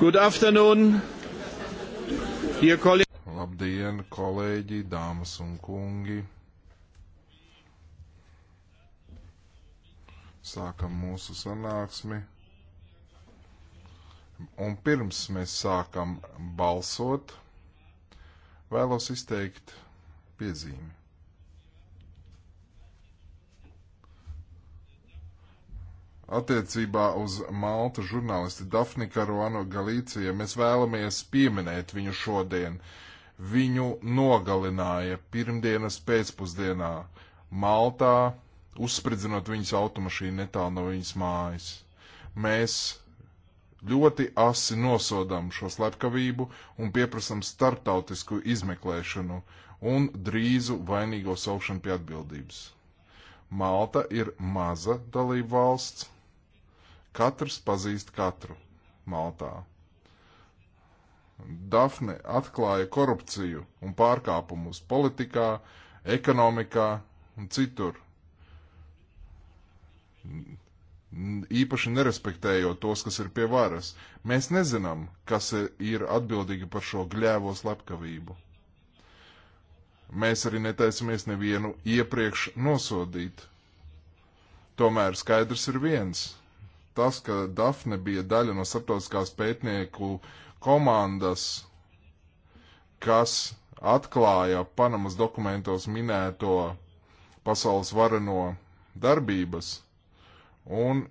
Good afternoon, dear colleagues. Labdien, kolēģi, dāmas un kungi. Sākam mūsu sanāksmi. Un pirms mēs sākam balsot, vēlos izteikt piezīmi. Attiecībā uz Maltu žurnālisti Dafni Karuano Galīcija mēs vēlamies pieminēt viņu šodien. Viņu nogalināja pirmdienas pēcpusdienā Maltā, uzspridzinot viņas automašīnu netālu no viņas mājas. Mēs ļoti asi nosodām šo slepkavību un pieprasām starptautisku izmeklēšanu un drīzu vainīgo saukšanu pie atbildības. Malta ir maza dalība valsts, Katrs pazīst katru Maltā. Dafne atklāja korupciju un pārkāpumus politikā, ekonomikā un citur. Īpaši nerespektējot tos, kas ir pie varas. Mēs nezinām, kas e, ir atbildīgi par šo gļēvo slepkavību. Mēs arī netaisamies nevienu iepriekš nosodīt. Tomēr skaidrs ir viens tas, ka Dafne bija daļa no starptautiskās pētnieku komandas, kas atklāja Panamas dokumentos minēto pasaules vareno darbības, un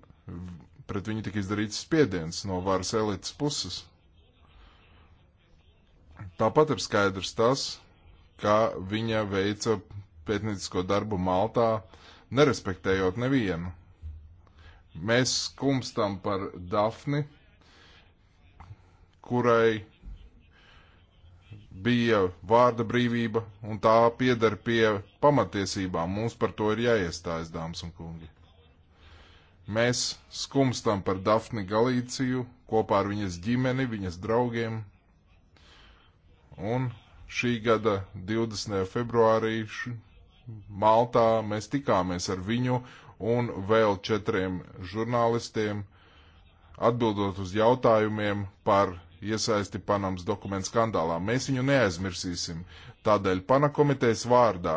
pret viņu tika izdarīts spiediens no varas elites puses. Tāpat ir skaidrs tas, ka viņa veica pētniecisko darbu Maltā, nerespektējot nevienu Mēs skumstam par Dafni, kurai bija vārda brīvība, un tā pieder pie pamatiesībām. Mums par to ir jāiestājas, dāmas un kungi. Mēs skumstam par Dafni Galīciju kopā ar viņas ģimeni, viņas draugiem, un šī gada 20. februārī Maltā mēs tikāmies ar viņu un vēl četriem žurnālistiem, atbildot uz jautājumiem par iesaisti Panamas dokumentu skandālā. Mēs viņu neaizmirsīsim. Tādēļ Pana komitejas vārdā,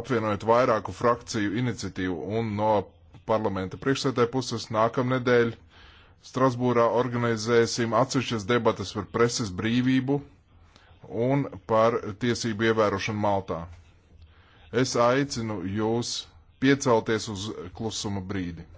apvienojot vairāku frakciju iniciatīvu un no parlamenta priekšsēdē puses nākamnedēļ Strasbūrā organizēsim atsevišķas debatas par preses brīvību un par tiesību ievērošanu Maltā. Es aicinu jūs piecelties uz klusuma brīdi.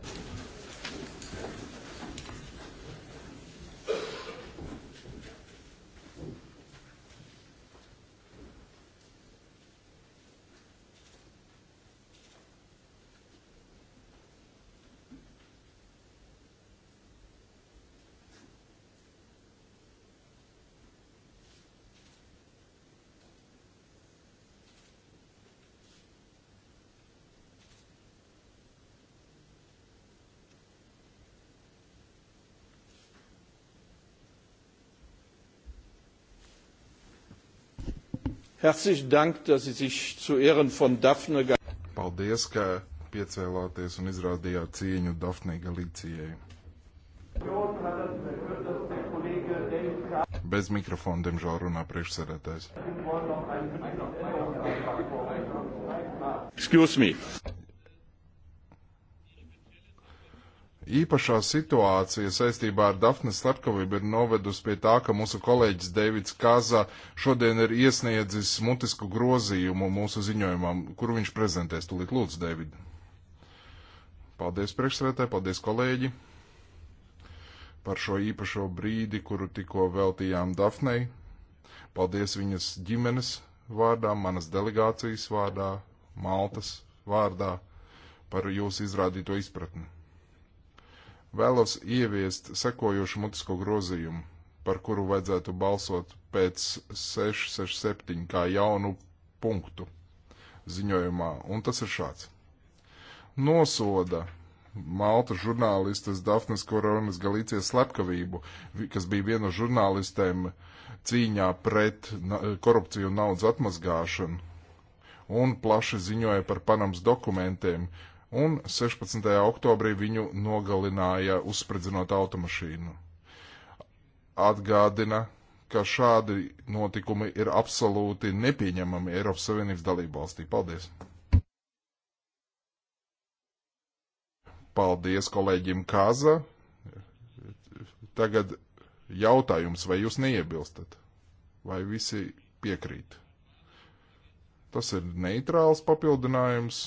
Herzlichen Dank, dass Sie sich zu Ehren von Daphne. Paldies, ka piecēlāties un izrādījāt cieņu Dafnei Galīcijai. Bez mikrofona, diemžēl, runā priekšsēdētājs. Excuse me. īpašā situācija saistībā ar Dafnes slepkavību ir novedusi pie tā, ka mūsu kolēģis Deivids Kaza šodien ir iesniedzis mutisku grozījumu mūsu ziņojumam, kur viņš prezentēs. Tūlīt lūdzu, Deivid. Paldies priekšsētē, paldies kolēģi par šo īpašo brīdi, kuru tikko veltījām Dafnei. Paldies viņas ģimenes vārdā, manas delegācijas vārdā, Maltas vārdā par jūsu izrādīto izpratni. Vēlos ieviest sekojošu mutisko grozījumu, par kuru vajadzētu balsot pēc 667 kā jaunu punktu ziņojumā, un tas ir šāds. Nosoda Maltas žurnālistes Dafnes Koronas Galīcijas slepkavību, kas bija viena no žurnālistēm cīņā pret korupciju un naudas atmazgāšanu, un plaši ziņoja par Panamas dokumentiem, un 16. oktobrī viņu nogalināja uzspridzinot automašīnu. Atgādina, ka šādi notikumi ir absolūti nepieņemami Eiropas Savienības dalību valstī. Paldies! Paldies kolēģim Kāza. Tagad jautājums, vai jūs neiebilstat? Vai visi piekrīt? Tas ir neitrāls papildinājums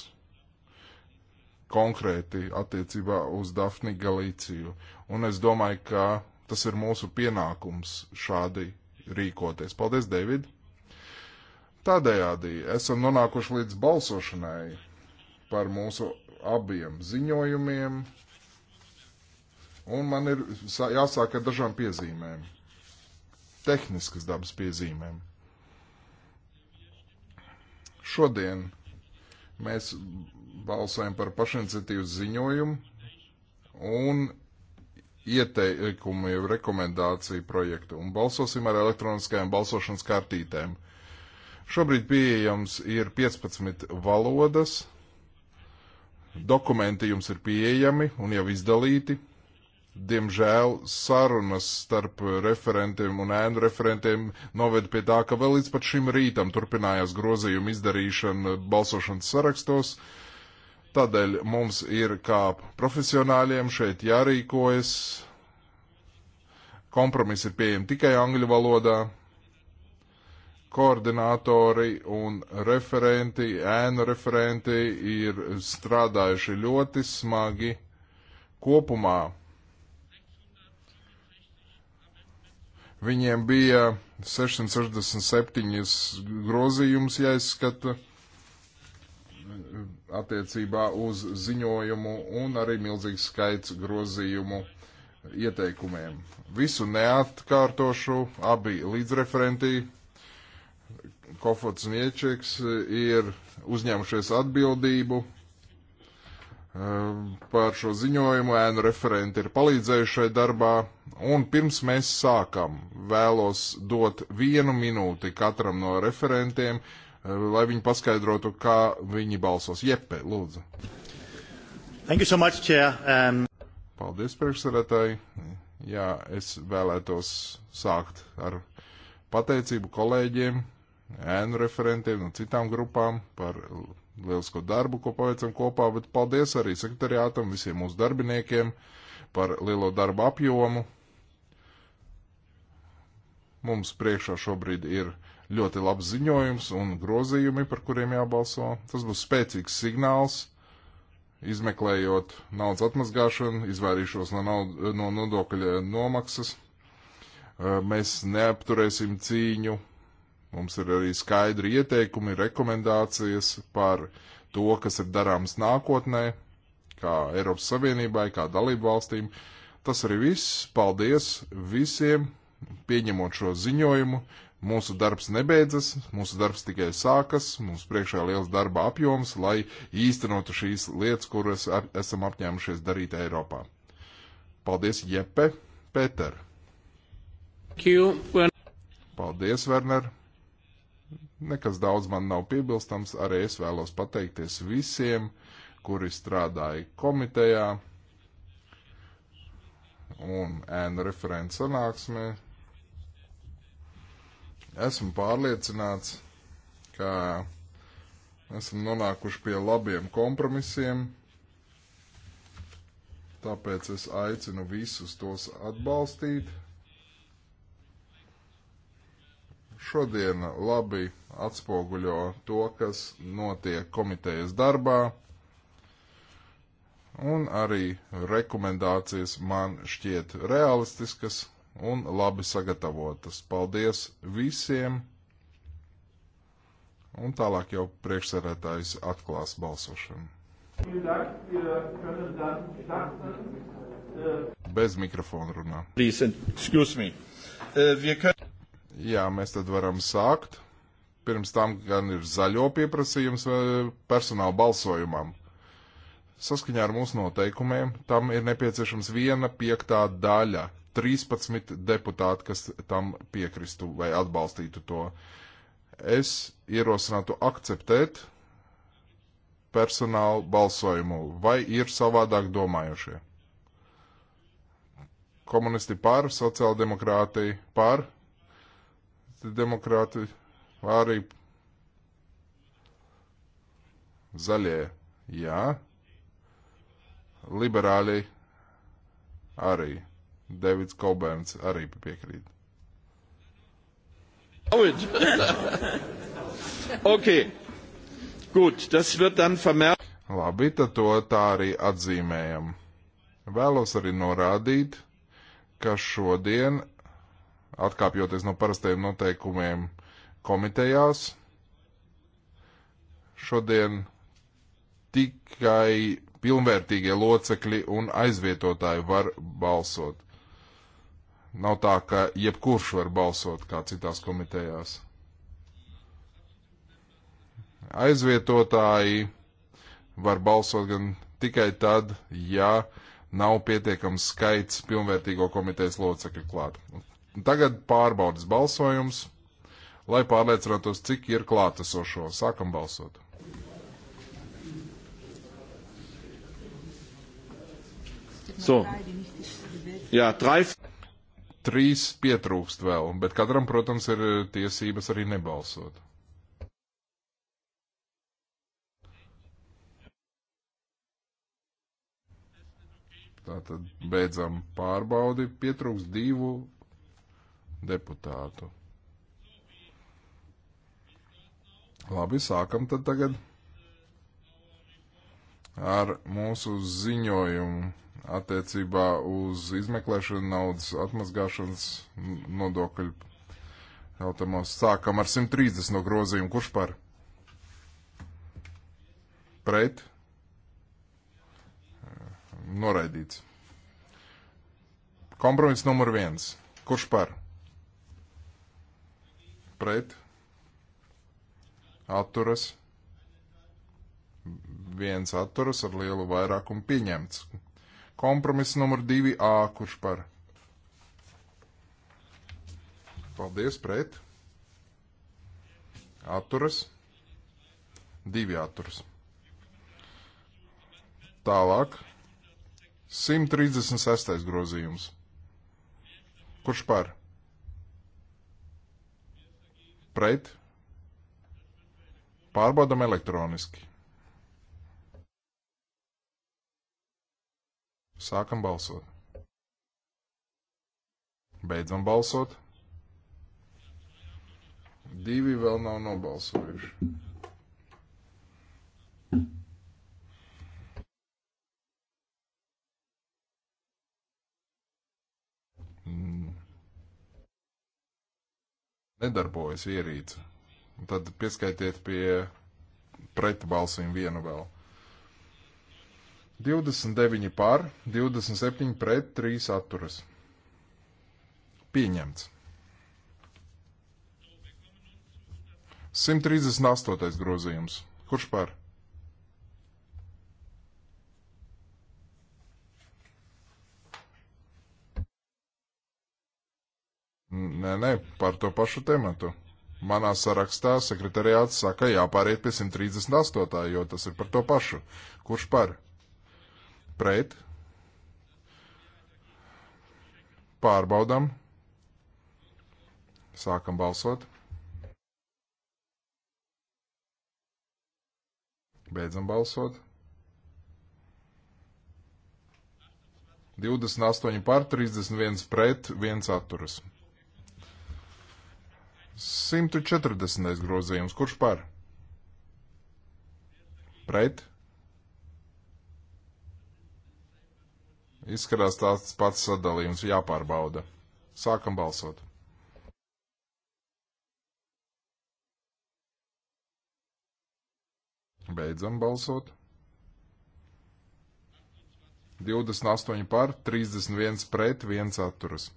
konkrēti attiecībā uz Dafni Galīciju. Un es domāju, ka tas ir mūsu pienākums šādi rīkoties. Paldies, David! Tādējādi esam nonākuši līdz balsošanai par mūsu abiem ziņojumiem, un man ir jāsāk ar dažām piezīmēm, tehniskas dabas piezīmēm. Šodien Mēs balsojam par pašiniciatīvu ziņojumu un ieteikumu, jau rekomendāciju projektu un balsosim ar elektroniskajām balsošanas kartītēm. Šobrīd pieejams ir 15 valodas, dokumenti jums ir pieejami un jau izdalīti diemžēl sarunas starp referentiem un ēnu referentiem noved pie tā, ka vēl līdz pat šim rītam turpinājās grozījumu izdarīšana balsošanas sarakstos. Tādēļ mums ir kā profesionāļiem šeit jārīkojas. Kompromiss ir pieejams tikai angļu valodā. Koordinātori un referenti, ēnu referenti ir strādājuši ļoti smagi kopumā Viņiem bija 667 grozījums jāizskata attiecībā uz ziņojumu un arī milzīgs skaits grozījumu ieteikumiem. Visu neatkārtošu, abi līdzreferentī Kofots Niečiks ir uzņēmušies atbildību Ehm, par šo ziņojumu, ēnu referenti ir palīdzējušai darbā, un pirms mēs sākam, vēlos dot vienu minūti katram no referentiem, ehm, lai viņi paskaidrotu, kā viņi balsos. Jepe, lūdzu. Thank you so much, Chair. Um... Paldies, priekšsarētāji. Jā, es vēlētos sākt ar pateicību kolēģiem, ēnu referentiem no citām grupām par lielisko darbu, ko paveicam kopā, bet paldies arī sekretariātam, visiem mūsu darbiniekiem par lielo darbu apjomu. Mums priekšā šobrīd ir ļoti labs ziņojums un grozījumi, par kuriem jābalso. Tas būs spēcīgs signāls, izmeklējot naudas atmazgāšanu, izvairīšos no, naud, no nodokļa nomaksas. Mēs neapturēsim cīņu Mums ir arī skaidri ieteikumi, rekomendācijas par to, kas ir darāms nākotnē, kā Eiropas Savienībai, kā dalību valstīm. Tas arī viss. Paldies visiem, pieņemot šo ziņojumu. Mūsu darbs nebeidzas, mūsu darbs tikai sākas, mums priekšā liels darba apjoms, lai īstenotu šīs lietas, kuras ap, esam apņēmušies darīt Eiropā. Paldies, Jepe, Pēter. Paldies, Werner. Nekas daudz man nav piebilstams, arī es vēlos pateikties visiem, kuri strādāja komitejā un ēnu referents sanāksmē. Esmu pārliecināts, ka esam nonākuši pie labiem kompromisiem, tāpēc es aicinu visus tos atbalstīt. šodien labi atspoguļo to, kas notiek komitejas darbā, un arī rekomendācijas man šķiet realistiskas un labi sagatavotas. Paldies visiem! Un tālāk jau priekšsēdētājs atklās balsošanu. Bez mikrofona runā. Please, excuse me. Uh, wir können... Jā, mēs tad varam sākt. Pirms tam gan ir zaļo pieprasījums eh, personāla balsojumam. Saskaņā ar mūsu noteikumiem tam ir nepieciešams viena piektā daļa, 13 deputāti, kas tam piekristu vai atbalstītu to. Es ierosinātu akceptēt personālu balsojumu, vai ir savādāk domājušie. Komunisti par, sociāldemokrāti par, sociālisti, demokrāti, arī zaļie, jā, liberāļi arī, Davids Kobērns arī piekrīt. okay. Gut, das wird dann vermerkt. Labi, tad to tā arī atzīmējam. Vēlos arī norādīt, ka šodien atkāpjoties no parastajiem noteikumiem komitejās. Šodien tikai pilnvērtīgie locekļi un aizvietotāji var balsot. Nav tā, ka jebkurš var balsot kā citās komitejās. Aizvietotāji var balsot gan tikai tad, ja nav pietiekams skaits pilnvērtīgo komitejas locekļu klāt. Tagad pārbaudas balsojums, lai pārliecinātos, cik ir klātesošo. Sākam balsot. So. Jā, traif. Trīs pietrūkst vēl, bet katram, protams, ir eh, tiesības arī nebalsot. Tātad beidzam pārbaudi, pietrūkst divu deputātu. Labi, sākam tad tagad ar mūsu ziņojumu attiecībā uz izmeklēšanu naudas atmazgāšanas nodokļu jautājumos. Sākam ar 130 no grozījumu. Kurš par? Pret? Noraidīts. Kompromiss numur viens. Kurš par? pret, atturas, viens atturas ar lielu vairākumu pieņemts. Kompromiss numur 2A, kurš par. Paldies, pret. Atturas. Divi atturas. Tālāk. 136. grozījums. Kurš par? pret, pārbaudam elektroniski. Sākam balsot. Beidzam balsot. Divi vēl nav nobalsojuši. nedarbojas ierīce. Tad pieskaitiet pie pretbalsīm vienu vēl. 29 pār, 27 pret, 3 atturas. Pieņemts. 138. grozījums. Kurš par? Nē, nē, par to pašu tematu. Manā sarakstā sekretariāts saka, jāpāriet pie 138, jo tas ir par to pašu. Kurš par? Pret? Pārbaudam. Sākam balsot. Beidzam balsot. 28 par, 31 pret, 1 atturas. 140. grozījums. Kurš par? Pret? Izskatās tāds pats sadalījums, jāpārbauda. Sākam balsot. Beidzam balsot. 28 par, 31 pret, 1 atturas.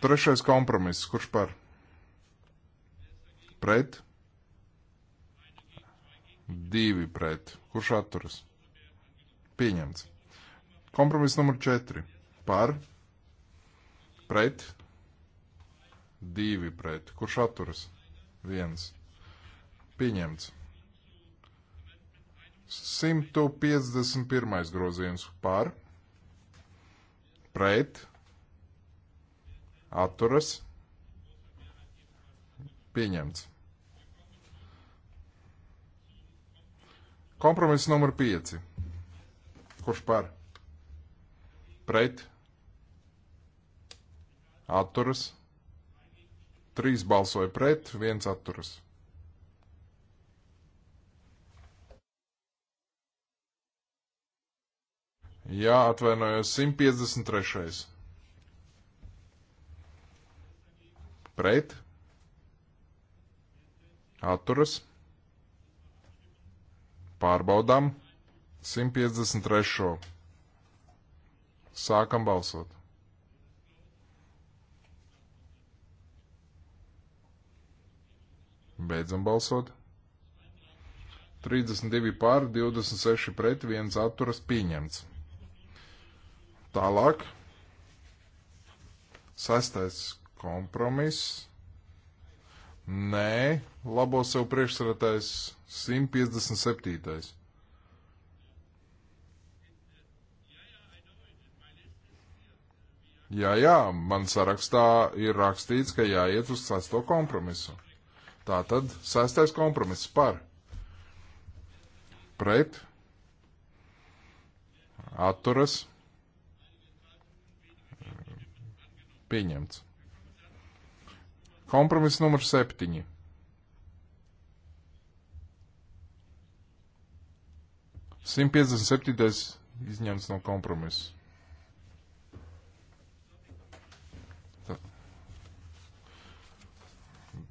Trešais kompromiss, kurš par? Pret? Divi pret. Kurš atturas? Pieņemts. Kompromiss numur četri. Par? Pret? Divi pret. Kurš atturas? Viens. Pieņemts. 151. grozījums par, pret, atturas pieņemts. Kompromiss numur 5. Kurš par? Pret. Atturas. Trīs balsoja pret, viens atturas. Jā, atvainojos 153. pret, atturas, pārbaudām 153. Sākam balsot. Beidzam balsot. 32 pār, 26 pret, 1 atturas pieņemts. Tālāk. Sastais Kompromiss. Nē, labo sev priekšsarētājs 157. Jā, jā, man sarakstā ir rakstīts, ka jāiet uz sesto kompromisu. Tā tad sestais kompromiss par. Pret. Atturas. Pieņemts. Kompromiss numur septiņi. Simt piecdesmit septītais izņemts no kompromisa. Tā.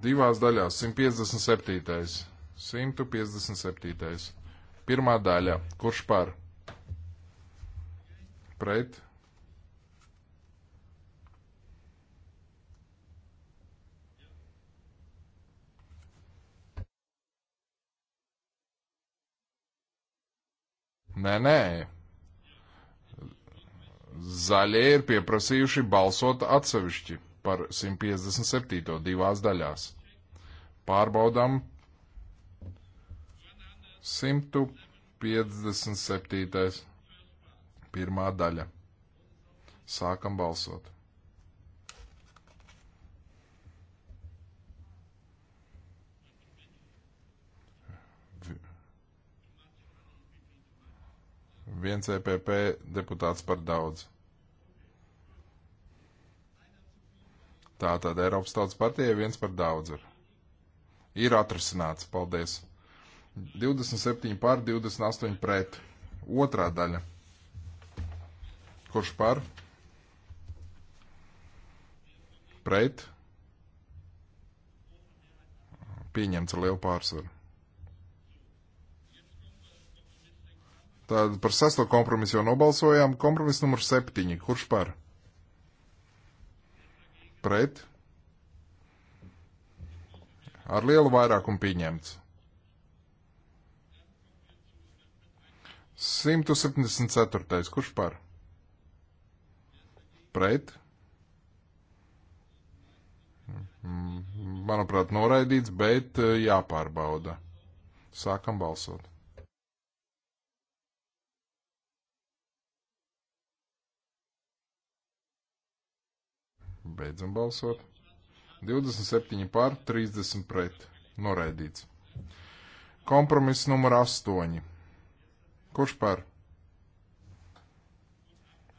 Divās daļās 157. 157. Pirmā daļa. Kurš par? Pret? Nē, nē. Zaļie ir pieprasījuši balsot atsevišķi par 157. divās daļās. Pārbaudām 157. pirmā daļa. Sākam balsot. Viens EPP deputāts par daudz. Tātad Eiropas Tautas partijai viens par daudz ir. Ir atrisināts, paldies. 27 pār, 28 pret. Otrā daļa. Kurš par? Pret. Pieņemts ar lielu pārsvaru. Tātad par sesto kompromisu jau nobalsojām. Kompromis numur septiņi. Kurš par? Pret? Ar lielu vairākumu pieņemts. 174. Kurš par? Pret? Manuprāt, noraidīts, bet eh, jāpārbauda. Sākam balsot. Beidzam balsot. 27 pār, 30 pret. Noraidīts. Kompromiss numur 8. Kurš par?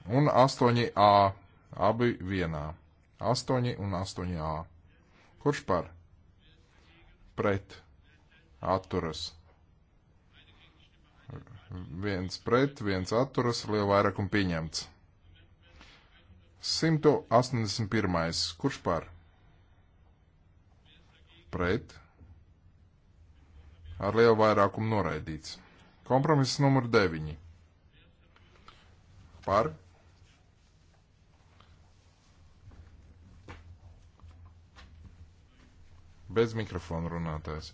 Un 8A. Abi vienā. 8 un 8A. Kurš par? Pret. Atturas. Viens pret, viens atturas, liela vairākuma pieņemts. 181. Kurš par? Pret. Ar lielu vairākumu noraidīts. Kompromiss numur 9. Par. Bez mikrofona runātājs.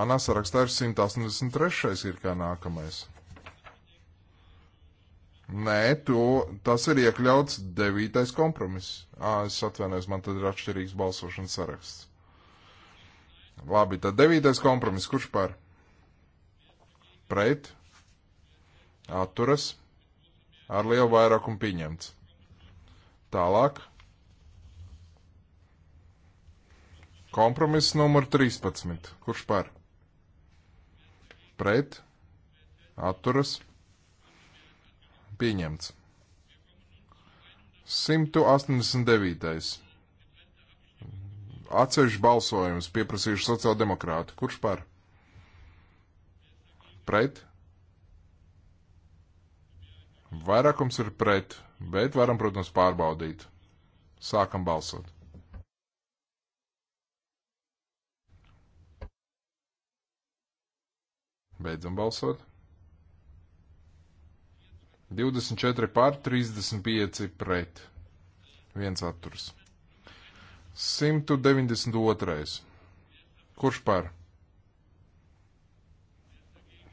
Manā sarakstā ir 183. ir kā nākamais. Nē, to, tas ir iekļauts devītais kompromiss. Ā, es atvainojos, man tad ir atšķirīgs balsošanas saraksts. Labi, tad devītais kompromiss, kurš par? Pret? Atturas? Ar lielu vairākumu pieņemts. Tālāk. Kompromiss numur 13. Kurš par? Pret? Atturas? Pieņemts. 189. Atsevišķi balsojums pieprasījuši sociāldemokrāti. Kurš par? Pret? Vairākums ir pret, bet varam, protams, pārbaudīt. Sākam balsot. Beidzam balsot. 24 pār 35 pret. Viens atturs. 192. Kurš par?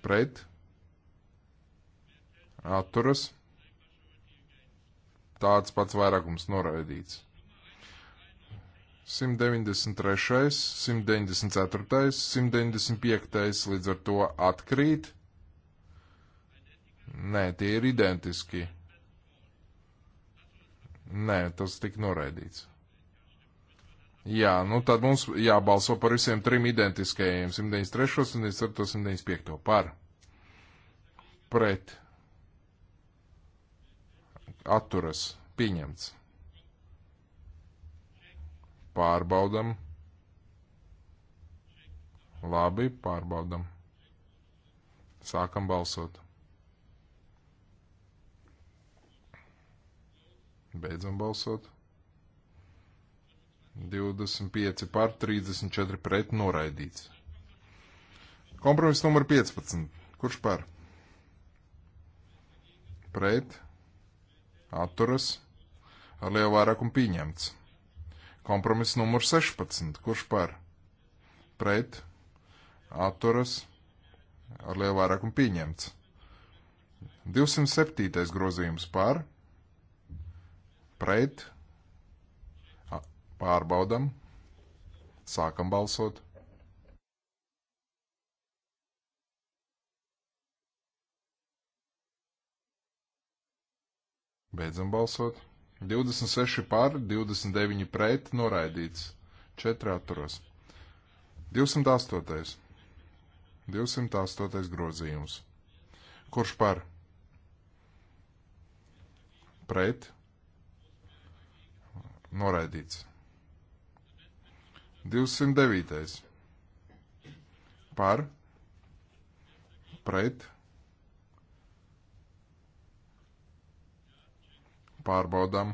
Pret. Atturas. Tāds pats vairākums noraidīts. 193, 194, 195 līdz ar to atkrīt. Nē, tie ir identiski. Nē, tas tika noraidīts. Jā, nu tad mums jābalso par visiem trim identiskajiem 193, 194, 195 par. Pret. Atturas. Pieņemts. Pārbaudam. Labi, pārbaudam. Sākam balsot. Beidzam balsot. 25 par 34 pret noraidīts. Kompromiss numur 15. Kurš par? Pret. Atturas. Ar lielu vairākumu pieņemts. Kompromiss numur 16. Kurš par? Pret. Atturas. Ar lielu vairākumu pieņemts. 207. grozījums par pret, pārbaudam, sākam balsot. Beidzam balsot. 26 pār, 29 pret, noraidīts. 4 atturos. 208. 208. grozījums. Kurš par? Pret, Noraidīts. 209. Par. Pret. Pārbaudām.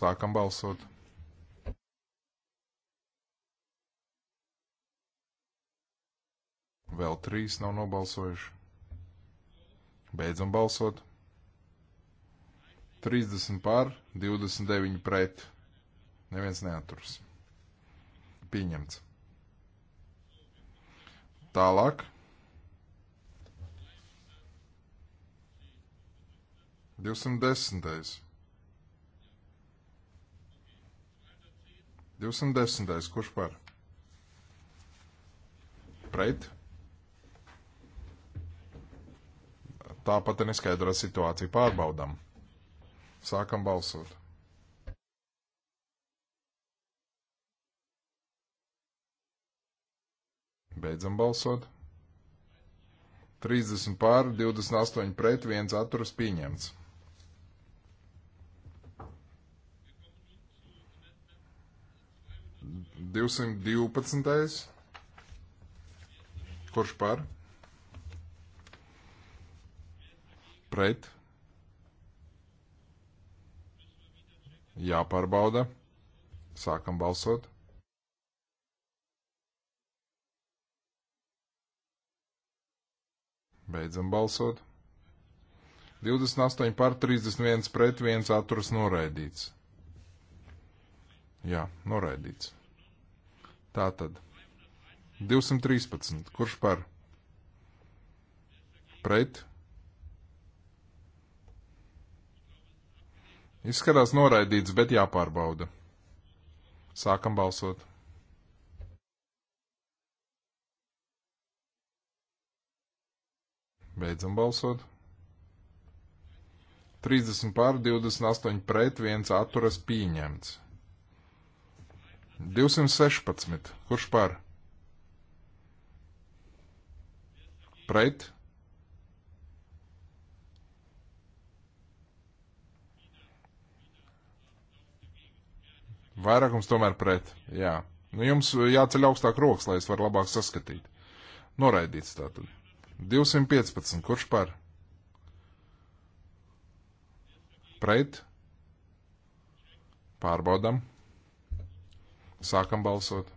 Sākam balsot. Vēl trīs nav nobalsojuši. Beidzam balsot. 30 pār, 29 pret. Neviens neaturas. Pieņemts. Tālāk. Divsimt desmitais. Divsimt desmitais, kurš par? Pret? Tāpat ir neskaidrā situācija pārbaudām. Sākam balsot. Beidzam balsot. 30 pār, 28 pret, 1 atturas pieņemts. Divsimt divpadsmitais. Kurš par? Pret. jāpārbauda. Sākam balsot. Beidzam balsot. 28 par 31 pret 1 atturas noraidīts. Jā, noraidīts. Tā tad. 213. Kurš par? Pret Izskatās noraidīts, bet jāpārbauda. Sākam balsot. Beidzam balsot. 30 pār 28 pret 1 atturas pieņemts. 216. Kurš par? Pret Vairākums tomēr pret. Jā. Nu, jums jāceļ augstāk rokas, lai es varu labāk saskatīt. Noraidīts tātad. 215. Kurš par? Pret. Pārbaudam. Sākam balsot.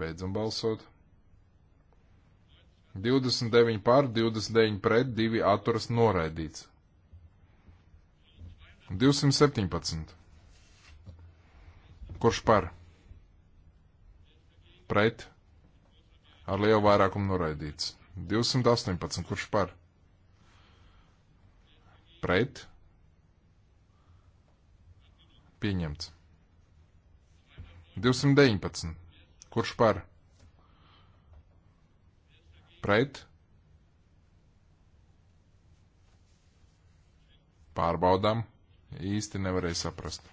Beidzam balsot. 29 pār, 29 pret, 2 atturas noraidīts. 217. Kurš par? Pret? Ar lielu vairākumu noraidīts. 218. Kurš par? Pret? Pieņemts. 219. Kurš par? Pret? Pārbaudām īsti nevarēja saprast.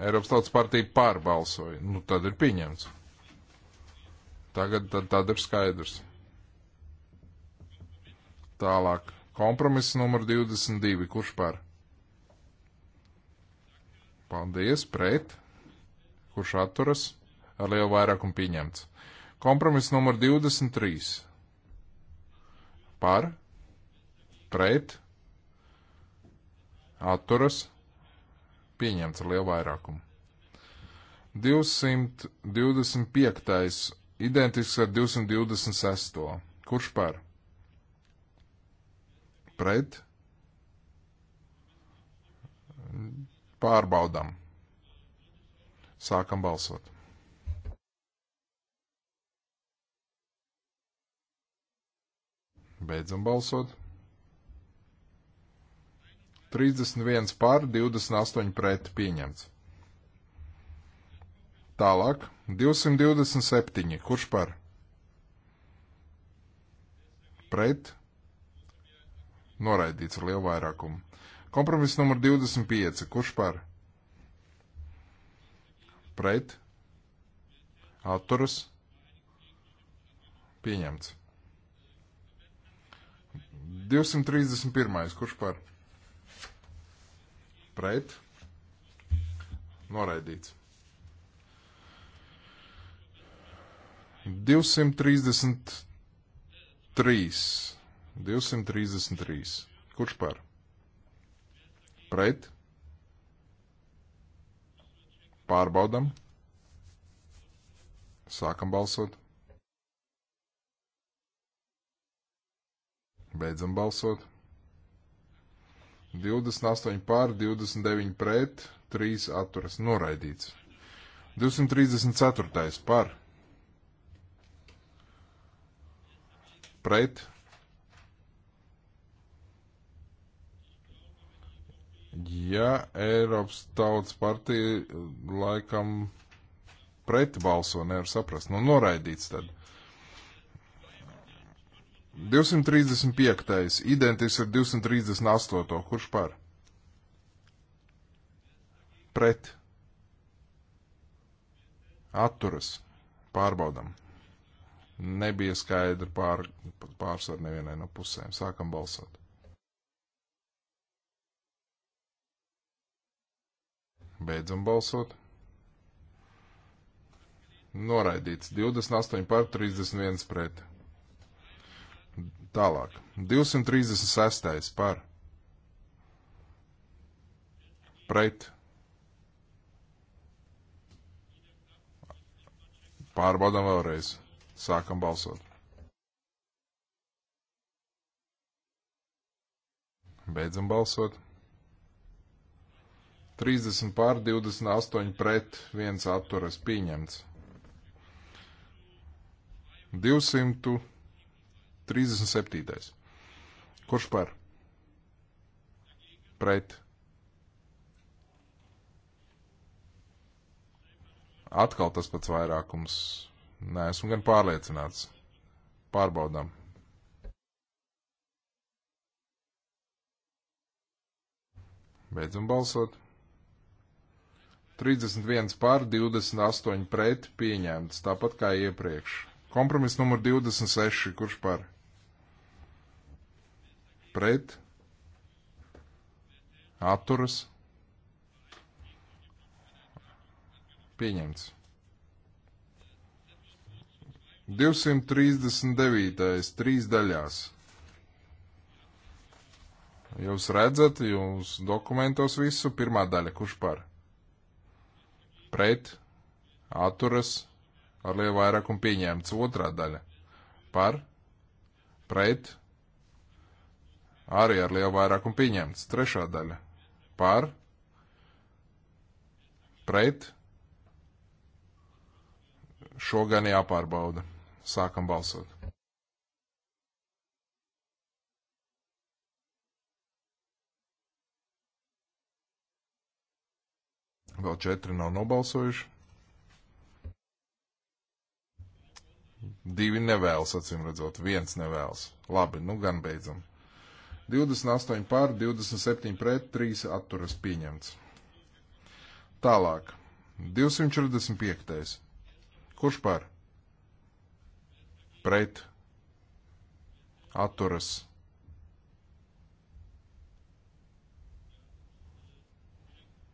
Eiropas Tautas partija pārbalsoja. Nu, tad ir pieņemts. Tagad tad, tad ir skaidrs. Tālāk. Kompromiss numur 22. Kurš par? Paldies. Pret. Kurš atturas? Ar lielu vairākumu pieņemts. Kompromiss numur 23. Par. Pret atturas pieņemts ar lielu vairākumu. 225. identisks ar 226. Kurš par? Pret? Pārbaudam. Sākam balsot. Beidzam balsot. 31 pār, 28 pret pieņemts. Tālāk, 227, kurš par? Pret, noraidīts ar lielu vairākumu. Kompromiss numur 25, kurš par? Pret, atturas, pieņemts. 231, kurš par? pret noraidīts. 233. 233. Kurš par? Pret? Pārbaudam. Sākam balsot. Beidzam balsot. 28 pār, 29 pret, 3 atturas noraidīts. 234 par, pret, ja Eiropas tautas partija laikam pret balso nevar saprast, nu noraidīts tad. 235. identisks ar 238. Kurš par? Pret. Atturas. Pārbaudam. Nebija skaidra pār, pārsvar nevienai no pusēm. Sākam balsot. Beidzam balsot. Noraidīts 28 par 31 pret. Tālāk. 236. par. Pret. Pārbaudam vēlreiz. Sākam balsot. Beidzam balsot. 30 pār 28 pret 1 atturas pieņemts. 200. 37. Kurš par? Pret. Atkal tas pats vairākums. Nē, esmu gan pārliecināts. Pārbaudām. Beidzam balsot. 31 pār 28 pret pieņemts, tāpat kā iepriekš. Kompromiss numur 26, kurš par? pret, atturas, pieņemts. 239. trīs daļās. Jūs redzat, jūs dokumentos visu, pirmā daļa, kurš par? Pret, atturas, ar lielu vairākumu pieņēmts, otrā daļa. Par, pret, Arī ar lielu vairākumu pieņemts. Trešā daļa par, pret, šo gan jāpārbauda. Sākam balsot. Vēl četri nav nobalsojuši. Divi nevēlas, acīm redzot, viens nevēlas. Labi, nu gan beidzam. 28 pār, 27 pret, 3 atturas pieņemts. Tālāk. 245. Kurš par? Pret. Atturas.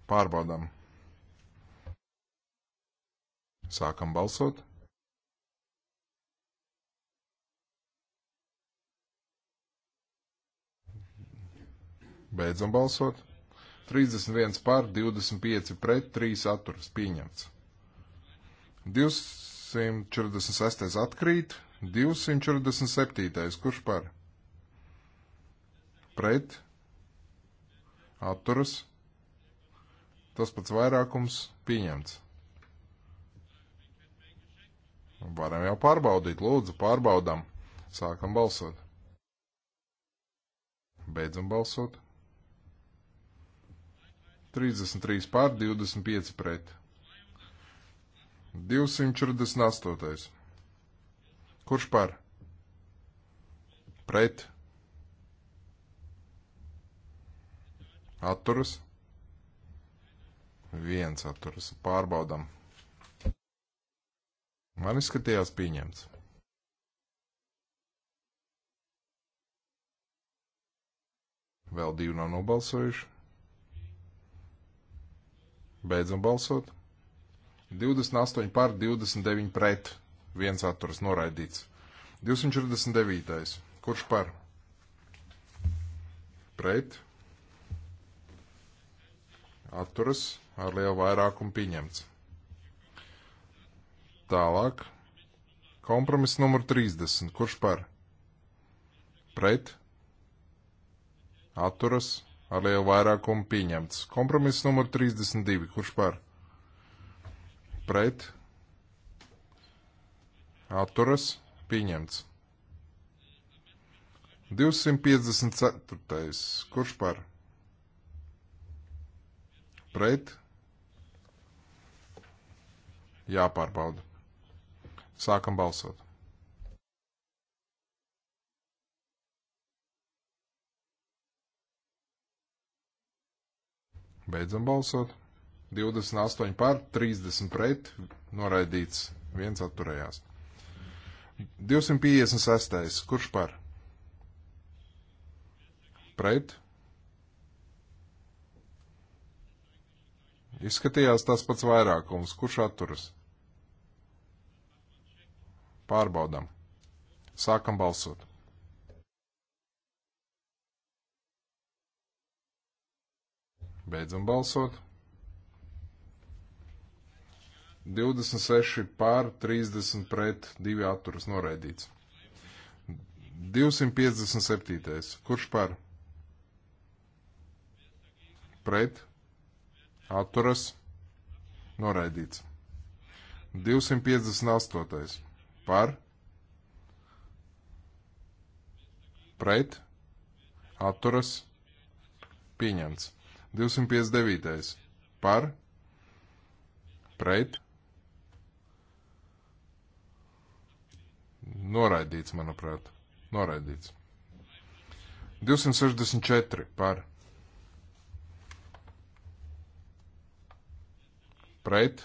Pārbaudām. Sākam balsot. Beidzam balsot. 31 pār, 25 pret, 3 atturas pieņemts. 246 atkrīt, 247. Kurš par? Pret, atturas, tas pats vairākums pieņemts. Varam jau pārbaudīt, lūdzu, pārbaudam. Sākam balsot. Beidzam balsot. 33 pār 25 pret. 248. Kurš par? Pret. Atturas. Viens atturas. Pārbaudam. Man izskatījās pieņemts. Vēl divi nav nobalsojuši. Beidzam balsot. 28 pār 29 pret. Viens atturas noraidīts. 249. Kurš par? Pret. Atturas ar lielu vairākumu pieņemts. Tālāk. Kompromiss numur 30. Kurš par? Pret. Atturas ar lielu vairākumu pieņemts. Kompromiss numur 32. Kurš par? Pret. Atturas. Pieņemts. 254. Kurš par? Pret. Jāpārbauda. Sākam balsot. Beidzam balsot. 28 par, 30 pret, noraidīts, viens atturējās. 256. Kurš par? Pret. Izskatījās tas pats vairākums. Kurš atturas? Pārbaudam. Sākam balsot. Beidzam balsot. 26 pār 30 pret 2 atturas noraidīts. 257. Kurš par? Pret. Atturas. Noraidīts. 258. Par. Pret. Atturas. Pieņemts. 259. par pret noraidīts, manuprāt. Noraidīts. 264 par pret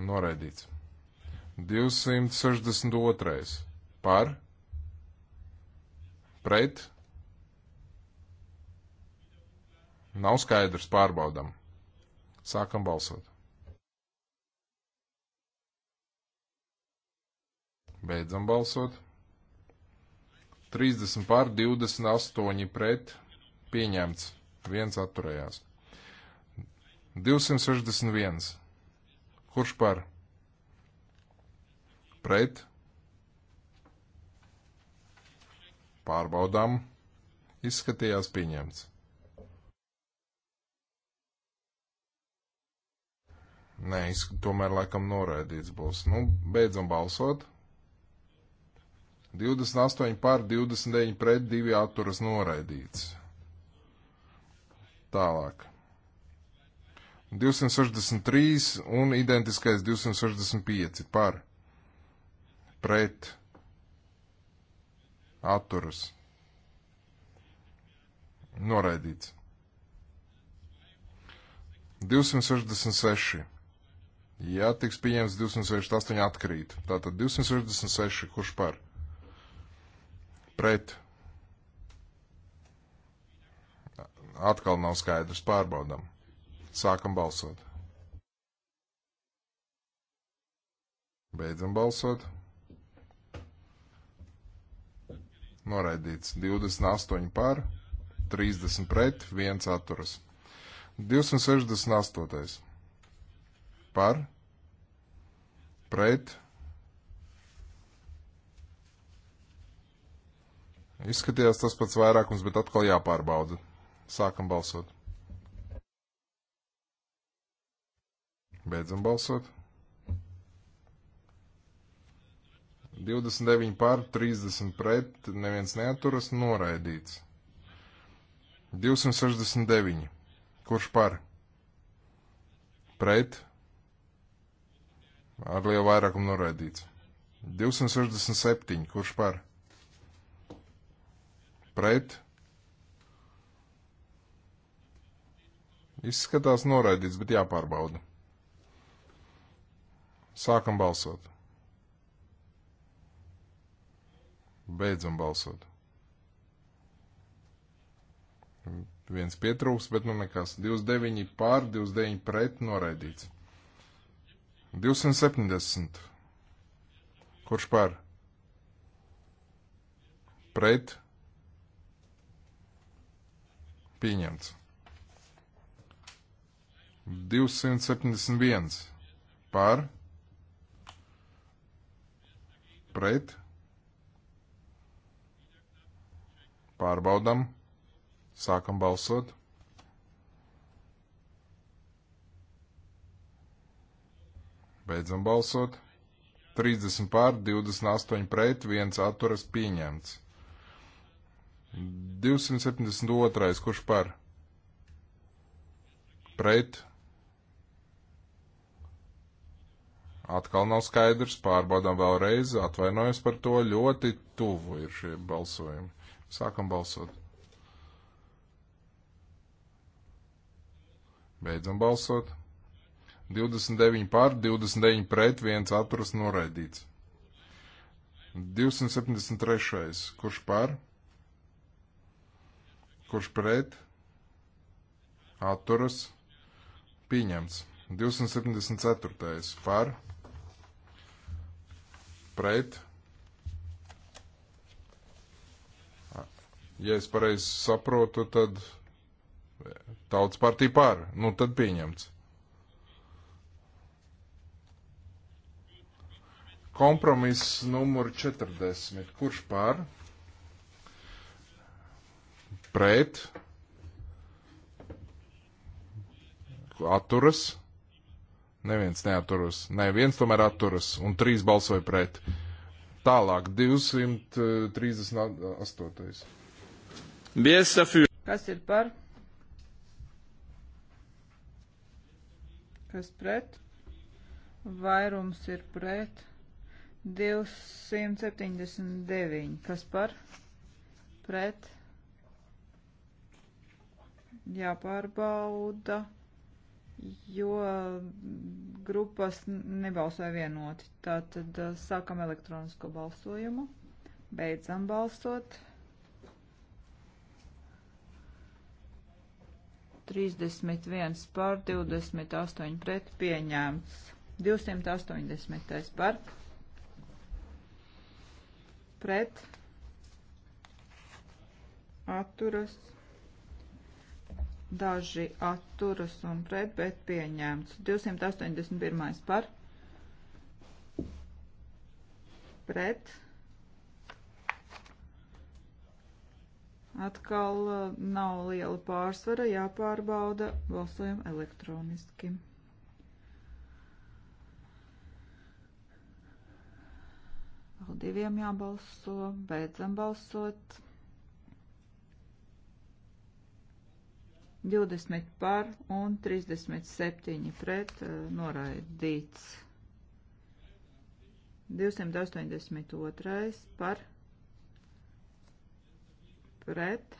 noraidīts. 262 par pret Nav skaidrs, pārbaudam. Sākam balsot. Beidzam balsot. 30 pār 28 pret pieņemts. Viens atturējās. 261. Kurš par? Pret. Pārbaudām. Izskatījās pieņemts. Nē, es tomēr laikam noraidīts būs. Nu, beidzam balsot. 28 pār 29 pret 2 atturas noraidīts. Tālāk. 263 un identiskais 265 par pret atturas noraidīts. 266 Ja tiks pieņemts 268 atkrīt. Tātad 266, kurš par? Pret. Atkal nav skaidrs, pārbaudam. Sākam balsot. Beidzam balsot. Noraidīts 28 pār, 30 pret, 1 atturas. 268 par, pret. Izskatījās tas pats vairākums, bet atkal jāpārbauda. Sākam balsot. Beidzam balsot. 29 pār, 30 pret, neviens neaturas, noraidīts. 269. Kurš par? Pret? ar lielu vairākumu noraidīts. 267, kurš par? Pret? Izskatās noraidīts, bet jāpārbauda. Sākam balsot. Beidzam balsot. Viens pietrūks, bet nu nekas. 29 pār, 29 pret noraidīts. 270. Kurš par? Pret? Pieņemts. 271. Par? Pret? Pārbaudam. Sākam balsot. Beidzam balsot. 30 pār, 28 pret, 1 atturas pieņemts. 272. Kurš par? Pret. Atkal nav skaidrs, pārbaudām vēlreiz, atvainojos par to, ļoti tuvu ir šie balsojumi. Sākam balsot. Beidzam balsot. 29 pār, 29 pret, 1 atturas noraidīts. 273. Kurš pār? Kurš pret? Atturas pieņemts. 274. Par? Pret? Ja es pareizi saprotu, tad tautas partija pār. Nu, tad pieņemts. Kompromiss numur 40. Kurš pār? Pret? Atturas? Neviens neaturas. Neviens tomēr atturas. Un trīs balsoja pret. Tālāk 238. Biesafī. Kas ir par? Kas pret? Vairums ir pret. 279. Kas par? Pret. Jāpārbauda, jo grupas nebalsoja vienoti. Tātad uh, sākam elektronisko balsojumu. Beidzam balsot. 31 par 28 pret pieņēmts. 280 par pret atturas daži atturas un pret, bet pieņēmts. 281. par pret atkal uh, nav liela pārsvara, jāpārbauda balsojam elektroniski. Vēl diviem jābalso. Beidzam balsot. 20 par un 37 pret eh, noraidīts. 282 par pret.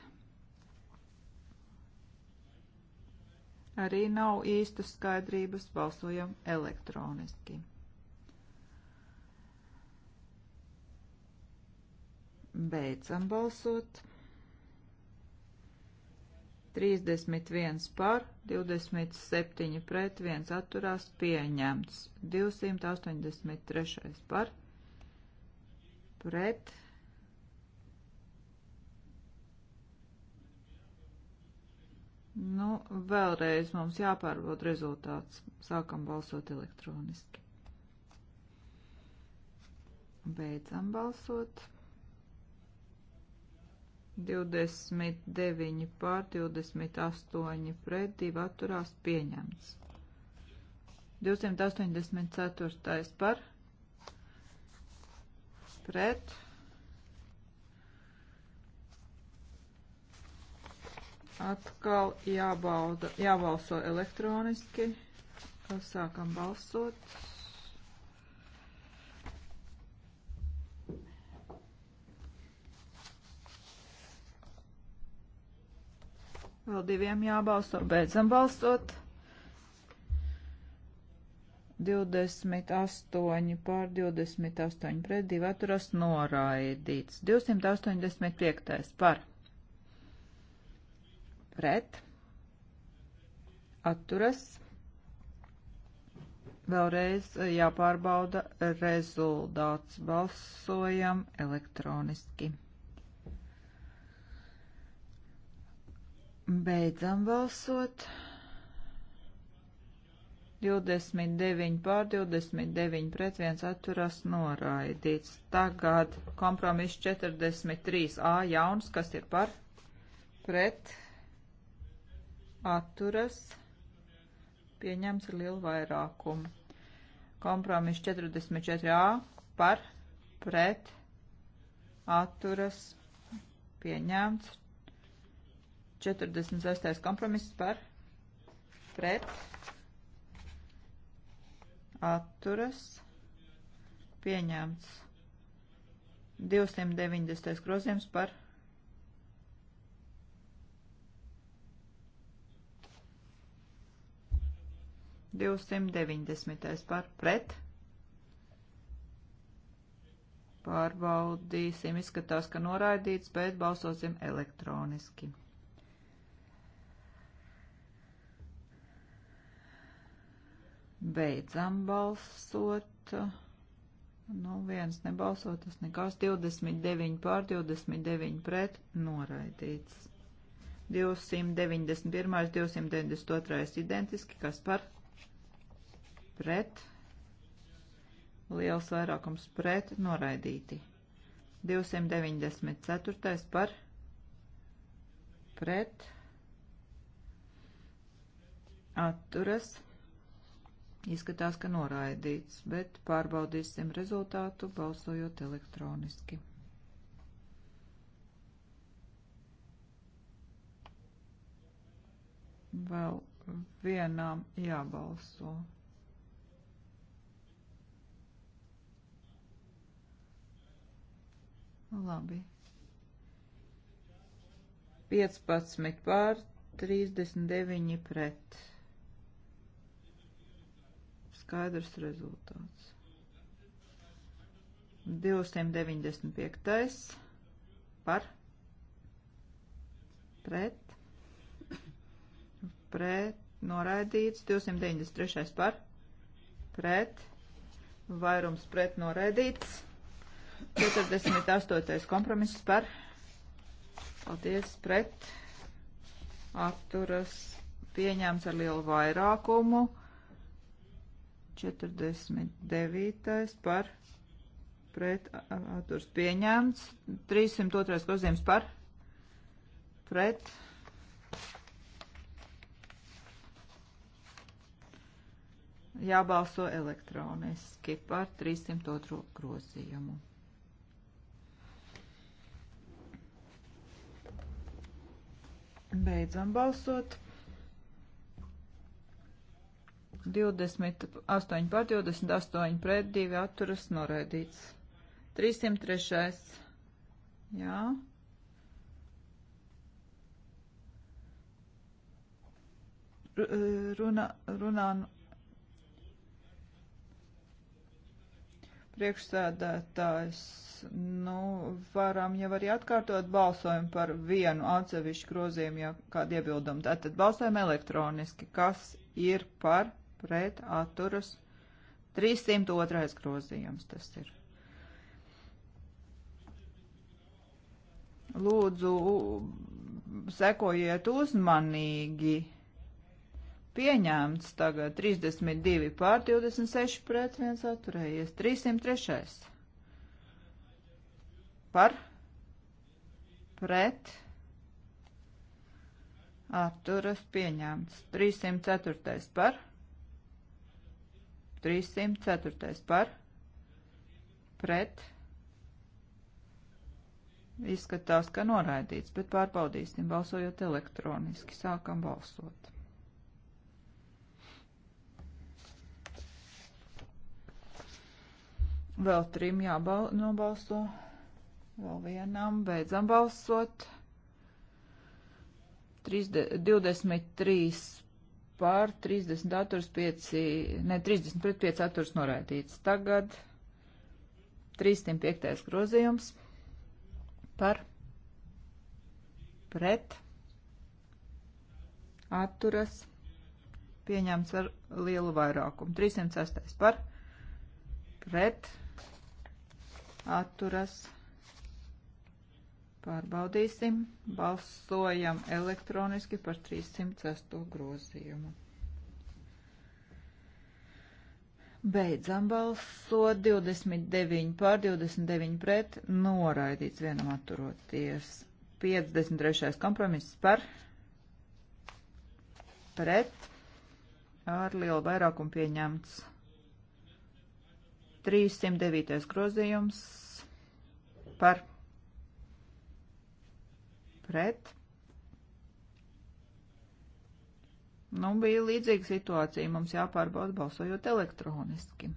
Arī nav īstu skaidrības, balsojam elektroniski. Beidzam balsot. 31 par, 27 pret, 1 atturās pieņemts. 283 par, pret. Nu, vēlreiz mums jāpārbauda rezultāts. Sākam balsot elektroniski. Beidzam balsot. 29 pār 28 pret 2 atturās pieņemts. 284 par pret atkal jābauda, jābalso elektroniski. Sākam balsot. Vēl diviem jābalso. Beidzam balsot. 28 pār 28 pret 2 atturas noraidīts. 285 par pret atturas. Vēlreiz jāpārbauda rezultāts. Balsojam elektroniski. Beidzam balsot. 29 pār 29 pret 1 atturas noraidīts. Tagad kompromiss 43a jauns, kas ir par pret atturas pieņems ar lielu vairākumu. Kompromiss 44a par pret atturas pieņemts 46. kompromiss par pret atturas pieņemts 290. grozījums par Divsimt deviņdesmitais par pret. Pārbaudīsim, izskatās, ka noraidīts, bet balsosim elektroniski. Beidzam balsot. Nu, viens nebalsot, tas nekas. 29 pār 29 pret noraidīts. 291, 292 identiski, kas par pret. Liels vairākums pret noraidīti. 294 par pret atturas. Izskatās, ka noraidīts, bet pārbaudīsim rezultātu balsojot elektroniski. Vēl vienām jābalso. Labi. 15 pār 39 pret skaidrs rezultāts. 295. par pret pret noraidīts 293. par pret vairums pret noraidīts 48. kompromiss par paldies pret atturas pieņēmts ar lielu vairākumu 49. par pret atturs pieņemts. 302. grozījums par pret. Jābalso elektroniski par 302. grozījumu. Beidzam balsot. 28 par 28 pret 2 atturas noraidīts. 303. Jā. E, runa, runā priekšsēdētājs. Nu, varam jau arī atkārtot balsojumu par vienu atsevišķu grozījumu, ja kādu iebildumu. Tātad balsojam elektroniski. Kas ir par pret atturas 302. grozījums tas ir. Lūdzu, sekojiet uzmanīgi. Pieņemts tagad 32 pār 26 pret 1 atturējies. 303. Par? Pret? Atturas pieņemts. 304. Par? 304. par pret izskatās, ka noraidīts, bet pārbaudīsim balsojot elektroniski. Sākam balsot. Vēl trim jānobalso. Vēl vienam beidzam balsot. 23 pār 30 atturs 5, ne 30 pret 5 atturs noraidīts. Tagad 305. grozījums par pret atturas pieņemts ar lielu vairākumu. 306. par pret atturas pieņemts Pārbaudīsim, balsojam elektroniski par 306. grozījumu. Beidzam balsot 29 pār 29 pret, noraidīts vienam atturoties. 53. kompromiss par pret ar lielu vairākumu pieņemts. 309. grozījums par pret pret. Nu, bija līdzīga situācija, mums jāpārbauda balsojot elektroniski.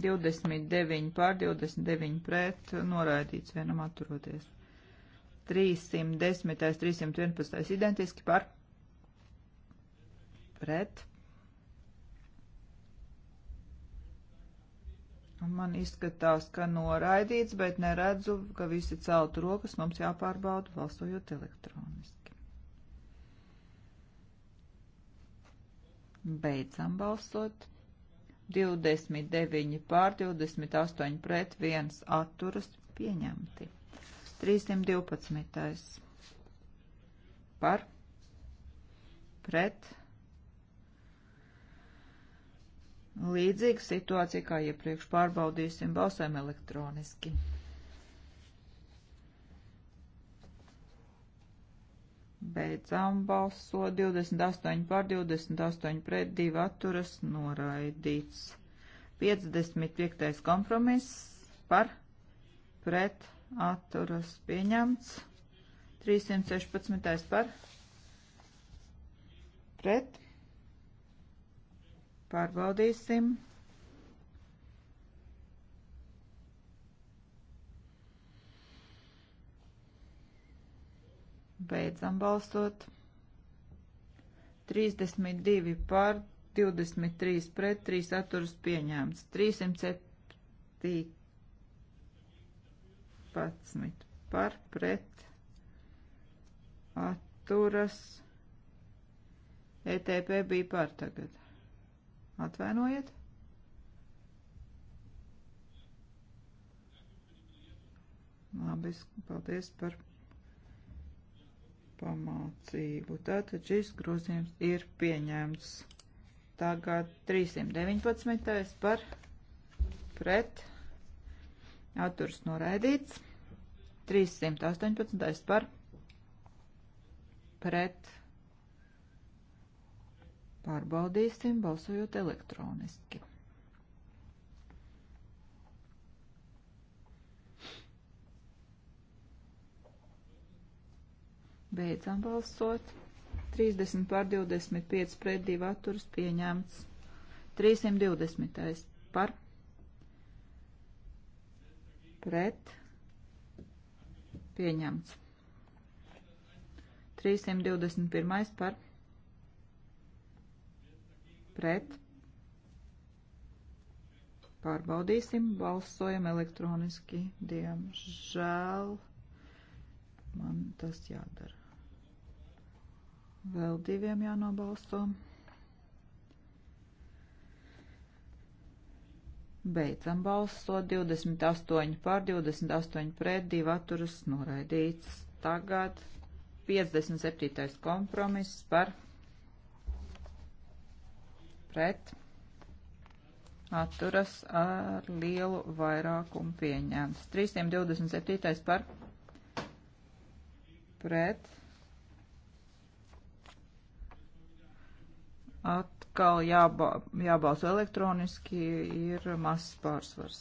Divdesmit deviņi pār, divdesmit deviņi pret, noraidīts vienam atturoties. 310, 311 identiski par pret Man izskatās, ka noraidīts, bet neredzu, ka visi celtu rokas mums jāpārbauda balsojot elektroniski. Beidzam balsot. 29 pār 28 pret 1 atturas pieņemti. 312. Par pret Līdzīga situācija, kā iepriekš pārbaudīsim, balsēm elektroniski. Beidzām balso 28 pār 28 pret 2 atturas noraidīts. 55. kompromiss par pret atturas pieņemts. 316. par pret Pārbaudīsim. Beidzam balsot. 32 pār, 23 pret, 3 atturas pieņēmts. 317 par, pret, atturas. ETP bija pār tagad. Atvainojiet. Labi, paldies par pamācību. Tātad šis grozījums ir pieņemts. Tagad 319. par pret atturs noraidīts. 318. par pret Pārbaudīsim, balsojot elektroniski. Beidzam balsot. 30 pār 25 pret 2 atturas pieņemts. 320. par pret pieņemts. 321. par pret pret. Pārbaudīsim, balsojam elektroniski. Diemžēl man tas jādara. Vēl diviem jānobalso. Beidzam balsot 28 pār 28 pret 2 atturas noraidīts. Tagad 57. kompromiss par pret atturas ar lielu vairākumu pieņēmts. 327. par pret atkal jāba, jābalso elektroniski ir mazs pārsvars.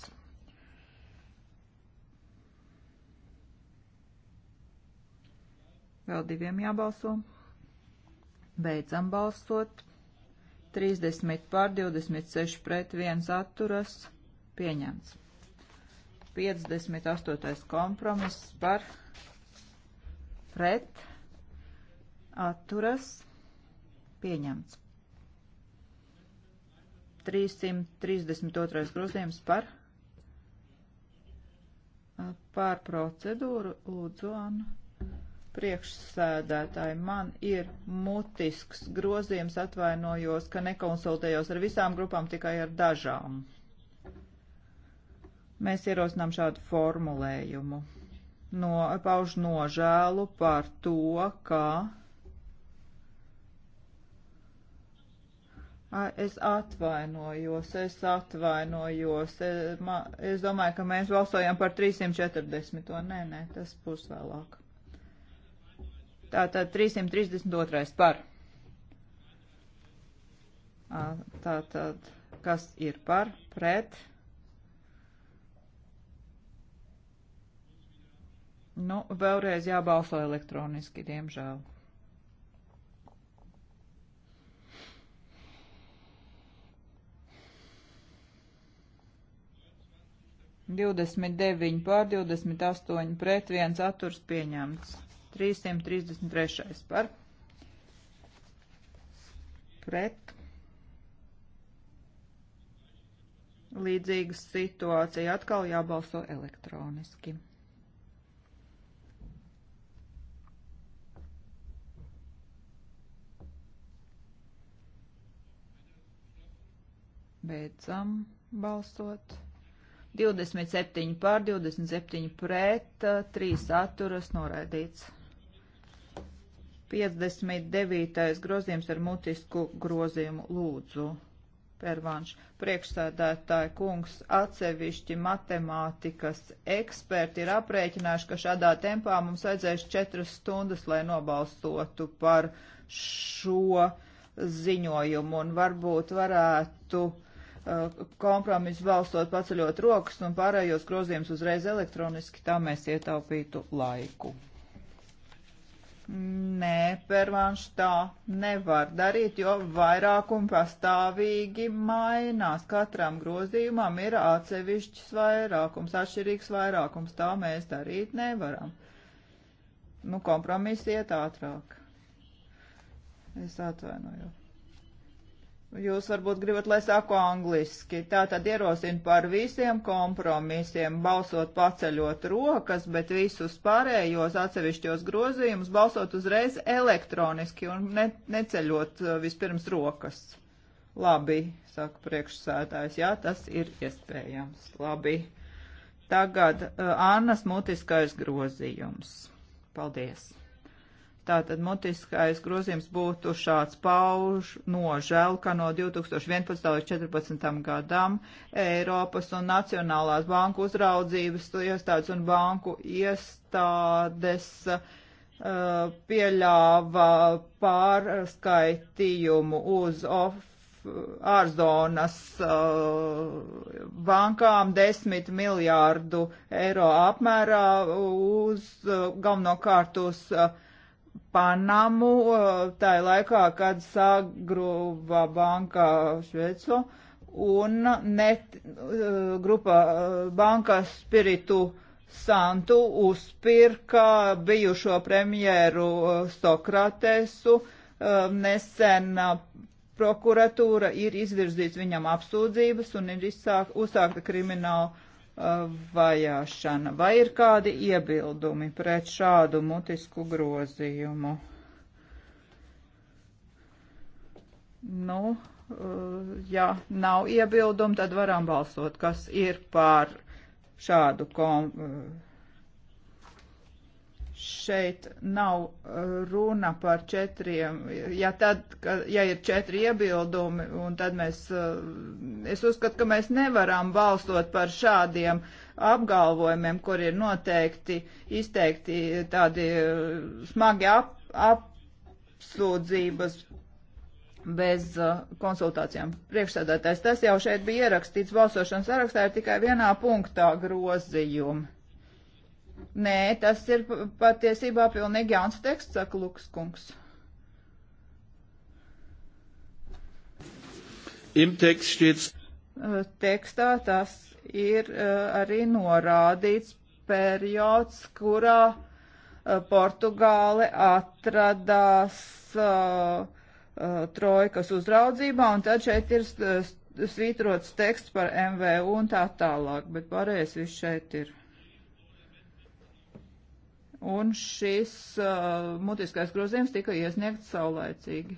Vēl diviem jābalso. Beidzam balsot. 30 pār 26 pret 1 atturas pieņemts. 58. kompromiss par pret atturas pieņemts. 332. grozījums par pār procedūru lūdzu Anna priekšsēdētāji, man ir mutisks grozījums, atvainojos, ka nekonsultējos ar visām grupām, tikai ar dažām. Mēs ierosinām šādu formulējumu. No, pauž nožēlu par to, ka Es atvainojos, es atvainojos. Es, ma, es domāju, ka mēs balsojam par 340. Nē, nē, tas būs vēlāk. Tātad 332. par. Tātad, kas ir par, pret. Nu, vēlreiz jābalso elektroniski, diemžēl. Divdesmit deviņi pār divdesmit astoņi pret viens atturs pieņemts. 333. par pret līdzīga situācija. Atkal jābalso elektroniski. Beidzam balsot. 27 pār, 27 pret, 3 atturas noraidīts. 59. grozījums ar mutisku grozījumu lūdzu. Pervanš, priekšsēdētāji kungs, atsevišķi matemātikas eksperti ir aprēķinājuši, ka šādā tempā mums vajadzēs četras stundas, lai nobalstotu par šo ziņojumu un varbūt varētu uh, kompromisu balstot paceļot rokas un pārējos grozījumus uzreiz elektroniski, tā mēs ietaupītu laiku. Nē, pervāns tā nevar darīt, jo vairākumi pastāvīgi mainās. Katram grozījumam ir atsevišķs vairākums, atšķirīgs vairākums. Tā mēs darīt nevaram. Nu, kompromiss iet ātrāk. Es atvainojos. Jūs varbūt gribat, lai saku angliski. Tā tad ierosina par visiem kompromisiem balsot paceļot rokas, bet visus pārējos atsevišķos grozījumus balsot uzreiz elektroniski un ne, neceļot uh, vispirms rokas. Labi, saka priekšsētājs, jā, tas ir iespējams. Labi. Tagad uh, Annas mutiskais grozījums. Paldies! Tātad mutiskais grozījums būtu šāds pauž nožēl, ka no 2011. līdz 2014. gadam Eiropas un Nacionālās banku uzraudzības iestādes un banku iestādes uh, pieļāva pārskaitījumu uz of, ārzonas uh, bankām 10 miljārdu eiro apmērā uz uh, galvenokārt uz uh, Panamu, eh, tā ir laikā, kad sagruva banka Šveico un net, eh, grupa eh, banka Spiritu Santu uzpirka bijušo premjeru Sokratesu. Nesen prokuratūra ir izvirzīts viņam apsūdzības un ir izsāk, uzsākta krimināla vajāšana. Vai ir kādi iebildumi pret šādu mutisku grozījumu? Nu, eh, ja nav iebildumi, tad varam balsot, kas ir pār šādu kom šeit nav uh, runa par četriem, ja tad, ka, ja ir četri iebildumi, un tad mēs, uh, es uzskatu, ka mēs nevaram balstot par šādiem apgalvojumiem, kur ir noteikti izteikti tādi uh, smagi ap, apsūdzības bez konsultācijām. Priekšsēdētājs tas jau šeit bija ierakstīts balsošanas sarakstā, ir tikai vienā punktā grozījumi Nē, tas ir patiesībā pilnīgi jauns teksts, saka Lukas kungs. Im tekst šķiet. Tekstā tas ir arī norādīts periods, kurā Portugāle atradās trojkas uzraudzībā, un tad šeit ir svītrots teksts par MVU un tā tālāk, bet pārējais viss šeit ir un šis uh, mutiskais grozījums tika iesniegts saulēcīgi.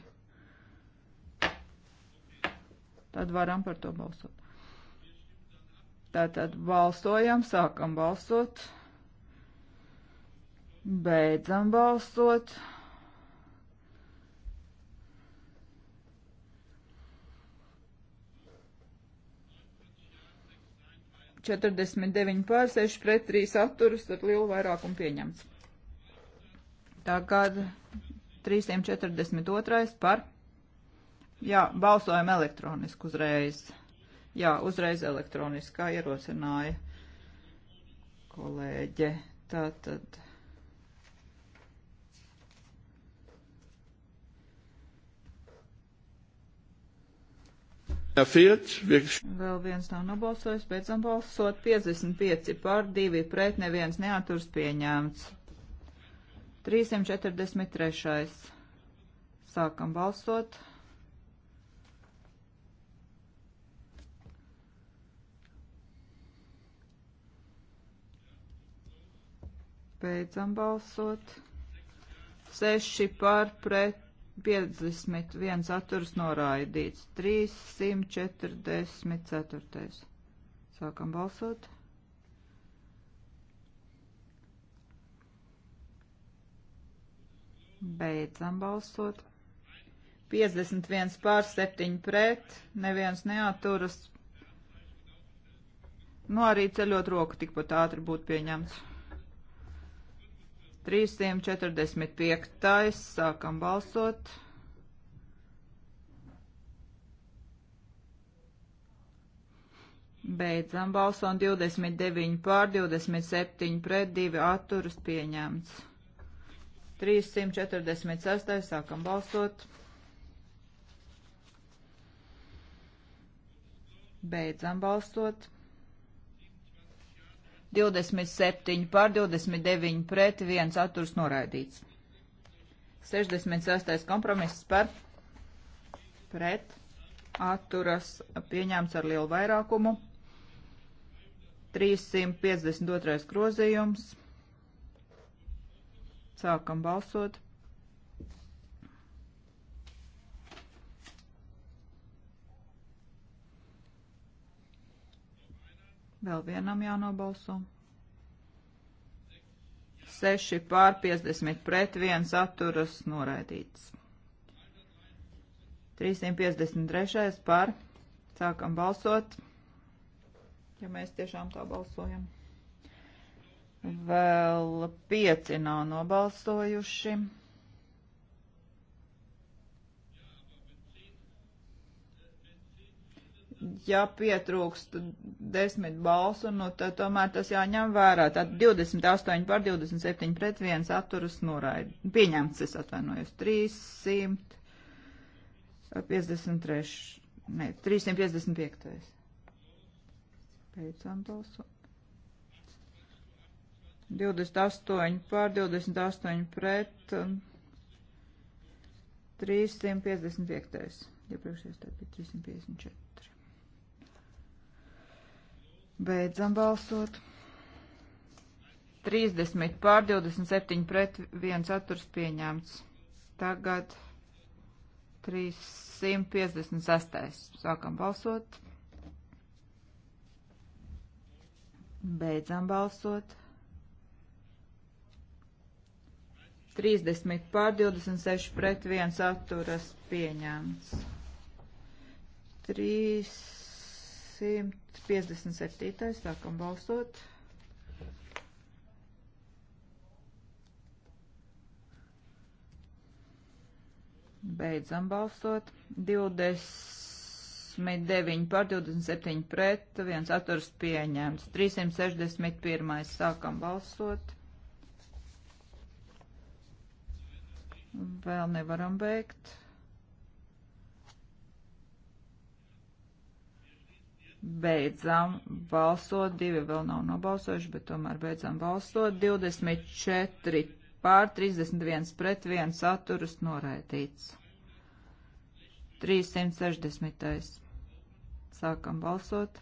Tad varam par to balsot. Tātad balsojam, sākam balsot, beidzam balsot. Četrdesmit deviņi pār seši pret trīs atturus ar lielu vairākumu pieņemts. Tagad 342. par. Jā, balsojam elektroniski uzreiz. Jā, uzreiz elektroniskā ierosināja kolēģe. Tātad. Vēl viens nav nobalsojis, beidzam balsot. 55 par, 2 pret, neviens neaturs pieņēmts. 343. Sākam balsot. Beidzam balsot. 6 par pret 51 atturas noraidīts. 344. Sākam balsot. Beidzam balsot. 51 pār 7 pret, neviens neaturas. Nu, arī ceļot roku tikpat ātri būtu pieņemts. 345. Tais, sākam balsot. Beidzam balsot 29 pār 27 pret 2 atturas pieņemts. 346. sākam balsot. Beidzam balsot. 27 pār 29 pret 1 atturs noraidīts. 68. kompromiss par pret atturas pieņēmts ar lielu vairākumu. 352. grozījums Sākam balsot. Vēl vienam jānobalso. 6 pār 50 pret 1 atturas noraidīts. 353 pār. Sākam balsot, ja mēs tiešām tā balsojam. Vēl pieci nav nobalsojuši. Ja pietrūkst desmit balsu, nu tad tomēr tas jāņem vērā. Tad 28 par 27 pret 1 atturas noraida. Pieņemts, es atvainojos, 353, ne, 355. Beidzam balsu. 28 pār 28 pret 355. Iepriekšējais tā bija 354. Beidzam balsot. 30 pār 27 pret 1 atturs pieņemts. Tagad 356. Sākam balsot. Beidzam balsot. 30 pār 26 pret 1 atturas pieņēmts. 357. sākam balsot. Beidzam balsot. 29 pār 27 pret 1 atturas pieņēmts. 361. sākam balsot. Vēl nevaram beigt. Beidzam balsot, divi vēl nav nobalsojuši, bet tomēr beidzam balsot. 24 pār 31 pret 1 atturas noraidīts. 360. Sākam balsot.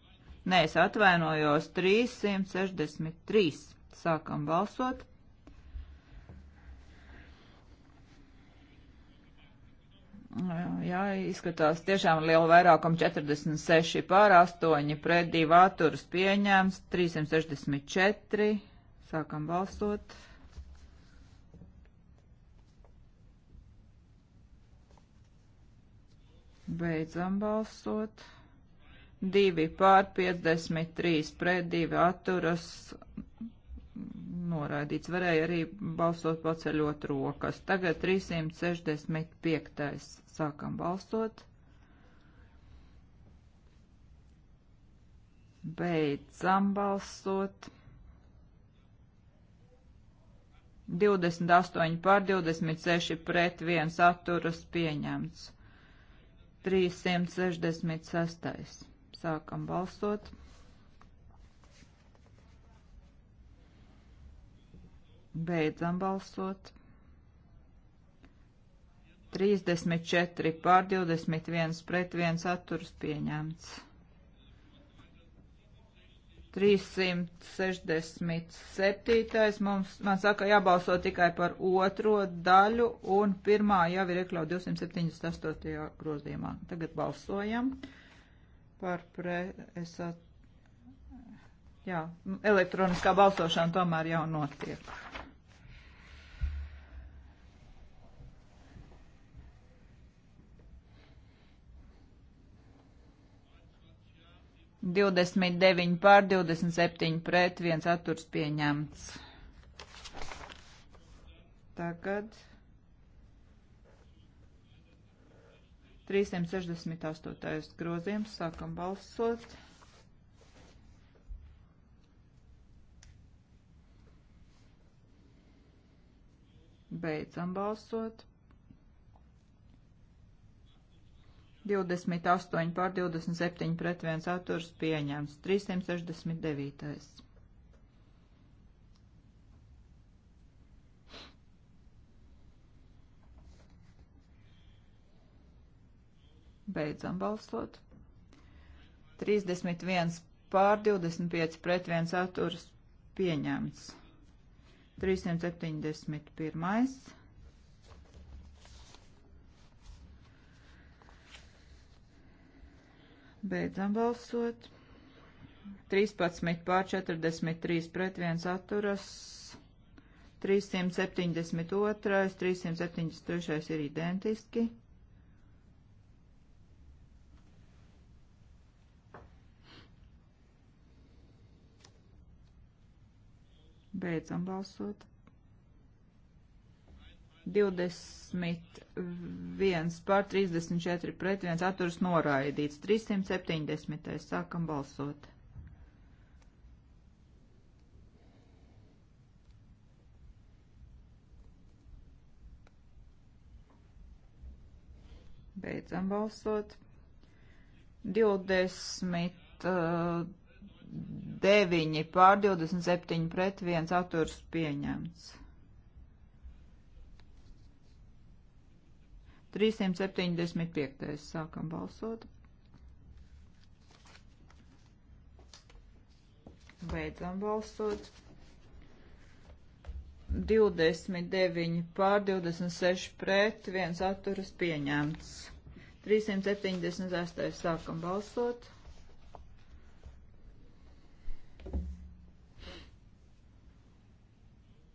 Nē, es atvainojos 363. Sākam balsot. Jā, izskatās tiešām liela vairākuma 46 pār 8 pret 2 atturas pieņēms, 364. Sākam balsot. Beidzam balsot. 2 pār 53 pret 2 atturas noraidīts. Varēja arī balsot paceļot rokas. Tagad 365. sākam balsot. Beidzam balsot. 28 pār 26 pret 1 atturas pieņemts. 366. Sākam balsot. Beidzam balsot. 34 pār 21 pret 1 atturs pieņemts. 367. Mums, man saka, jābalso tikai par otro daļu, un pirmā jau ir iekļaut 278. grozījumā. Tagad balsojam. Uh, par pre... Es at... Jā, elektroniskā balsošana tomēr jau notiek. Divdesmit deviņi pār, divdesmit septiņi pret, viens atturs pieņemts. Tagad. 368. grozījums. Sākam balsot. Beidzam balsot. 28 pār 27 pret 1 atturs pieņems. 369. Beidzam balsot. 31 pār 25 pret 1 atturas pieņemts. 371. Beidzam balsot. 13 pār 43 pret 1 atturas. 372, 373 ir identiski. Beidzam balsot. 21 pār 34 pret 1 atturs noraidīts. 370. Sākam balsot. Beidzam balsot. 20. Uh, 9 pār 27 pret 1 atturs pieņemts. 375. Sākam balsot. Beidzam balsot. 29 pār 26 pret 1 atturas pieņemts. 376. Sākam balsot.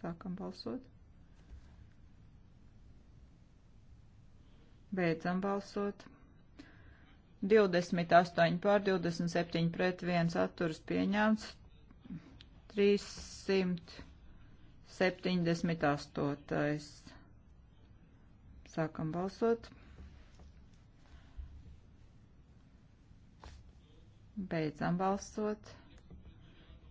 Sākam balsot. Beidzam balsot. 28 pār 27 pret 1 atturas pieņemts. 378. Sākam balsot. Beidzam balsot.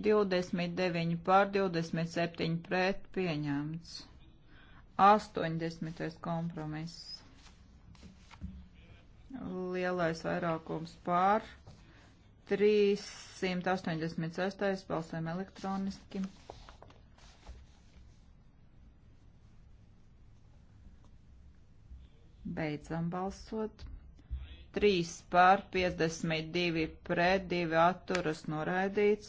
29 pār 27 pret pieņemts. 80. kompromiss. Lielais vairākums pār 386. balsēm elektroniski. Beidzam balsot. 3 pār 52 pret 2 atturas noraidīts.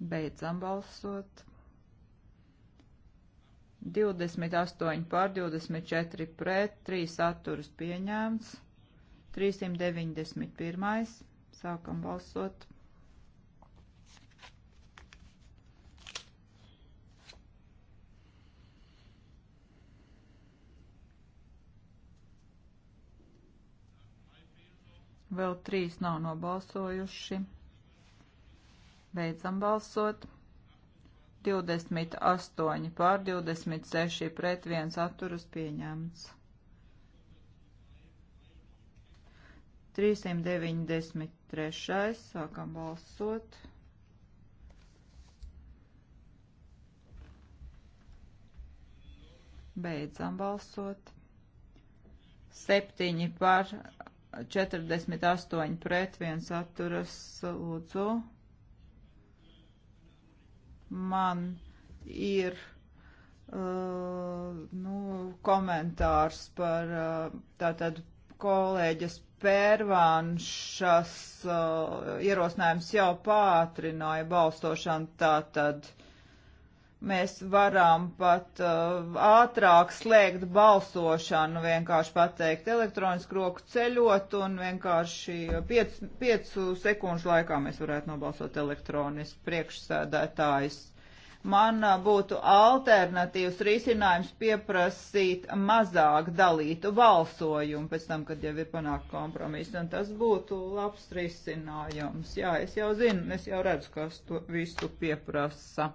Beidzam balsot. 28 pār 24 pret, 3 atturas pieņēmts, 391. Sākam balsot. Vēl trīs nav nobalsojuši. Beidzam balsot. 28 pār 26 pret 1 atturas pieņemts. 393. Sākam balsot. Beidzam balsot. 7 pār 48 pret 1 atturas lūdzu man ir uh, nu, komentārs par uh, tātad kolēģis Pērvānšas uh, ierosinājums jau pātrināja balstošanu tātad. Uh, mēs varam pat uh, ātrāk slēgt balsošanu, vienkārši pateikt elektronisku roku ceļot un vienkārši 5 sekundžu laikā mēs varētu nobalsot elektroniski priekšsēdētājs. Man uh, būtu alternatīvs risinājums pieprasīt mazāk dalītu balsojumu pēc tam, kad jau ir panākt kompromiss, un tas būtu labs risinājums. Jā, es jau zinu, es jau redzu, kas to visu pieprasa.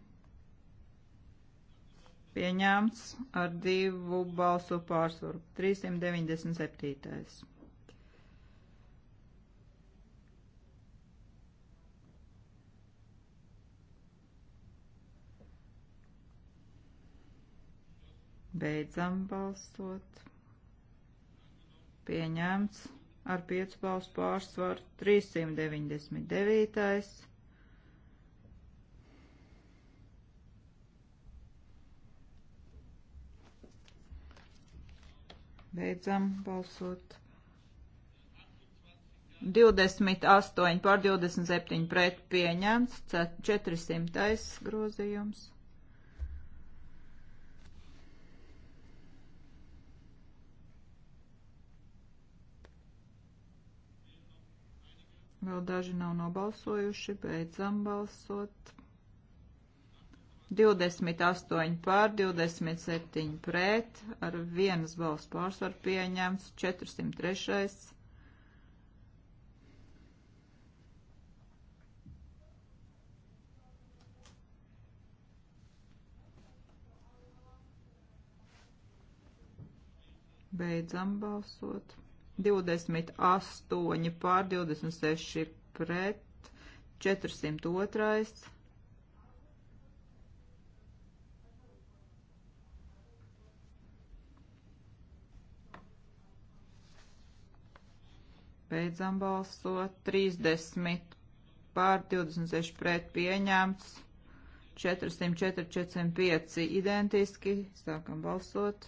pieņemts ar divu balsu pārsvaru. 397. Beidzam balsot. Pieņemts ar 5 balsu pārsvaru 399. Beidzam balsot. 28 pār 27 pret pieņemts, 400 grozījums. Vēl daži nav nobalsojuši, beidzam balsot. 28 pār 27 pret, ar vienas balss pārsvaru pieņemts 403. Beidzam balsot. 28 pār 26 pret, 402. Beidzam balsot. 30 pār 26 pret pieņemts. 404, 405 identiski. Sākam balsot.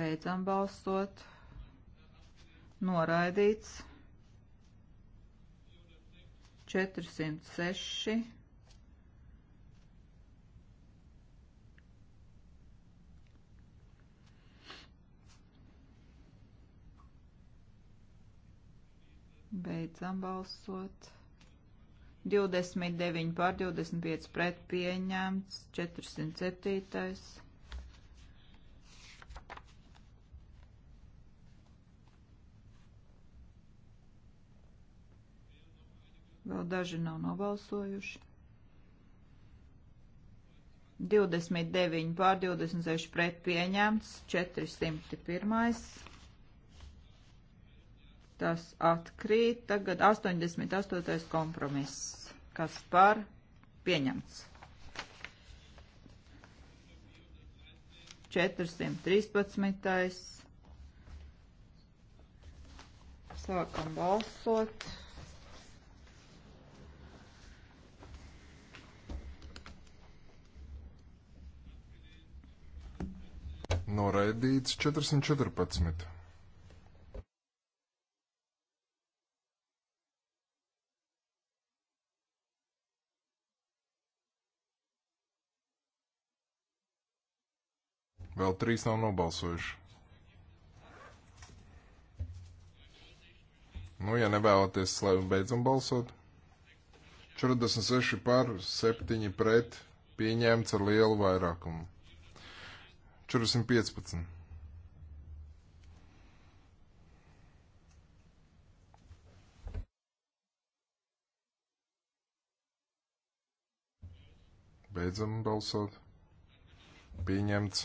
Beidzam balsot. Noraidīts. 406. Beidzam balsot. 29 pār 25 pret pieņemts, 407. Vēl daži nav nobalsojuši. 29 pār 26 pret pieņemts, 401 tas atkrīt. Tagad 88. kompromiss, kas par pieņemts. 413. Sākam balsot. Noraidīts 414. Vēl trīs nav nobalsojuši. Nu, ja nevēlaties, lai beidzam balsot. 46 par, 7 pret, pieņēmts ar lielu vairākumu. 415. Beidzam balsot. Pieņemts.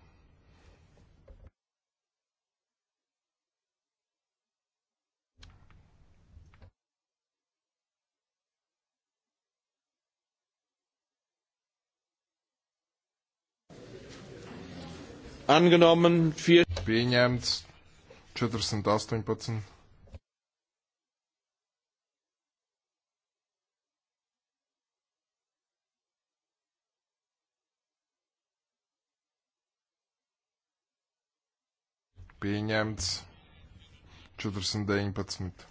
angenommen. Vier Pieņemts 418. Pieņemts 419.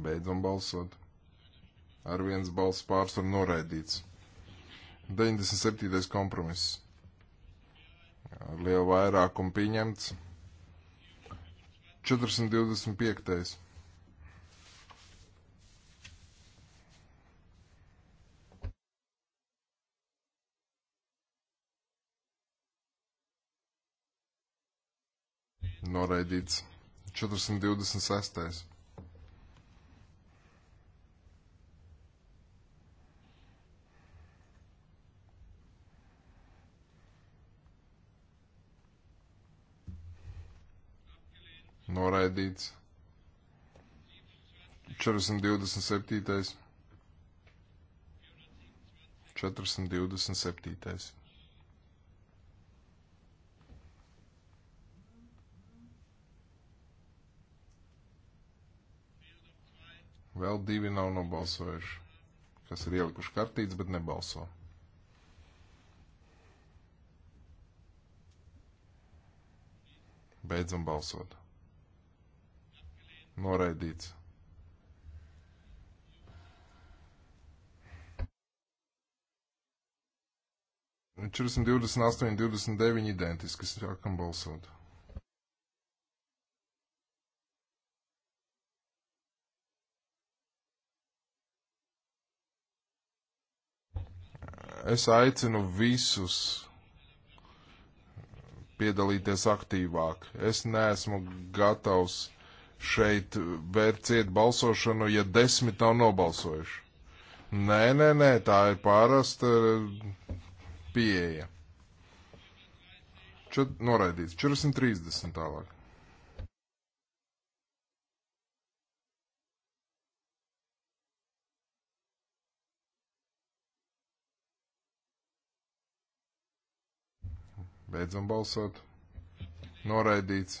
Beidzam balsot. Ar viens balss pārsvaru noraidīts. 97. kompromiss. Ar lielu vairākumu pieņemts. 425. noraidīts 426. noraidīts. 427. 427. Vēl divi nav nobalsojuši, kas ir ielikuši kartītes, bet nebalso. Beidzam balsot. Noraidīts. Četrdesmit divdesmit astoņi, divdesmit deviņi identiski, sākam balsot. es aicinu visus piedalīties aktīvāk. Es neesmu gatavs šeit vērciet balsošanu, ja desmit nav nobalsojuši. Nē, nē, nē, tā ir pārasta eh, pieeja. Čet, noraidīts. 430 tālāk. Beidzam balsot. Noraidīts.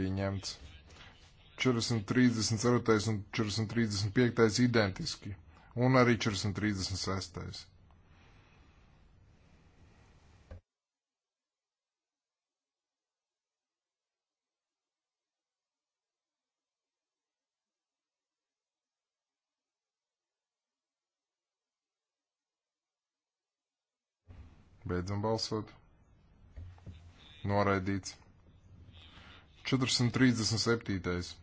pieņemts. 434. un 435. identiski. Un arī 436. Beidzam balsot. Noraidīts. 437.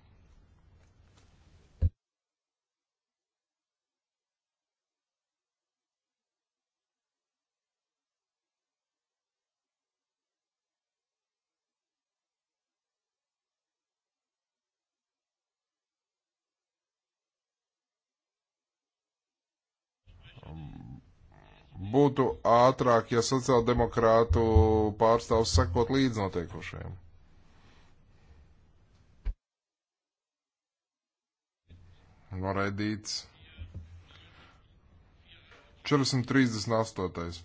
būtu ātrāk, ja sociāldemokrātu pārstāvs sekot līdz notiekošajiem. noraidīts. 438.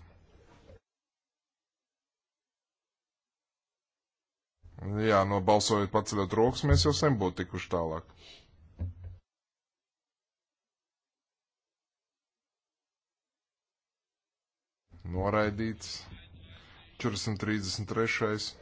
Jā, nobalsojot paceļot rokas, mēs jau sen būtu tikuši tālāk. Noraidīts. 433.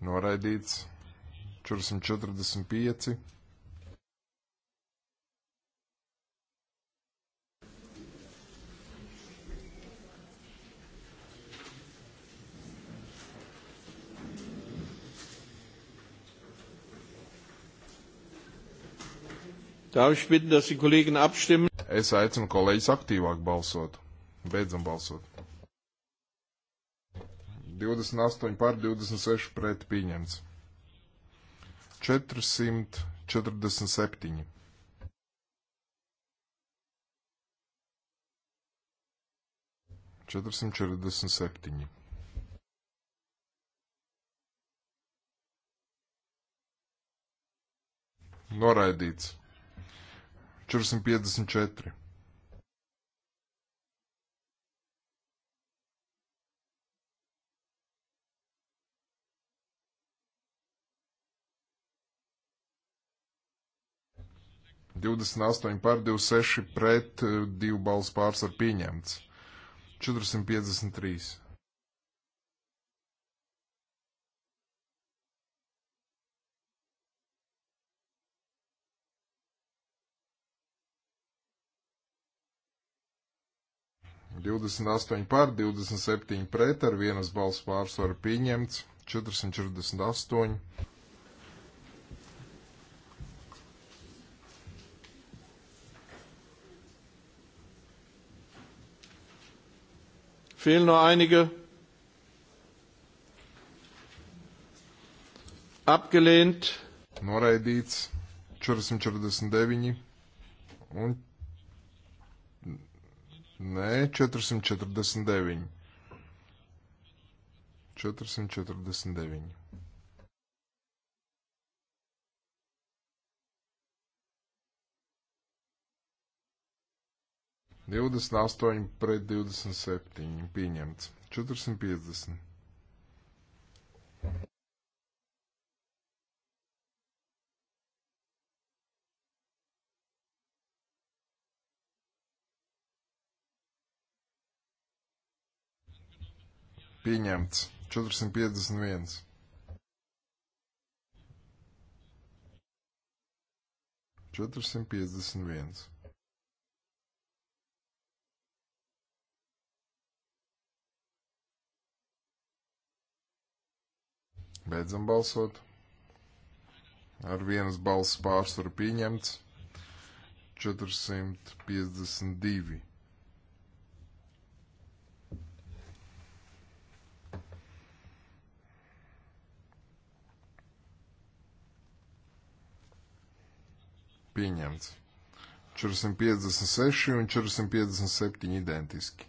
noraidīts 445. Darf ich bitten, dass die Kollegen abstimmen? Es aicinu kolēģis aktīvāk balsot. Beidzam balsot. 28 pār 26 pret pieņemts. 447. Četrsimt četrdesmit septiņi. Noraidīts. Četrsimt piecdesmit četri. 28 par 26 pret 2 balss pārsvar pieņemts. 453. Divdesmit astoņi pār, divdesmit septiņi pret, ar vienas balss pārsvaru pieņemts, četrsimt četrdesmit astoņi. Fehlen noch einige? Abgelehnt. Noraidīts 449 un Nē, 449. 449. 28 pret 27 pieņemts. 450. Pieņemts. 451. Četrsimt piecdesmit viens. Beidzam balsot. Ar vienas balss pārsvaru pieņemts 452. Pieņemts 456 un 457 identiski.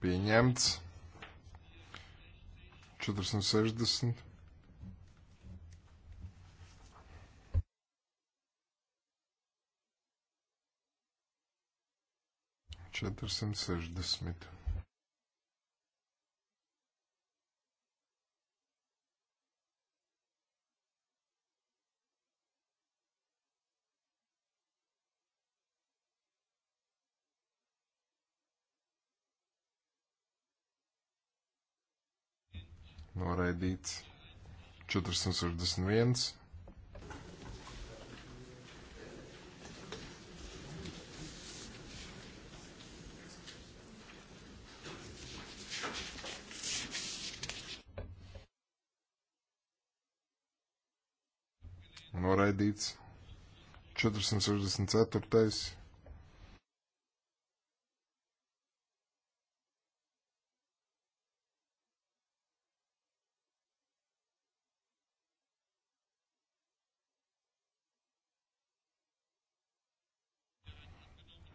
pieņemts. 460. Četrsimt sešdesmit. noraidīts 461. Noraidīts 464.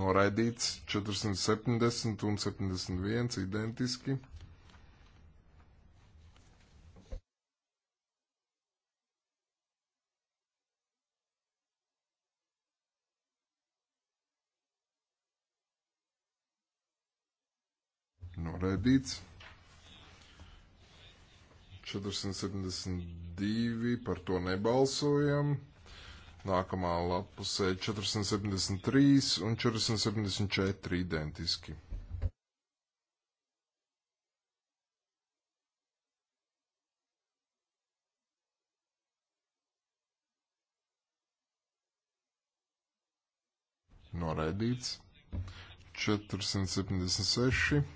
noraidīts 470 un 71 identiski. Noraidīts 472 par to nebalsojam. Nākamā lapusē 473 un 474 identiski. Noraidīts 476.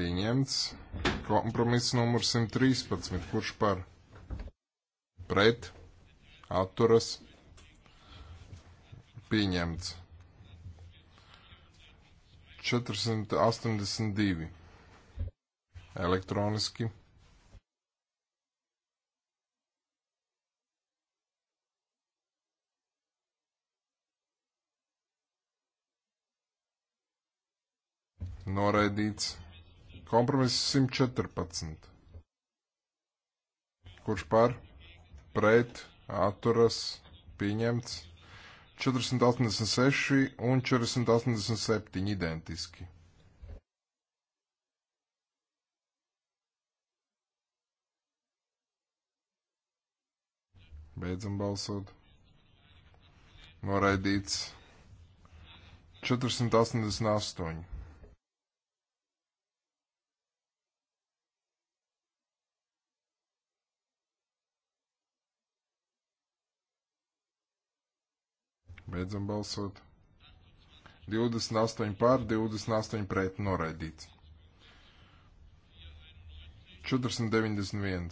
pieņemts. Kompromiss numur 113. Kurš par? Pret. Atturas. Pieņemts. 482. Elektroniski. noraidīts. Kompromiss 114. Kurš par? Pret, atturas, pieņemts. 486 un 487 identiski. Beidzam balsot. Noraidīts 488. Beidzam balsot. 28 pār, 28 pret noraidīts. 491.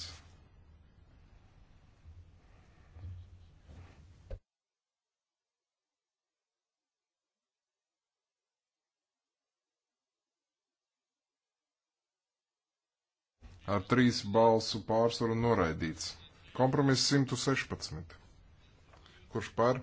Ar trīs balsu pārsvaru noraidīts. Kompromiss 116. Kurš par?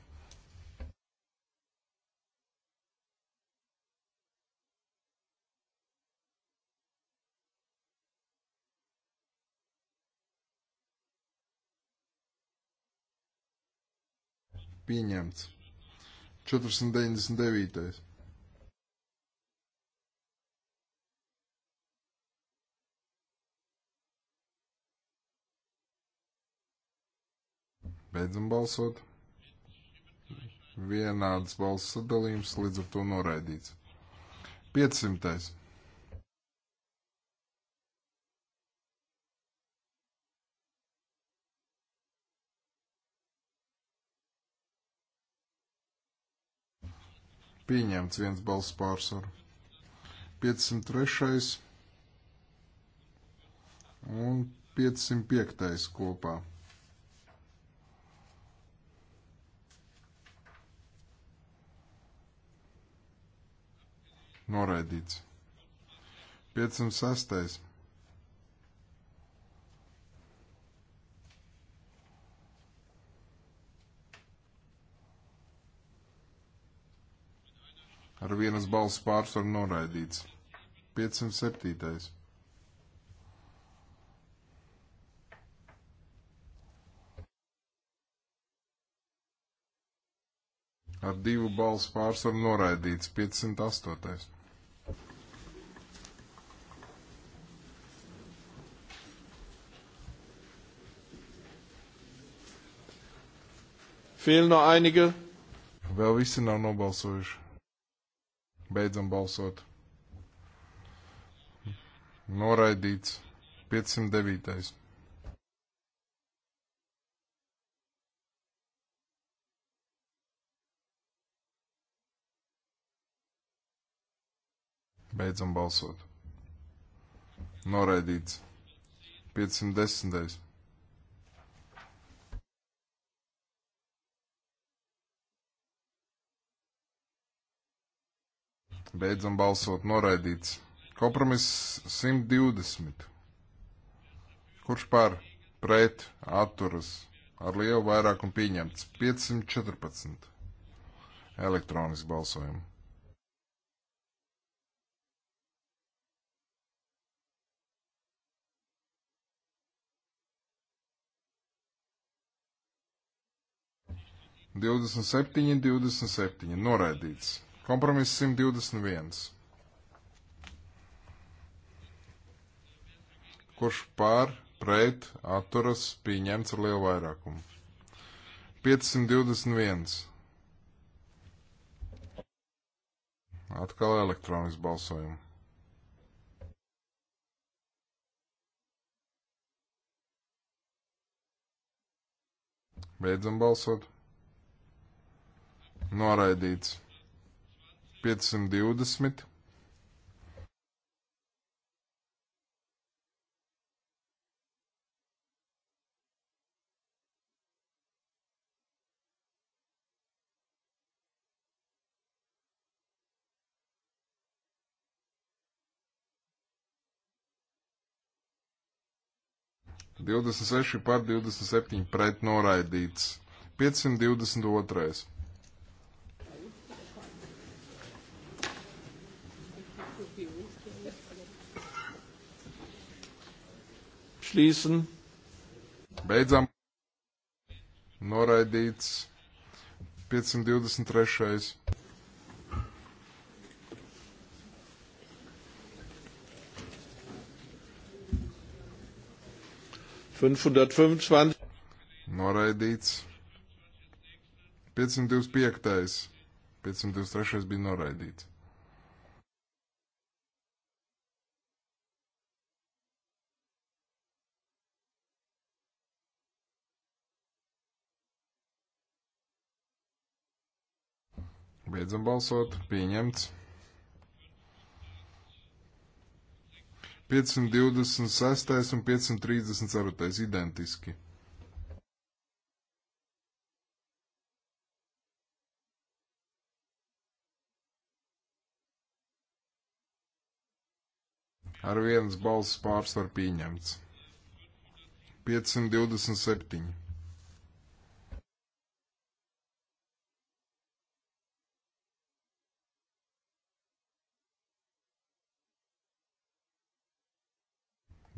pieņemts. 499. Beidzam balsot. Vienādas balss sadalījums, līdz ar to noraidīts. 500. Pieņemts viens balss pārsvaru. 503. un 505. kopā. Noraidīts. 506. ar vienas balss pārsvaru noraidīts. 507. Ar divu balsu pārsvaru noraidīts 508. Fehlen noch einige? Vēl visi nav nobalsojuši. Beidzam balsot. Noraidīts 509. Beidzam balsot. Noraidīts 510. Beidzam balsot noraidīts. Kompromiss 120. Kurš par pret atturas ar lielu vairākumu pieņemts? 514. Elektroniski balsojumu. Divdesmit septiņi, divdesmit septiņi, noraidīts. Kompromiss 121. Kurš pār, pret, atturas pieņemts ar lielu vairākumu. 521. Atkal elektronisks balsojums. Beidzam balsot. Noraidīts. 520. Divdesmit seši pār divdesmit septiņi pret noraidīts. Piecsimt divdesmit otrais. Schließen. Beidzam. Noraidīts. 523. Fünfhundertfünfundzwanzig. Noraidīts. 525. 523. bija noraidīts. Beidzam balsot. Pieņemts. 526 un 534 identiski. Ar vienas balss pārsvaru pieņemts. 527.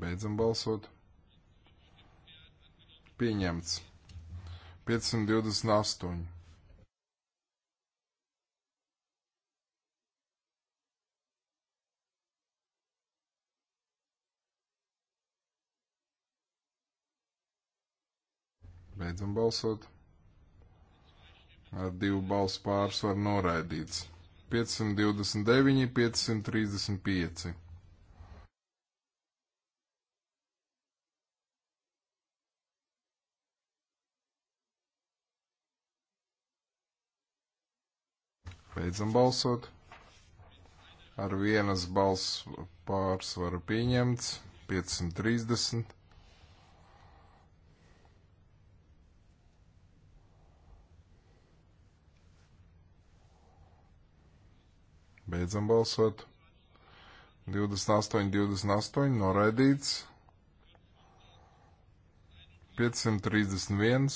Beidzam balsot. Pieņemts. 528. Beidzam balsot. Ar divu balsu pārsvaru noraidīts. 529, 535. Beidzam balsot. Ar vienas balss pārsvaru pieņemts 530. Beidzam balsot. 28, 28, noraidīts. 531.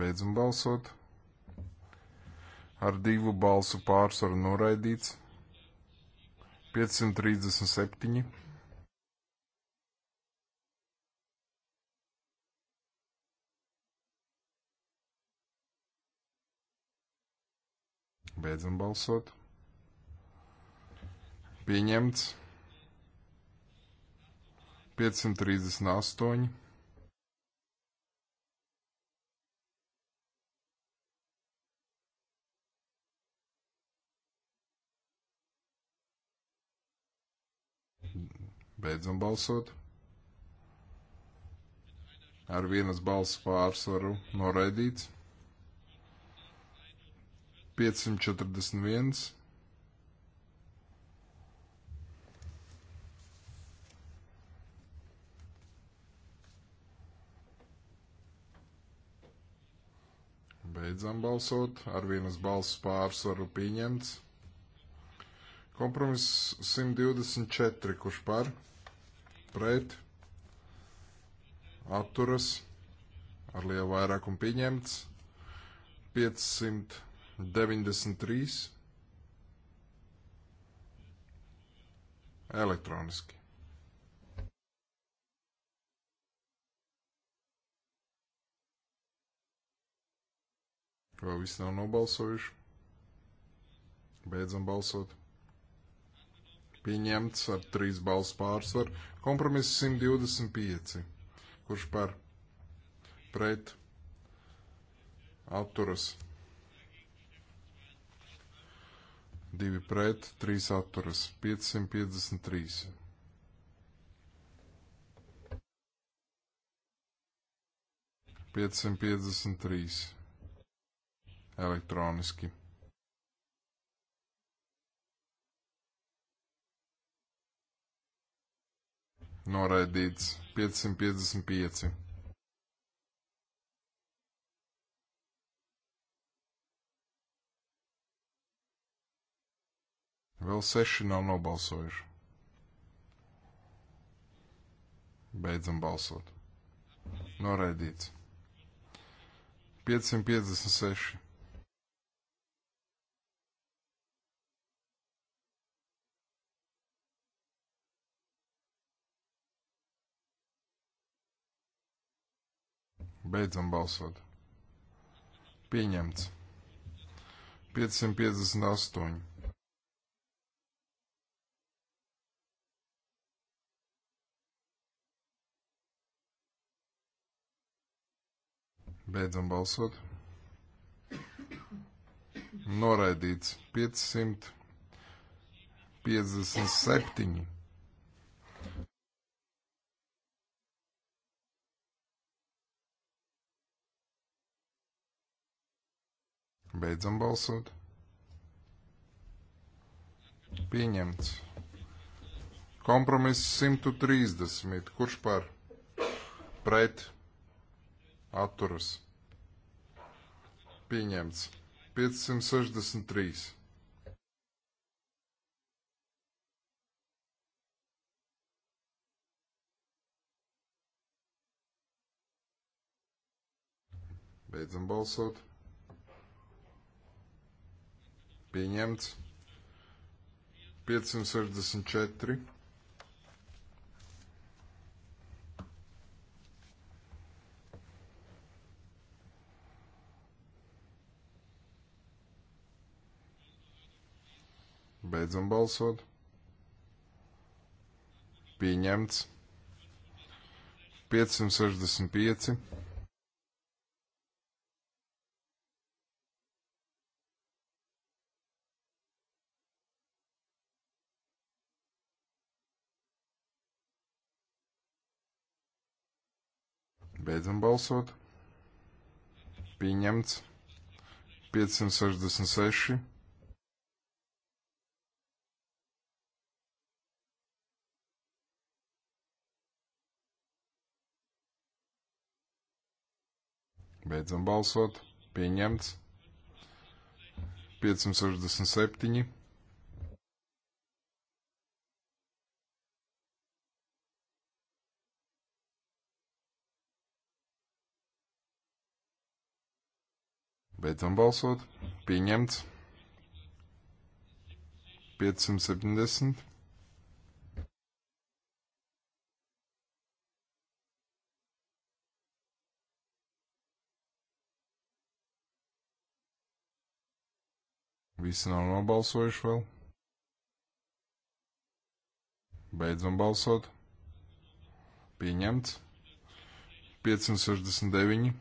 Beidzam balsot. Ar divu balsu pārsvaru noraidīts. 537. Beidzam balsot. Pieņemts. 538. Beidzam balsot. Ar vienas balss pārsvaru noraidīts. 541. Beidzam balsot, ar vienas balss pārsvaru pieņemts. Kompromiss 124, kurš par? pret, atturas, ar lielu vairākumu pieņemts, 593 elektroniski. Vai visi nav nobalsojuši? Beidzam balsot. Pieņemts ar trīs balsu pārsvaru. Kompromiss 125. Kurš par? Pret. Atturas. Divi pret, trīs atturas. 553. Piecsimt piecdesmit trīs elektroniski. noraidīts 555. Vēl seši nav nobalsojuši. Beidzam balsot. Noraidīts. 556. Beidzam balsot. Pieņemts. 558. Beidzam balsot. Noraidīts 557. Beidzam balsot. Pieņemts. Kompromiss 130. Kurš par? Pret. Atturas. Pieņemts. 563. Beidzam balsot. Pieņemts. 564. Beidzam balsot. Pieņemts. 565. Beidzam balsot. Pieņemts. 566. Beidzam balsot. Pieņemts. 567. Beidzam balsot. Pieņemts. 570. Visi nav nobalsojuši vēl. Beidzam balsot. Pieņemts. 569.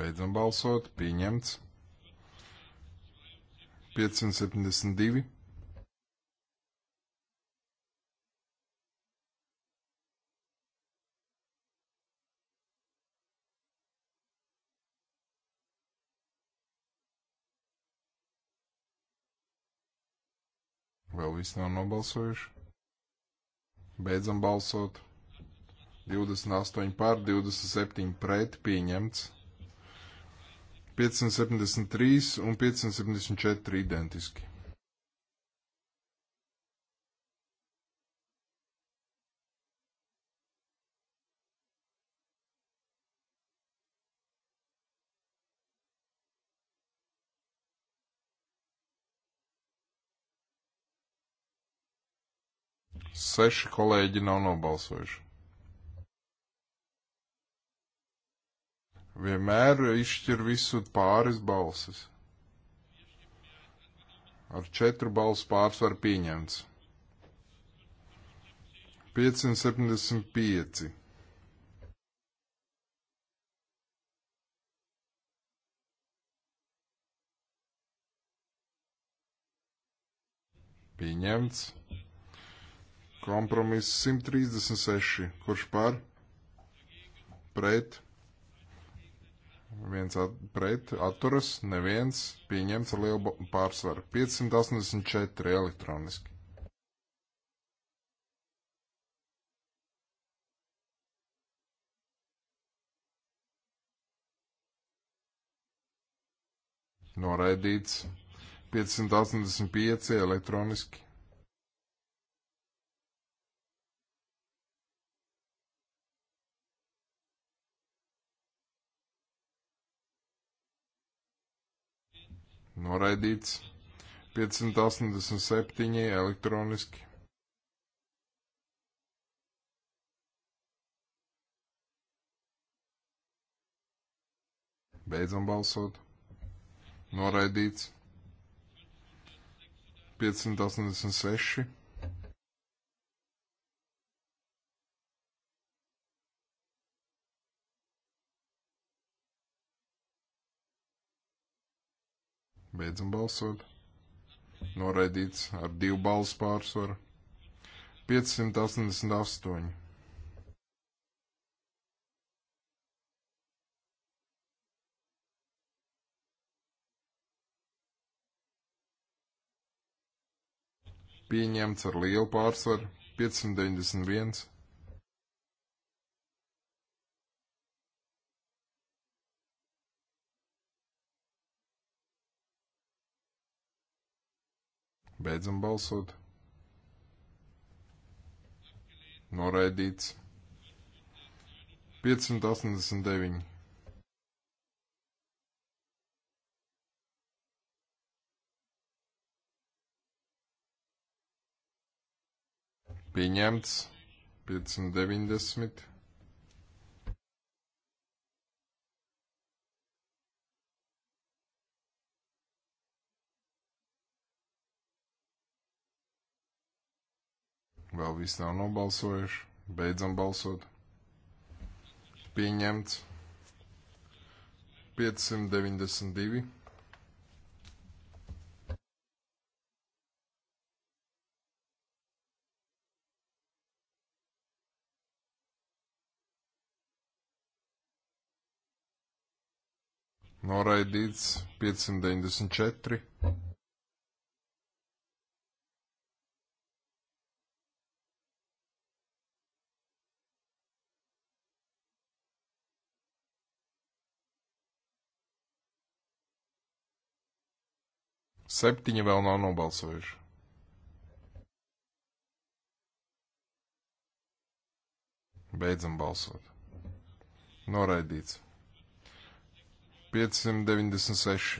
Beidzam balsot. Pieņemts. 572. Vēl viss nav nobalsojuši. Beidzam balsot. 28 pār 27 pret pieņemts. 573 un 574 identiski. Seši kolēģi nav nobalsojuši. vienmēr izšķir visu pāris balsis. Ar četru balsu pārsvaru pieņemts. 575. Pieņemts. Kompromiss 136. Kurš par? Pret viens at, pret, atturas, neviens, pieņemts ar lielu pārsvaru. 584 elektroniski. Noraidīts 585 elektroniski. noraidīts. 587 elektroniski. Beidzam balsot. Noraidīts. 586. Beidzam balsot. Noraidīts ar divu balsu pārsvaru. 588. Pieņemts ar lielu pārsvaru 591. Beidzam balsot. Noraidīts. 589. Pieņemts 590. Vēl viss nav nobalsojuši. Beidzam balsot. Pieņemts. 592. Noraidīts 594. Septiņi vēl nav nobalsojuši. Beidzam balsot. Noraidīts. 596.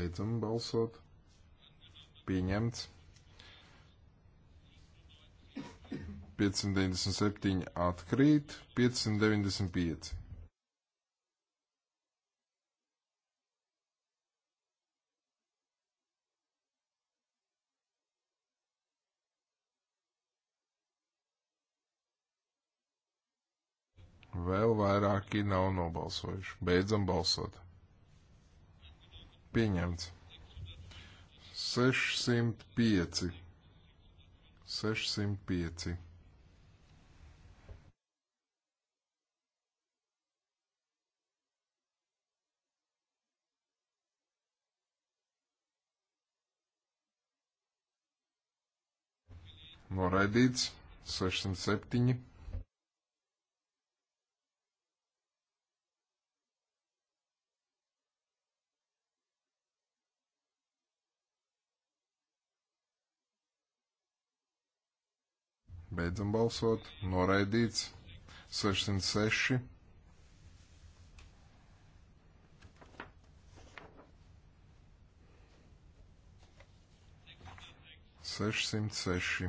Beidzam balsot. Pieņemts. 597 atkrīt, 595. Vēl vairāki nav nobalsojuši. Beidzam balsot. Pieņemts. 605. 605. noraidīts 607. Beidzam balsot, noraidīts 606. Sešsimt seši.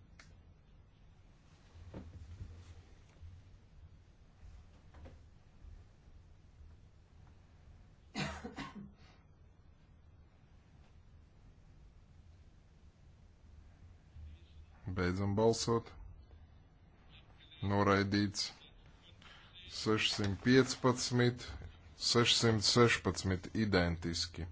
Beidzam balsot. Noraidīts 615, 616 identiski.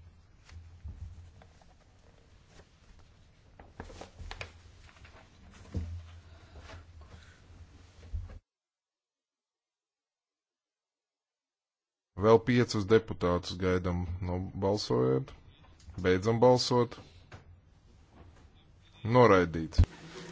Vēl piecus deputātus gaidam nobalsojot. Beidzam balsot. Noraidīts.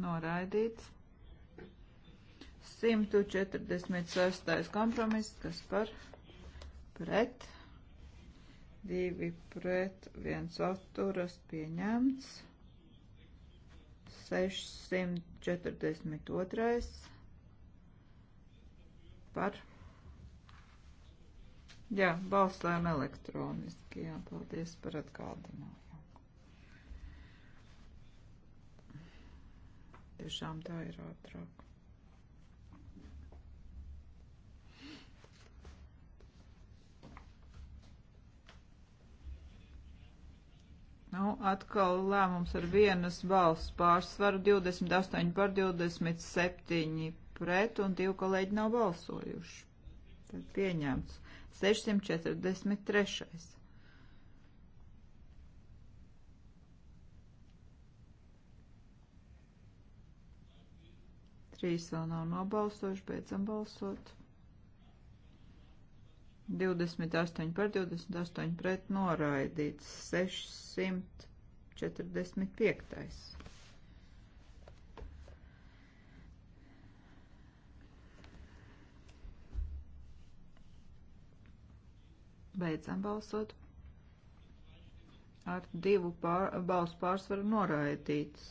noraidīts. 146. kompromiss, kas par pret, divi pret, viens atturas pieņemts. 642. par. Jā, balsojam elektroniski, jā, paldies par atgādinājumu. Tiešām tā ir ātrāk. Nu, atkal lēmums ar vienas balss pārsvaru 28 par 27 pret un divi kolēģi nav balsojuši. Tad pieņemts 643. Trīs vēl nav nobalsojuši, beidzam balsot. 28 par 28 pret noraidīts 645. Beidzam balsot. Ar divu pār, balsu pārsvaru noraidīts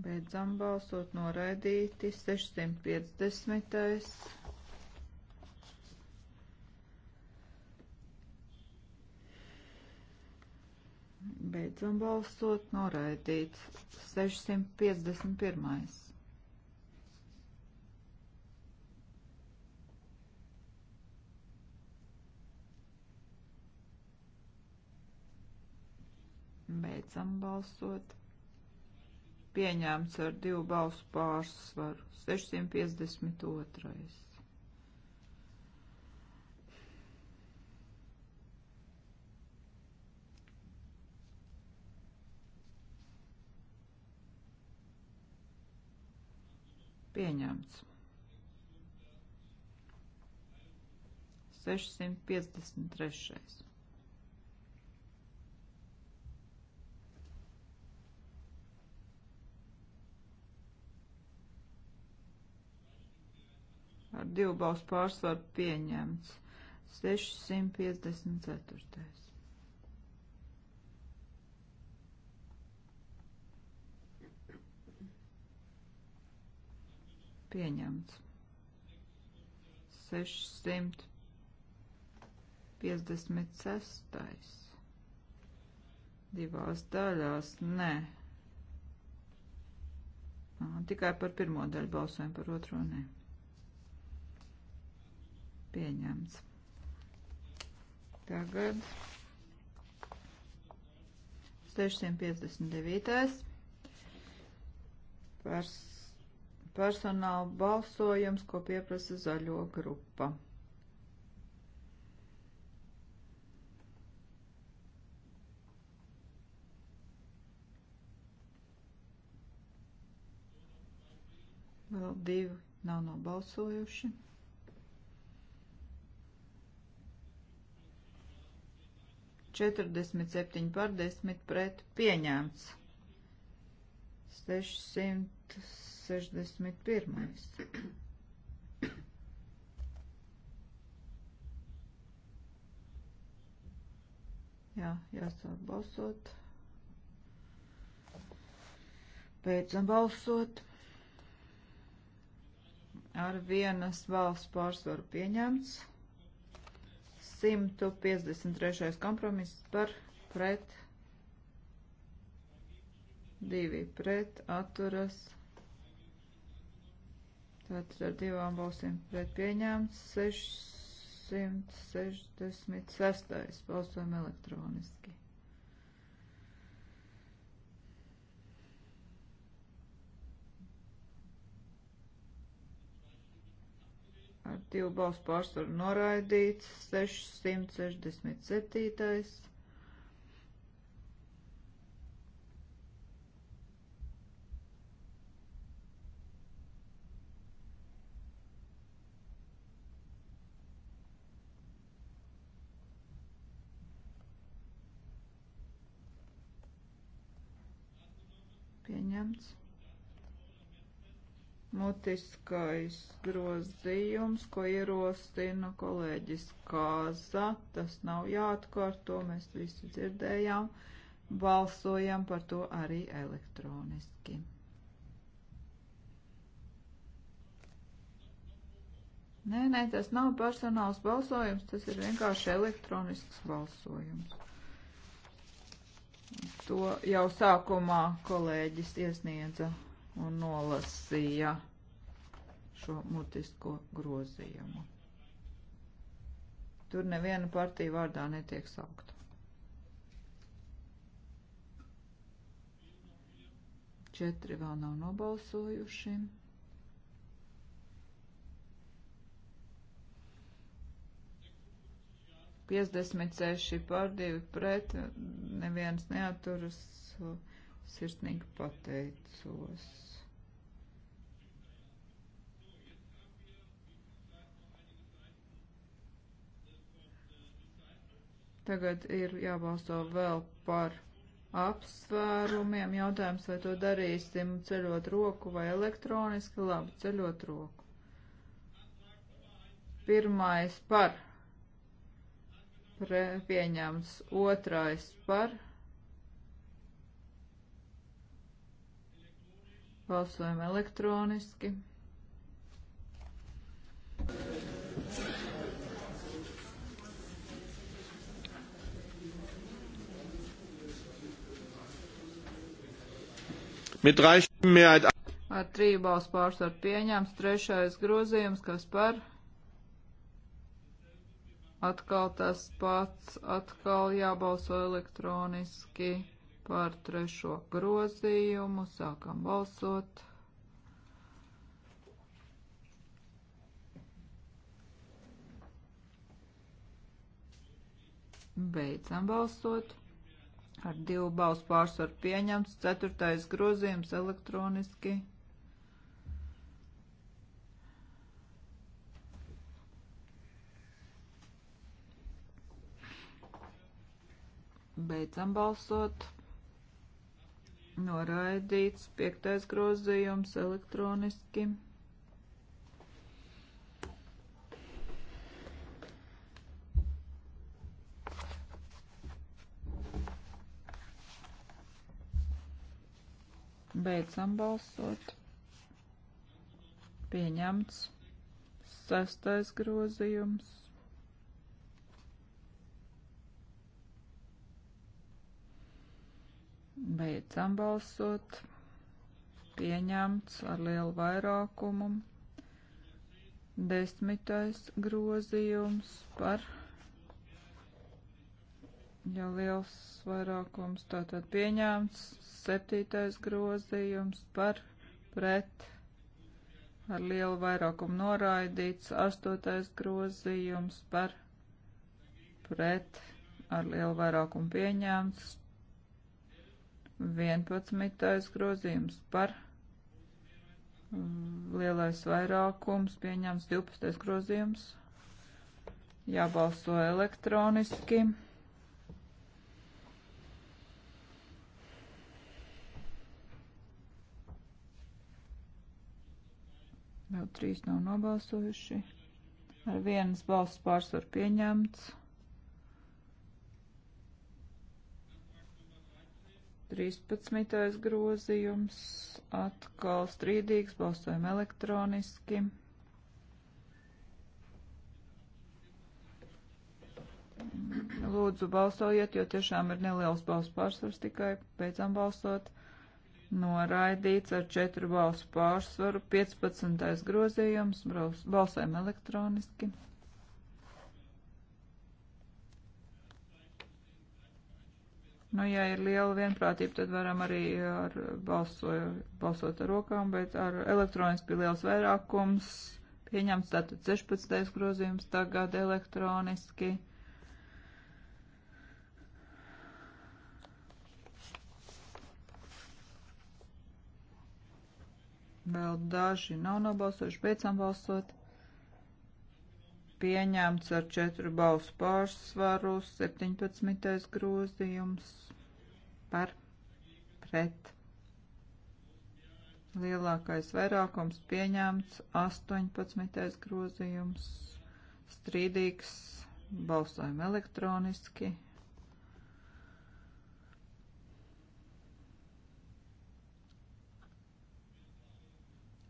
Beidzam balsot noraidīti 650. Beidzam balsot noraidīts 651. Beidzam balsot pieņemts ar divu balsu pārsvaru. 652. Pieņemts. 653. ar divu balstu pārsvaru pieņemts 654. Pieņemts 656. Divās daļās, nē. Tikai par pirmo daļu balsojam, par otro nē pieņemts. Tagad 659. Pers personāla balsojums, ko pieprasa zaļo grupa. Vēl divi nav nobalsojuši. 47 par 10 pret pieņemts. 661. Jā, jāsāk balsot. Beidzam balsot. Ar vienas valsts pārsvaru pieņemts. 153. kompromiss par pret divi pret atturas. Tātad ar divām balsīm pret pieņēmts 666. Balsojam elektroniski. ar divu balstu pārsvaru noraidīts 667. mutiskais grozījums, ko ierostina kolēģis Kāza. Tas nav jāatkārto, mēs visi dzirdējām. Balsojam par to arī elektroniski. Nē, nē, tas nav personāls balsojums, tas ir vienkārši elektronisks balsojums. To jau sākumā kolēģis iesniedza un nolasīja šo mutisko grozījumu. Tur neviena partija vārdā netiek saukta. Četri vēl nav nobalsojuši. Piecdesmit seši pār divi pret, neviens neaturas, sirsnīgi pateicos. Tagad ir jābalso vēl par apsvērumiem. Jautājums, vai to darīsim ceļot roku vai elektroniski? Labi, ceļot roku. Pirmais par. Pre, pieņemts. Otrais par. Balsojam elektroniski. Thank you. Mit reichen Mehrheit. Ar triju balsu pārsvaru pieņēms trešais grozījums, kas par atkal tas pats, atkal jābalso elektroniski par trešo grozījumu. Sākam balsot. Beidzam balsot. Ar divu balsu pārsvaru pieņemts. Ceturtais grozījums elektroniski. Beidzam balsot. Noraidīts piektais grozījums elektroniski. Beidzam balsot. Pieņemts. Sestais grozījums. Beidzam balsot. Pieņemts ar lielu vairākumu. Desmitais grozījums par ja liels vairākums tātad pieņēmts, septītais grozījums par pret ar lielu vairākumu noraidīts, astotais grozījums par pret ar lielu vairākumu pieņēmts, vienpadsmitais grozījums par lielais vairākums pieņēmts, divpadsmitais grozījums jābalso elektroniski. Vēl trīs nav nobalsojuši. Ar vienas balsts pārsvaru pieņemts. 13. grozījums atkal strīdīgs, balsojam elektroniski. Lūdzu, balsojiet, jo tiešām ir neliels balss pārsvars tikai, beidzam balsot noraidīts ar četru balsu pārsvaru, 15. grozījums, balsēm elektroniski. Nu, ja ir liela vienprātība, tad varam arī ar balso, balsot ar rokām, bet ar elektroniski bija liels vairākums. Pieņemts tātad 16. grozījums tagad elektroniski. Vēl daži nav nobalsojuši, beidzam balsot. Pieņemts ar četru balsu pārsvaru 17. grozījums par pret. Lielākais vairākums pieņemts 18. grozījums strīdīgs balsojam elektroniski.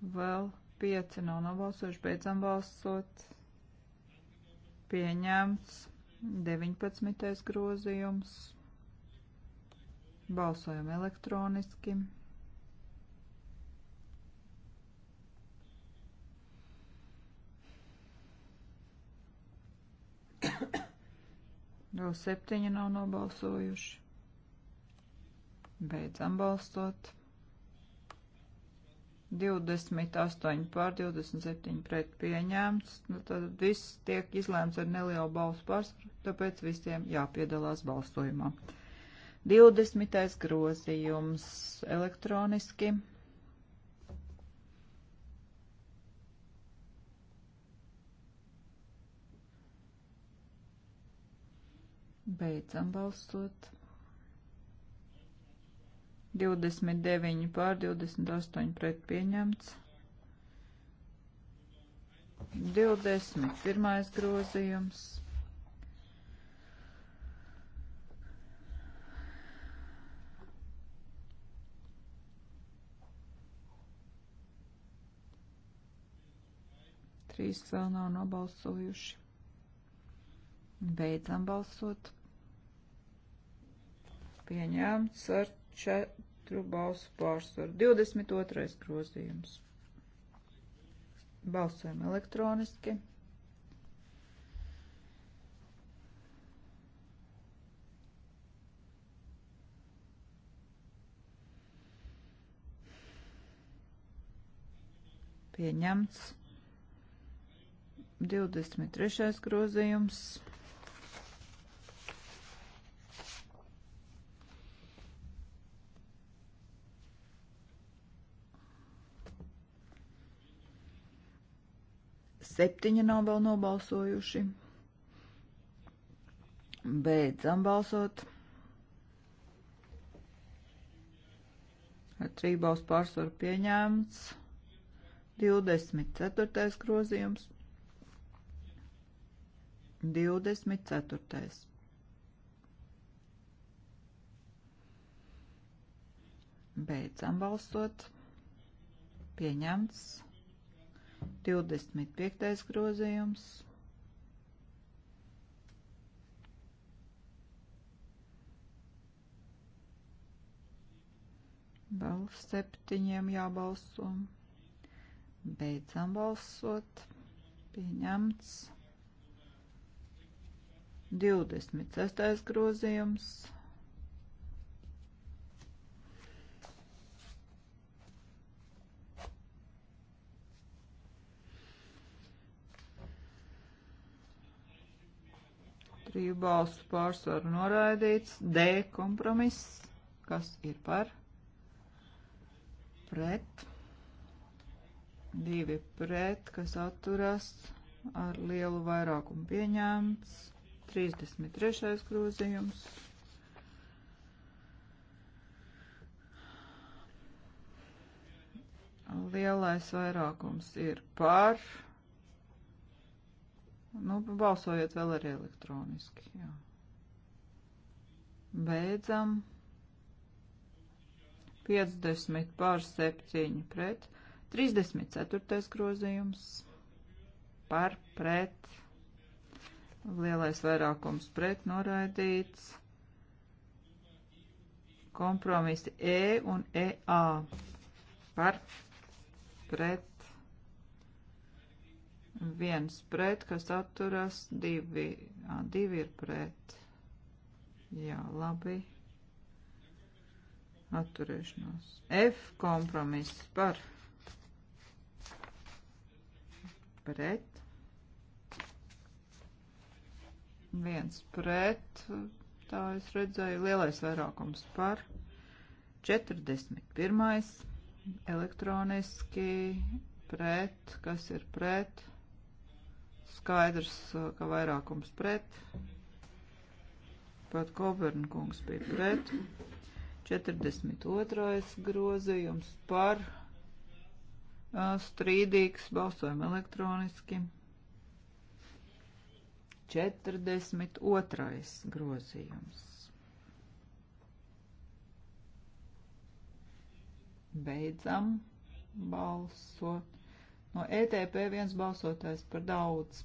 Vēl pieci nav nobalsojuši, beidzam balsot. Pieņemts 19. grozījums. Balsojam elektroniski. Vēl septiņi nav nobalsojuši. Beidzam balstot. 28 pār 27 pret pieņēmts, nu, tad viss tiek izlēmts ar nelielu balsu pārsvaru, tāpēc visiem jāpiedalās balsojumā. 20. grozījums elektroniski. Beidzam balsot. 29 pār 28 pret pieņemts. 21. grozījums. Trīs vēl nav nobalsojuši. Beidzam balsot. Pieņemts ar četru balsu pārsvaru. 22. grozījums. Balsojam elektroniski. Pieņemts. 23. grozījums. Septiņi nav vēl nobalsojuši. Beidzam balsot. Ar trīs balsu pārsvaru pieņēmts 24. grozījums. 24. Beidzam balsot. Pieņemts 25. grozījums. Vēl septiņiem jābalso. Beidzam balsot. Pieņemts. 26. grozījums. Divu balstu pārsvaru noraidīts. D kompromiss. Kas ir par? Pret. Divi pret, kas atturas ar lielu vairākumu pieņēmts. 33. grozījums. Lielais vairākums ir par. Nu, balsojiet vēl arī elektroniski. Jā. Beidzam. 50 pār 7 pret. 34. grozījums par pret. Lielais vairākums pret noraidīts. Kompromisi E un EA par pret viens pret, kas atturas, divi, jā, divi ir pret. Jā, labi. Atturēšanos. F kompromiss par pret. Viens pret, tā es redzēju, lielais vairākums par 41. elektroniski pret, kas ir pret Skaidrs, uh, ka vairākums pret. Pat Kobernikungs bija pret. 42. grozījums par uh, strīdīgs, balsojam elektroniski. 42. grozījums. Beidzam balsot. No ETP viens balsotājs par daudz.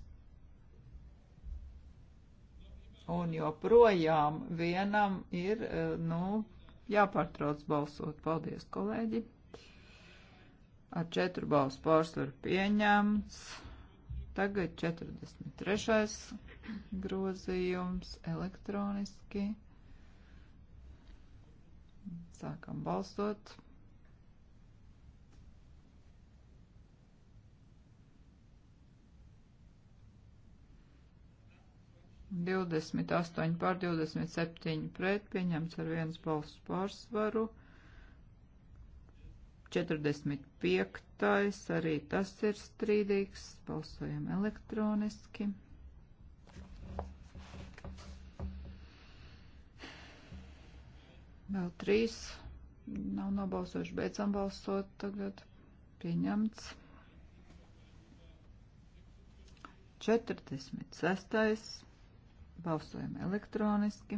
Un joprojām vienam ir, eh, nu, jāpārtrauc balsot. Paldies, kolēģi! Ar četru balsu pārsvaru pieņemts. Tagad 43. grozījums elektroniski. Sākam balsot. 28 pār 27 pret, pieņemts ar vienas balsu pārsvaru. 45. arī tas ir strīdīgs. Balsojam elektroniski. Vēl trīs. Nav nobalsojuši, beidzam balsot tagad. Pieņemts. 46. Balsojam elektroniski.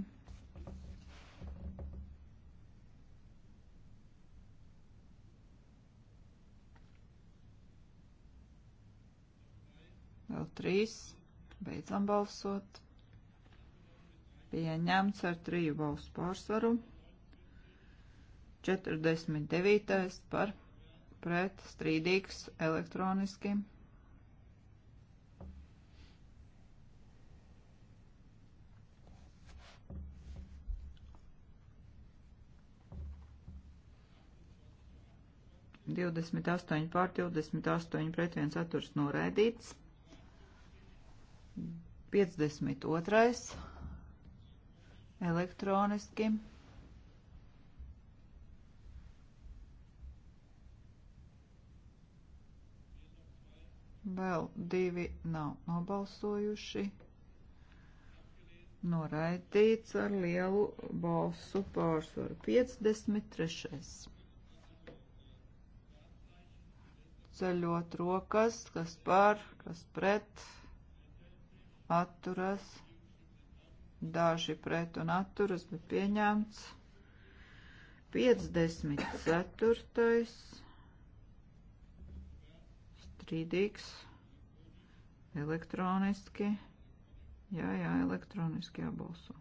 Vēl trīs. Beidzam balsot. Pieņemts ar triju balsu pārsvaru. 49. par pret strīdīgs elektroniski. 28 pār 28 pret 1 atturs noraidīts. 52. elektroniski. Vēl divi nav nobalsojuši. Noraidīts ar lielu balsu pārsvaru 53. ceļot rokas, kas par, kas pret, atturas, daži pret un atturas, bet pieņemts. 54. strīdīgs, elektroniski, jā, jā, elektroniski jābalso.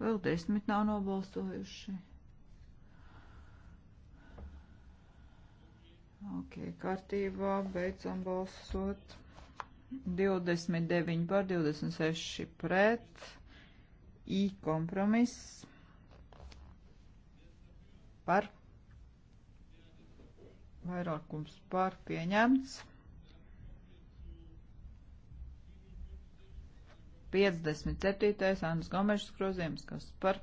Vēl desmit nav nobalsojuši. Ok, kārtībā, beidzam balsot. 29 par 26 pret. I kompromiss. Par. Vairākums par pieņemts. 57. Annas Gomešas grozījums, kas par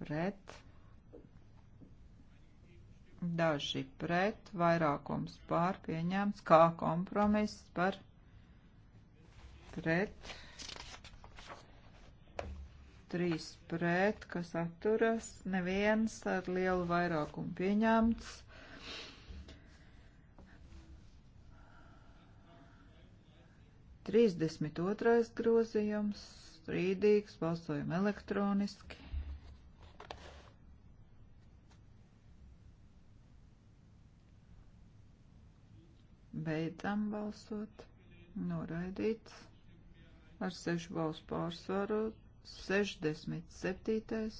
pret daži pret, vairākums pār pieņemts, kā kompromiss par pret, trīs pret, kas atturas, neviens ar lielu vairākumu pieņemts. Trīsdesmit otrais grozījums, strīdīgs, balsojam elektroniski. Beidzam balsot. Noraidīts. Ar sešu balsu pārsvaru 67.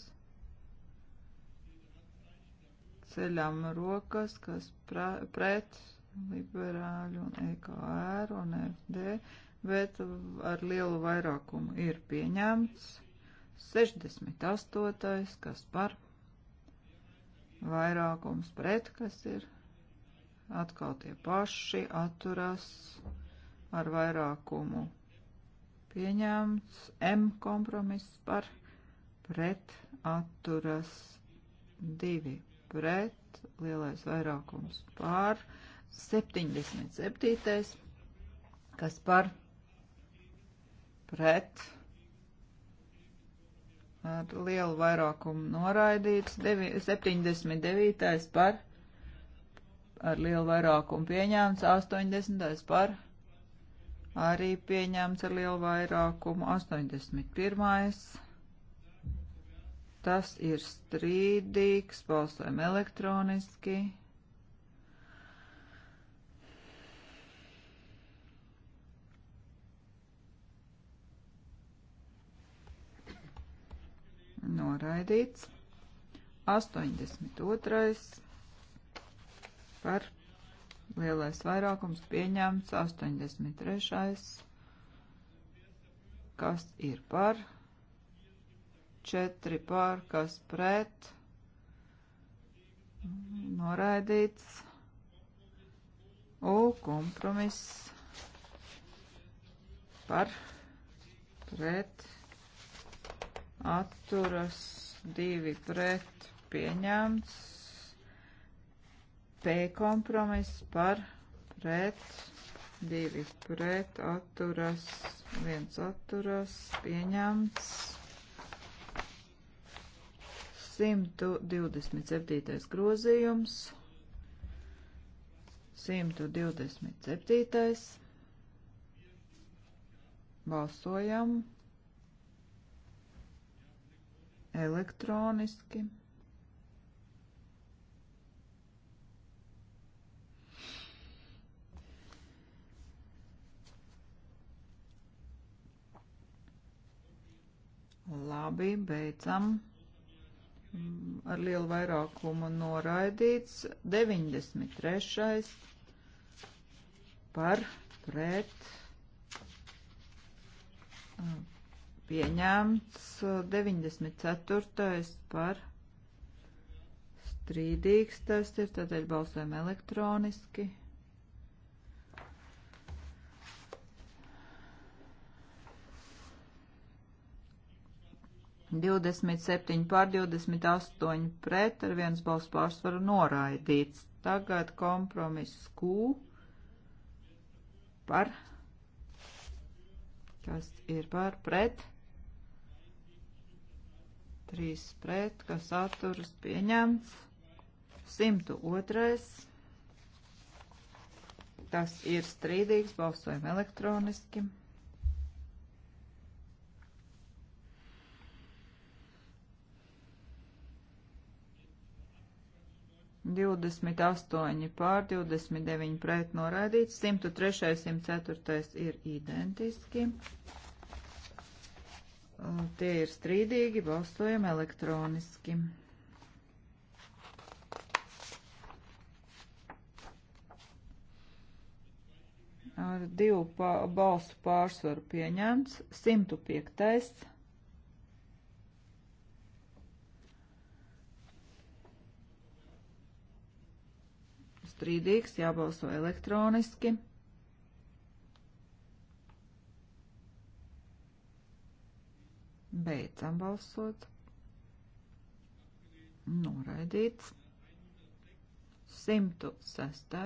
Ceļām rokas, kas pret liberāļu un EKR un FD, bet ar lielu vairākumu ir pieņemts. 68. kas par vairākums pret, kas ir atkal tie paši atturas ar vairākumu pieņemts, M kompromiss par pret atturas divi pret, lielais vairākums pār, 77. kas par pret ar lielu vairākumu noraidīts, Devi, 79. par ar lielu vairākumu pieņēmts, 80. par arī pieņēmts ar lielu vairākumu, 81. Tas ir strīdīgs, balsojam elektroniski. Noraidīts. 82 par lielais vairākums pieņemts 83. Kas ir par? 4 par, kas pret? Noraidīts. U kompromiss par pret atturas divi pret pieņemts P kompromiss par pret, divi pret, atturas, viens atturas, pieņemts. 127. grozījums. 127. Balsojam elektroniski. Labi, beidzam. Mm, ar lielu vairākumu noraidīts 93. par pret mm, pieņemts 94. par strīdīgs tas ir, tādēļ balsojam elektroniski. 27 pār 28 pret ar viens balss pārsvaru noraidīts. Tagad kompromiss Q par, kas ir par pret, 3 pret, kas atturas pieņemts, 102. Tas ir strīdīgs, balsojam elektroniski. 102. 28 pār 29 pret noraidīts, 103, 104 ir identiski. Tie ir strīdīgi, balsojam elektroniski. Ar divu pa balsu pārsvaru pieņemts, 105. strīdīgs, jābalso elektroniski. Beidzam balsot. Noraidīts. 106.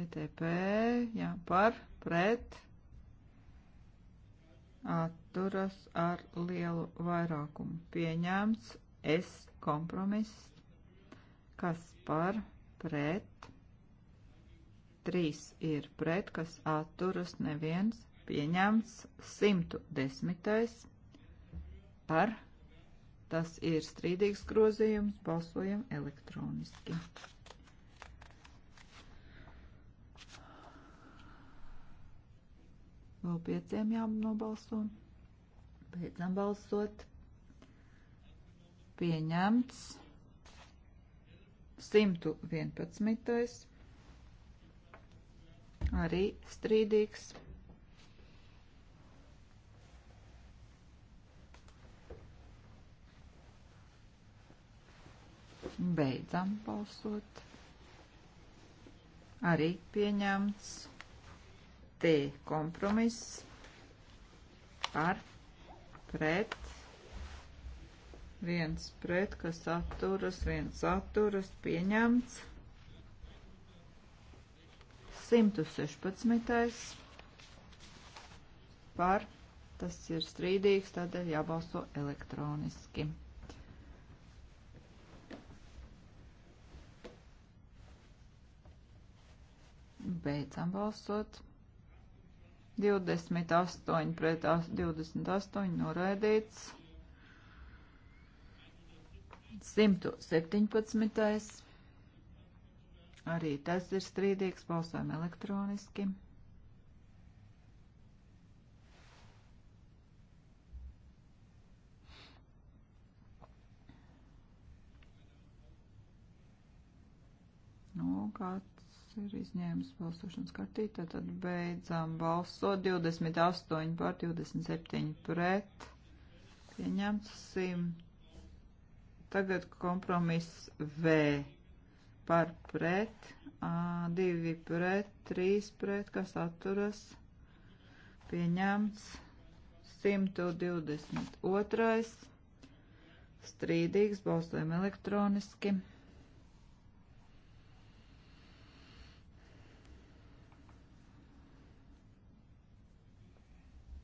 ETP, jā, par, pret, atturas ar lielu vairākumu. Pieņemts S kompromiss, kas par pret, trīs ir pret, kas atturas neviens, pieņemts 110. par, tas ir strīdīgs grozījums, balsojam elektroniski. Vēl pieciem jānobalso. Beidzam balsot pieņemts 111. arī strīdīgs. Beidzam balsot. Arī pieņemts T kompromiss par pret viens pret, kas atturas, viens atturas, pieņemts. 116. par, tas ir strīdīgs, tādēļ jābalso elektroniski. Beidzam balsot. 28 pret 28 noraidīts. 117. Arī tas ir strīdīgs. Balsojam elektroniski. Nu, kāds ir izņēmis balsošanas kartītē, tad beidzām balsot 28 pār 27 pret. Pieņemts 100. Tagad kompromiss V par pret, divi pret, trīs pret, kas atturas, pieņemts 122. Strīdīgs, balsojam elektroniski.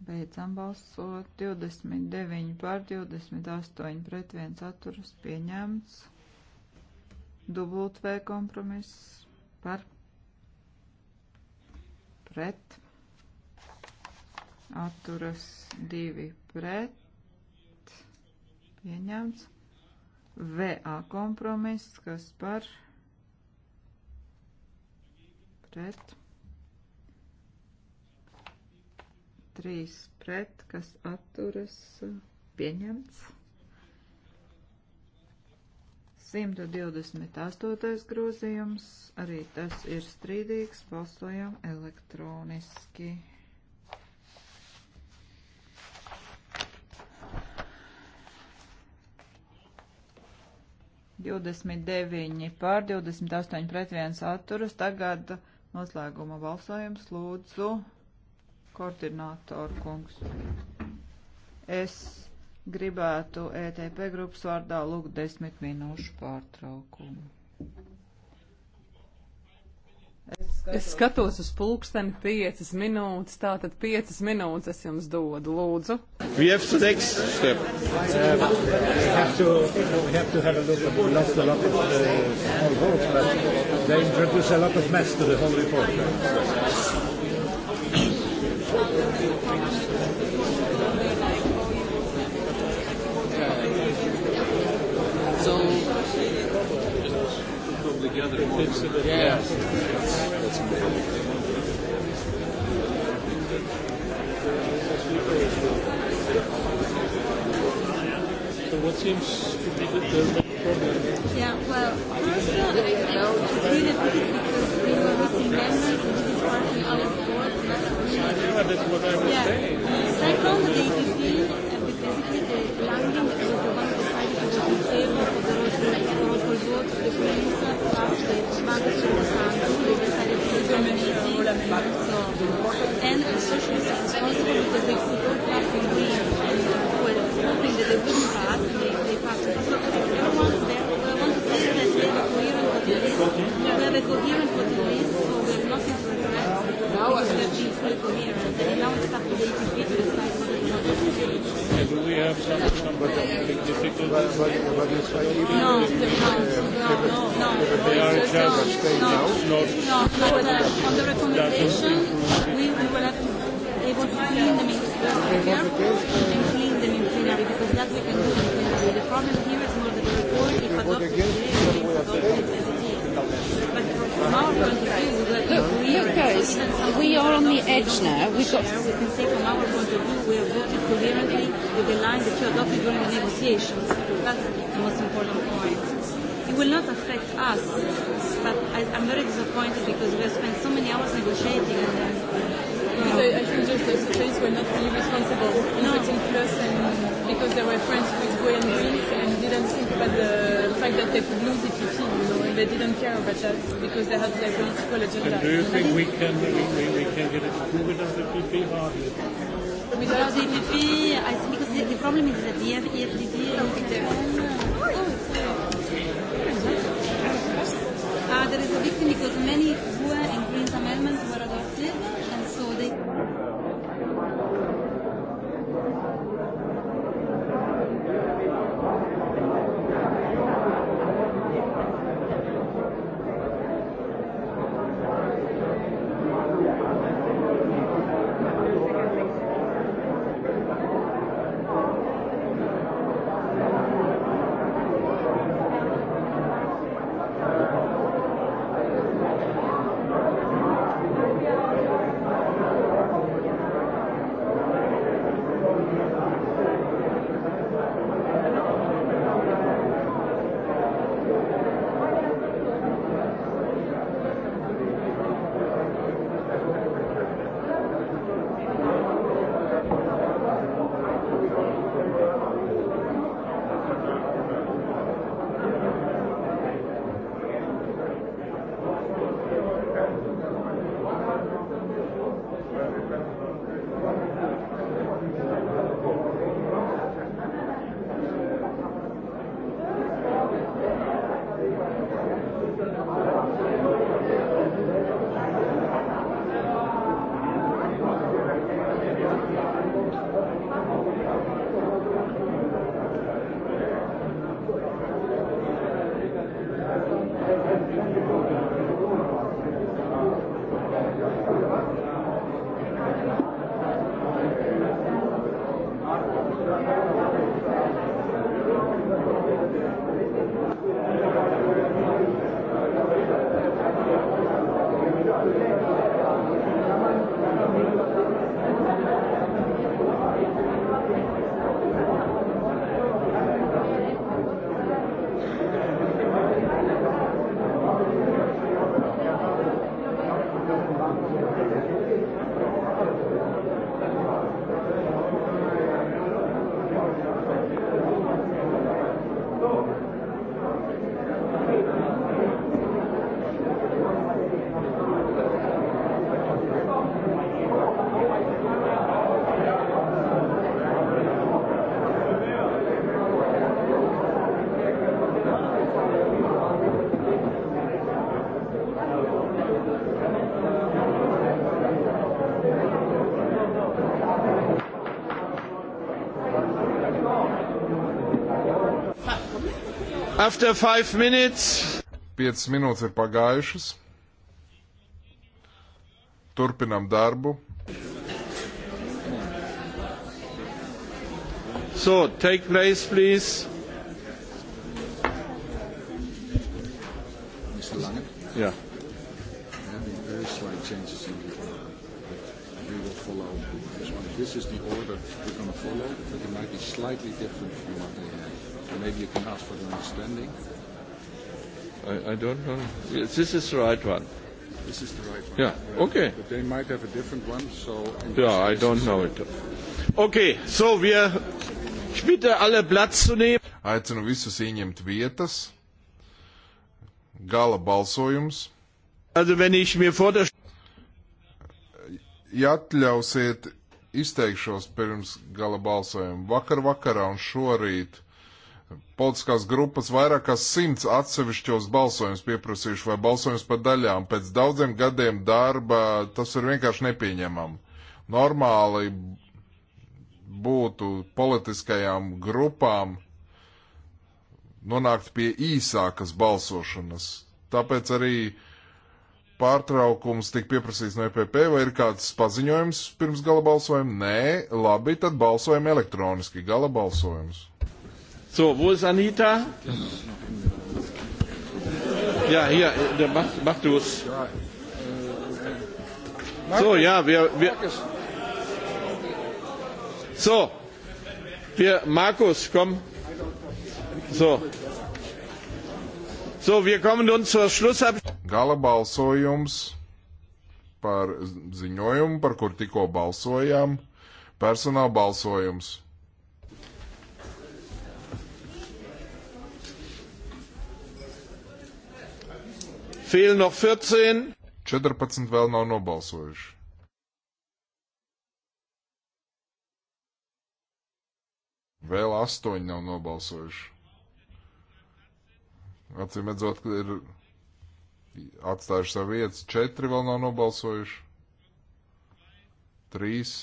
Beidzam balsot. 29 pār 28 pret 1 atturas pieņemts. W kompromiss par pret. Atturas 2 pret. Pieņemts. VA kompromiss, kas par pret 3 pret, kas atturas pieņemts. 128. grozījums, arī tas ir strīdīgs, balsojam elektroniski. Divdesmit deviņi pār, divdesmit astoņi pret viens atturas. Tagad noslēguma balsojums lūdzu koordinātoru kungs. Es gribētu ETP grupas vārdā lūgt desmit minūšu pārtraukumu. Es skatos, es skatos uz pulksteni piecas minūtes, tātad piecas minūtes es jums dodu, lūdzu. We have the next step. Uh, we have to, we have to have a look at, we lost a lot of uh, small votes, but they introduce a lot of mess to the whole report. Right? the other one. It's the yeah. Yes. That's so what seems to be the, the, the problem? Yeah, well, first of all, I did it because we were missing members, which is partly on the board, and that's really... Yeah, that's what I was yeah. saying. Second, the APC, uh, because they, Langen was the one decided to notes the police found that Mangasu was under represented in Germany. So, and the socialists are responsible because they could not pass the green and well, something that they wouldn't pass, they, they passed it. So everyone there, I want to say that we have a coherent what it is. We have a coherent what it is, so we have nothing to regret. Now we have been fully coherent. And now it's up to the ATP to decide what it is. Do we have some, some difficulties? But, but, but it's like, say no? No, no but uh, on the recommendation, we, we will have to able to clean them in okay, here the case, uh, and clean them in plenary because that we can do in plenary. The problem here is more that the report, if adopted today, will be adopted as it is. But from our point of view, we will look, look guys, so we are on the edge now. We've got share, we can say from our point of view, we have voted coherently with the line that you adopted during the negotiations. That's the most important point will not affect us. But I, I'm very disappointed because we have spent so many hours negotiating and then. Because no. I, I think just the states were not really responsible in no. voting plus, and because they were friends with Go and Greece and didn't think about the fact that they could lose if you feel, you know, and they didn't care about that because they had their political agenda. And do you think we can we, we, we can get it through without the PP hardly? Without the PP, I think because the, the problem is that the EFDD. Oh, okay. contradicting because many GUE and Greens amendments were After five minutes. Piecas minūtes ir pagājušas. Turpinam darbu. So, take place, please. Mr. Lange? Yeah. Having very slight changes in the order. We will follow this one. This is the order we're going to follow, but it might be slightly different. Maybe you can ask for an understanding. I, I don't know. Yes, this is the right one. This is the right one. Yeah. yeah. Okay. But they might have a different one, so. Yeah, I don't know it. Okay, so wir. Ich bitte alle Platz zu nehmen. Aicinu visus ieņemt vietas. Gala balsojums. Also, wenn ich mir vor der ja atļausiet, izteikšos pirms gala balsojuma. Vakar vakarā un šorīt Politiskās grupas vairāk kā simts atsevišķos balsojumus pieprasījuši vai balsojumus pa daļām. Pēc daudziem gadiem darba tas ir vienkārši nepieņemam. Normāli būtu politiskajām grupām nonākt pie īsākas balsošanas. Tāpēc arī pārtraukums tika pieprasīts no EPP, vai ir kāds paziņojums pirms gala balsojuma? Nē, labi, tad balsojam elektroniski, gala balsojums. So, wo ist Anita? Ja, hier, mach, mach du es. So, ja, wir, wir. So, wir, Markus, komm. So. So, wir kommen nun zur Schlussabstimmung. Gala balsojums par ziņojumu, par kur tikko balsojām. Personāla balsojums. Fehlen noch 14. 14 vēl nav nobalsojuši. Vēl astoņi nav nobalsojuši. Acīm redzot, ka ir atstājuši savu vietu. Četri vēl nav nobalsojuši. Trīs.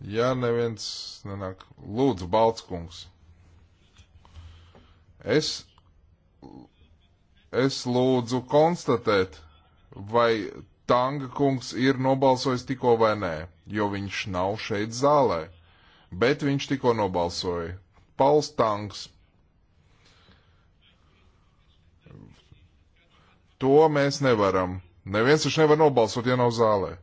Ja neviens nenāk, lūdzu, Baltskungs. Es, es lūdzu konstatēt, vai Tanga kungs ir nobalsojis tikko vai nē, jo viņš nav šeit zālē, bet viņš tikko nobalsoja. Pals Tangs. To mēs nevaram. Neviens taču nevar nobalsot, ja nav zālē.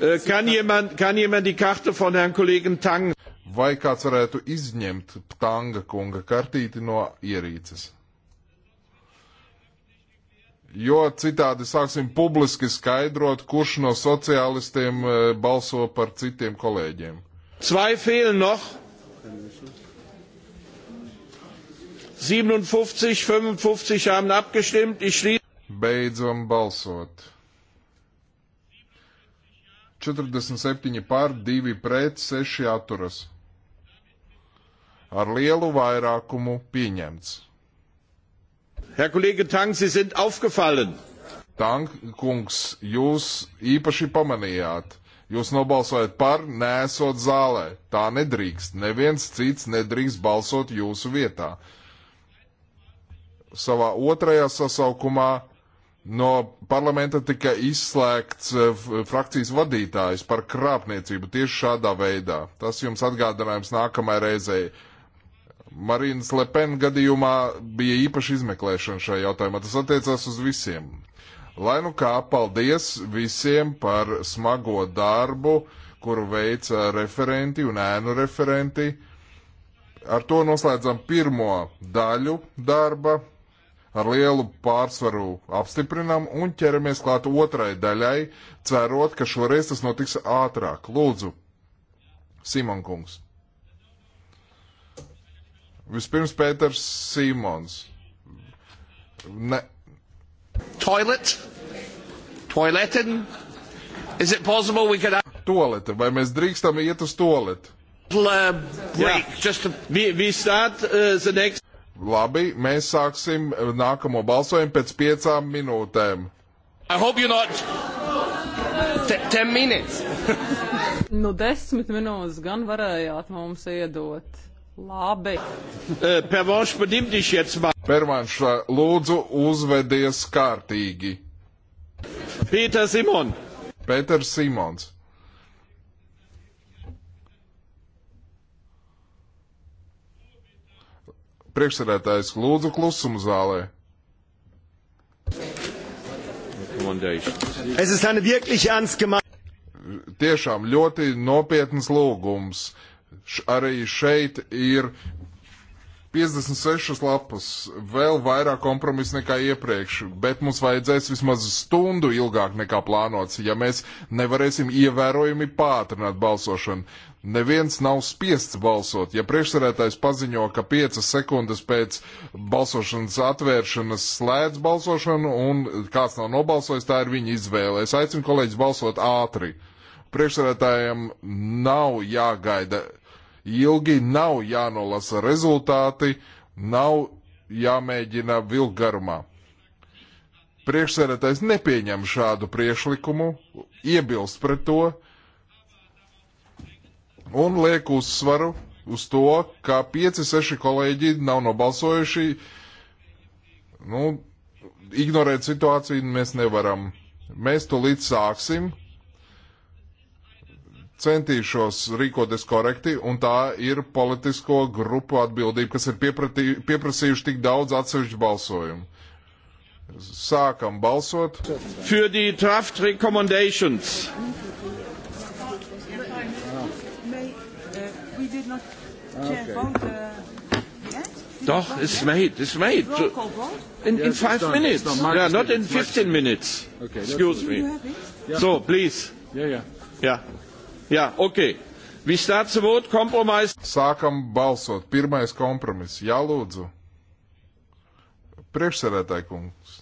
Äh, kan jemand, kan jemand die Karte von Herrn Kollegen Tang? Vai kāds varētu izņemt Tanga kunga kartīti no ierīces? Jo citādi sāksim publiski skaidrot, kurš no sociālistiem äh, balso par citiem kolēģiem. Zwei fehlen noch. 57, 55 haben abgestimmt. Ich schließe. Beidzam balsot. 47 pār, 2 pret, 6 atturas. Ar lielu vairākumu pieņemts. Herr Kollege Tang, Sie sind aufgefallen. Tang, kungs, jūs īpaši pamanījāt. Jūs nobalsojat par, nesot zālē. Tā nedrīkst. Neviens cits nedrīkst balsot jūsu vietā. Savā otrajā sasaukumā No parlamenta tika izslēgts eh, frakcijas vadītājs par krāpniecību tieši šādā veidā. Tas jums atgādinājums nākamajai reizei. Marīnas Lepen gadījumā bija īpaša izmeklēšana šajā jautājumā. Tas attiecās uz visiem. Lai nu kā, paldies visiem par smago darbu, kuru veica referenti un ēnu referenti. Ar to noslēdzam pirmo daļu darba ar lielu pārsvaru apstiprinām un ķeramies klāt otrai daļai, cerot, ka šoreiz tas notiks ātrāk. Lūdzu, Simonkungs. Vispirms Pēters Simons. Ne. Toilet? Toiletin? Is it possible we could... Toalete, vai mēs drīkstam iet uz toaleti? Uh, break, yeah. just to... We, we start uh, the next... Labi, mēs sāksim eh, nākamo balsojumu pēc piecām minūtēm. I hope you're not. T ten minutes. nu, desmit minūtes gan varējāt mums iedot. Labi. Eh, Pervāns, padimtiš jetzt mal. Pervāns, eh, lūdzu, uzvedies kārtīgi. Pēters Simons. Pēters Simons. Priekšsēdētājs, lūdzu klusumu zālē. Es ist eine wirklich ernst gemeinte. Tiešām ļoti nopietns lūgums. Š arī šeit ir 56 lapas, vēl vairāk kompromisu nekā iepriekš, bet mums vajadzēs vismaz stundu ilgāk nekā plānots, ja mēs nevarēsim ievērojami pātrināt balsošanu. Neviens nav spiests balsot. Ja priekšsarētājs paziņo, ka piecas sekundes pēc balsošanas atvēršanas slēdz balsošanu un kāds nav nobalsojis, tā ir viņa izvēle. Es aicinu kolēģis balsot ātri. Priekšsarētājiem nav jāgaida ilgi, nav jānolasa rezultāti, nav jāmēģina vilkt garumā. Priekšsarētājs nepieņem šādu priešlikumu, iebilst pret to un liek uzsvaru uz to, ka 5-6 kolēģi nav nobalsojuši. Nu, ignorēt situāciju mēs nevaram. Mēs to līdz sāksim. Centīšos rīkoties korekti, un tā ir politisko grupu atbildība, kas ir piepratī, pieprasījuši tik daudz atsevišķu balsojumu. Sākam balsot. Für die draft recommendations. Okay. Uh, Doch, it's made. It's made. In, in yes, five done. minutes. Not yeah, not in 15 minutes. Okay, Excuse me. Yeah. So, please. Yeah, yeah. Yeah. Yeah, okay. We start the vote. Compromise. Sākam balsot. Pirmais kompromiss. Jā, lūdzu. Priekšsēdētāji kungs.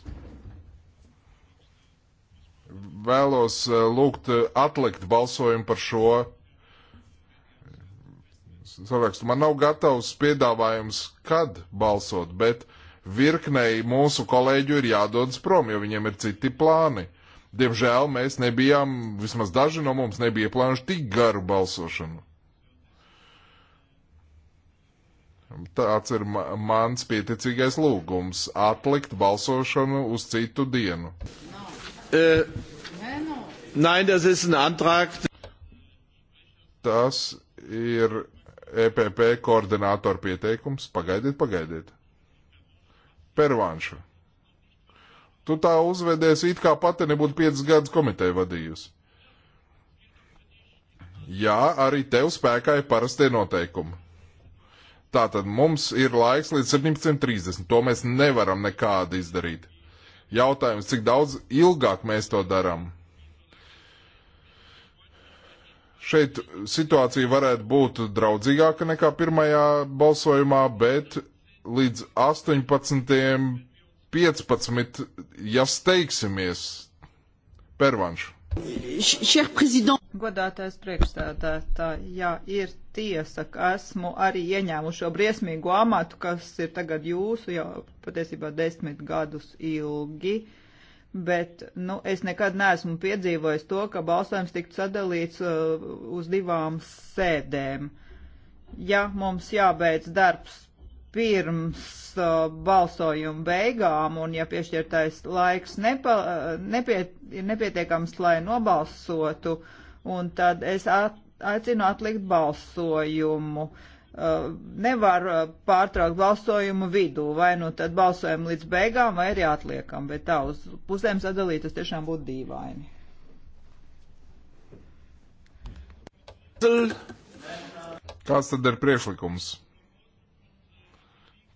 Vēlos eh, lūgt eh, atlikt balsojumu par šo sarakstu. Man nav gatavs piedāvājums, kad balsot, bet virknei mūsu kolēģu ir jādodas prom, jo viņiem ir citi plāni. Diemžēl mēs nebijām, vismaz daži no mums nebija plānojuši tik garu balsošanu. Tāds ir mans pieticīgais lūgums - atlikt balsošanu uz citu dienu. Uh, nein, das ist ein Antrag. Tas ir EPP koordinātoru pieteikums. Pagaidiet, pagaidiet. Pervānša. Tu tā uzvedies, it kā pati nebūtu 5 gadus komiteju vadījusi. Jā, arī tev spēkā ir parastie noteikumi. Tātad mums ir laiks līdz 17.30. To mēs nevaram nekādi izdarīt. Jautājums, cik daudz ilgāk mēs to darām? Šeit situācija varētu būt draudzīgāka nekā pirmajā balsojumā, bet līdz 18.15, ja steigsimies, pervanšu. Godātais priekšstādātāji, jā, ir tiesa, ka esmu arī ieņēmuši šo briesmīgo amatu, kas ir tagad jūsu jau patiesībā desmit gadus ilgi. Uh, bet nu, es nekad neesmu piedzīvojis to, ka balsojums tiktu sadalīts uh, uz divām sēdēm. Ja mums jābeidz darbs pirms uh, balsojuma beigām, un ja piešķirtais laiks nepa, uh, nepiet, ir nepietiekams, lai nobalsotu, un tad es at, aicinu atlikt balsojumu. Uh, Uh, nevar uh, pārtraukt balsojumu vidū, vai nu tad balsojam līdz beigām, vai arī atliekam, bet tā uz pusēm sadalīt tas tiešām būtu dīvaini. Kāds tad ir priešlikums?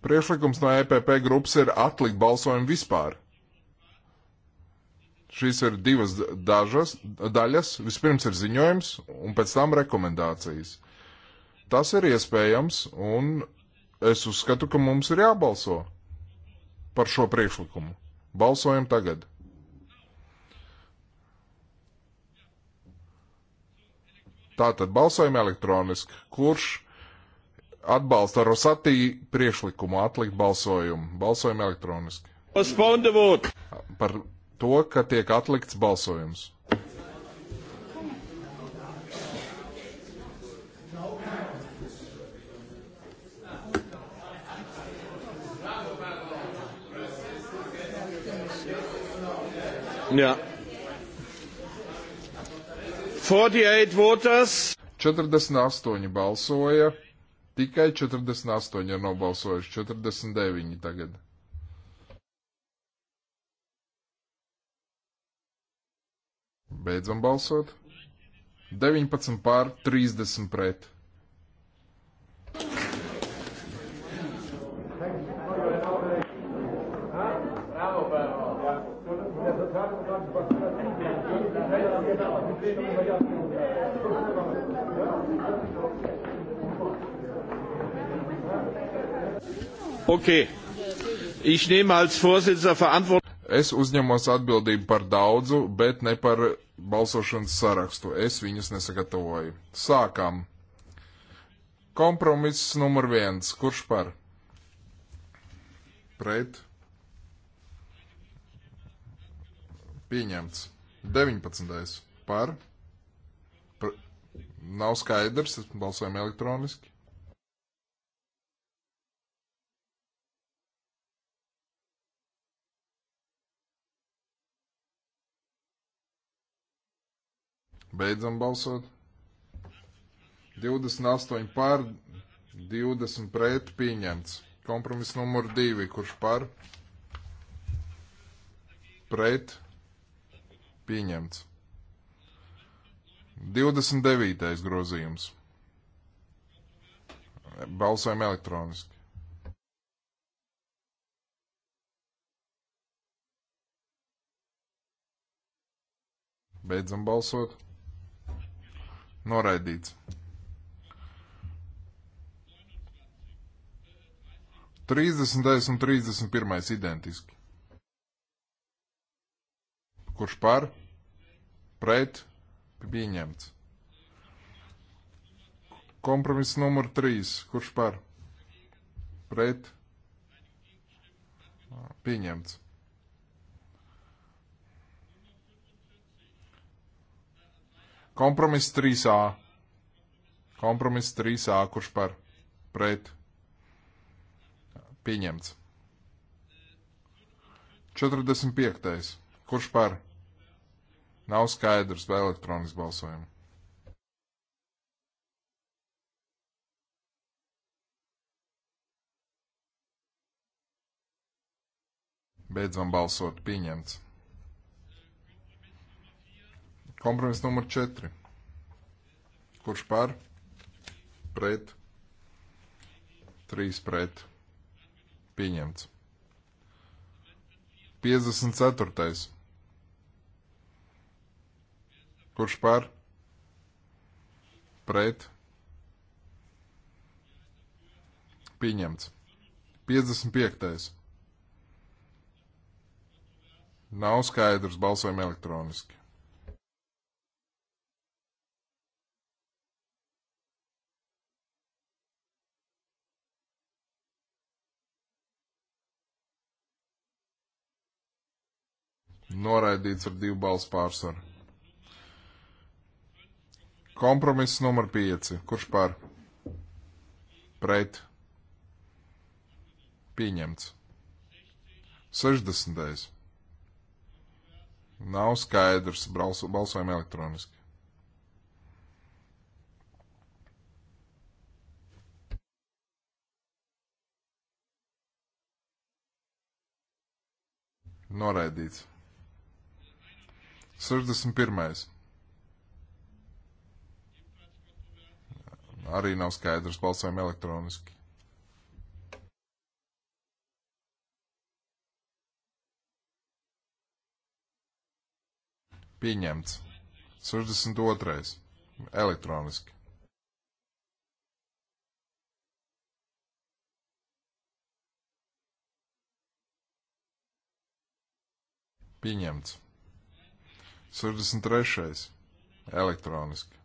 Priešlikums no EPP grupas ir atlikt balsojumu vispār. Šīs ir divas dažas, daļas. Vispirms ir ziņojums un pēc tam rekomendācijas. Tas ir iespējams, un es uzskatu, ka mums ir jābalso par šo priekšlikumu. Balsojam tagad. Tātad balsojam elektroniski. Kurš atbalsta Rosatī priekšlikumu atlikt balsojumu? Balsojam elektroniski. Par to, ka tiek atlikts balsojums. Jā. 48 voters. 48 balsoja. Tikai 48 ir nobalsojuši, 49 tagad. Beidzam balsot. 19 pār 30 pret. Okay. Ich nehme als Vorsitzender Verantwortung. Es uzņemos atbildību par daudzu, bet ne par balsošanas sarakstu. Es viņus nesagatavoju. Sākam. Kompromiss numur viens. Kurš par? Pret. Pieņemts. 19. Par. Pr nav skaidrs. Balsojam elektroniski. Beidzam balsot. 28 pār, 20 pret pieņemts. Kompromis numur 2, kurš par, pret pieņemts. 29. grozījums. Balsojam elektroniski. Beidzam balsot. Noraidīts. 30. un 31. identiski. Kurš par? Pret? Pieņemts. Kompromiss numur 3. Kurš par? Pret? Pieņemts. Kompromiss 3A. Kompromiss 3A, kurš par pret pieņemts. 45. Kurš par? Nav skaidrs, vai elektroniski balsojam. Beidzam balsot, pieņemts. Kompromiss numur 4. Kurš par? Pret. 3 pret. Pieņemts. 54. Kurš par? Pret. Pieņemts. 55. Nav skaidrs, balsojam elektroniski. Noraidīts ar divu balsu pārsvaru. Kompromiss numur 5. Kurš par? Pret. Pieņemts. 60. Nav skaidrs. Balso, balsojam elektroniski. Noraidīts. 61. Arī nav skaidrs, balsojam elektroniski. Pieņemts. 62. Elektroniski. Pieņemts. 63. elektroniski.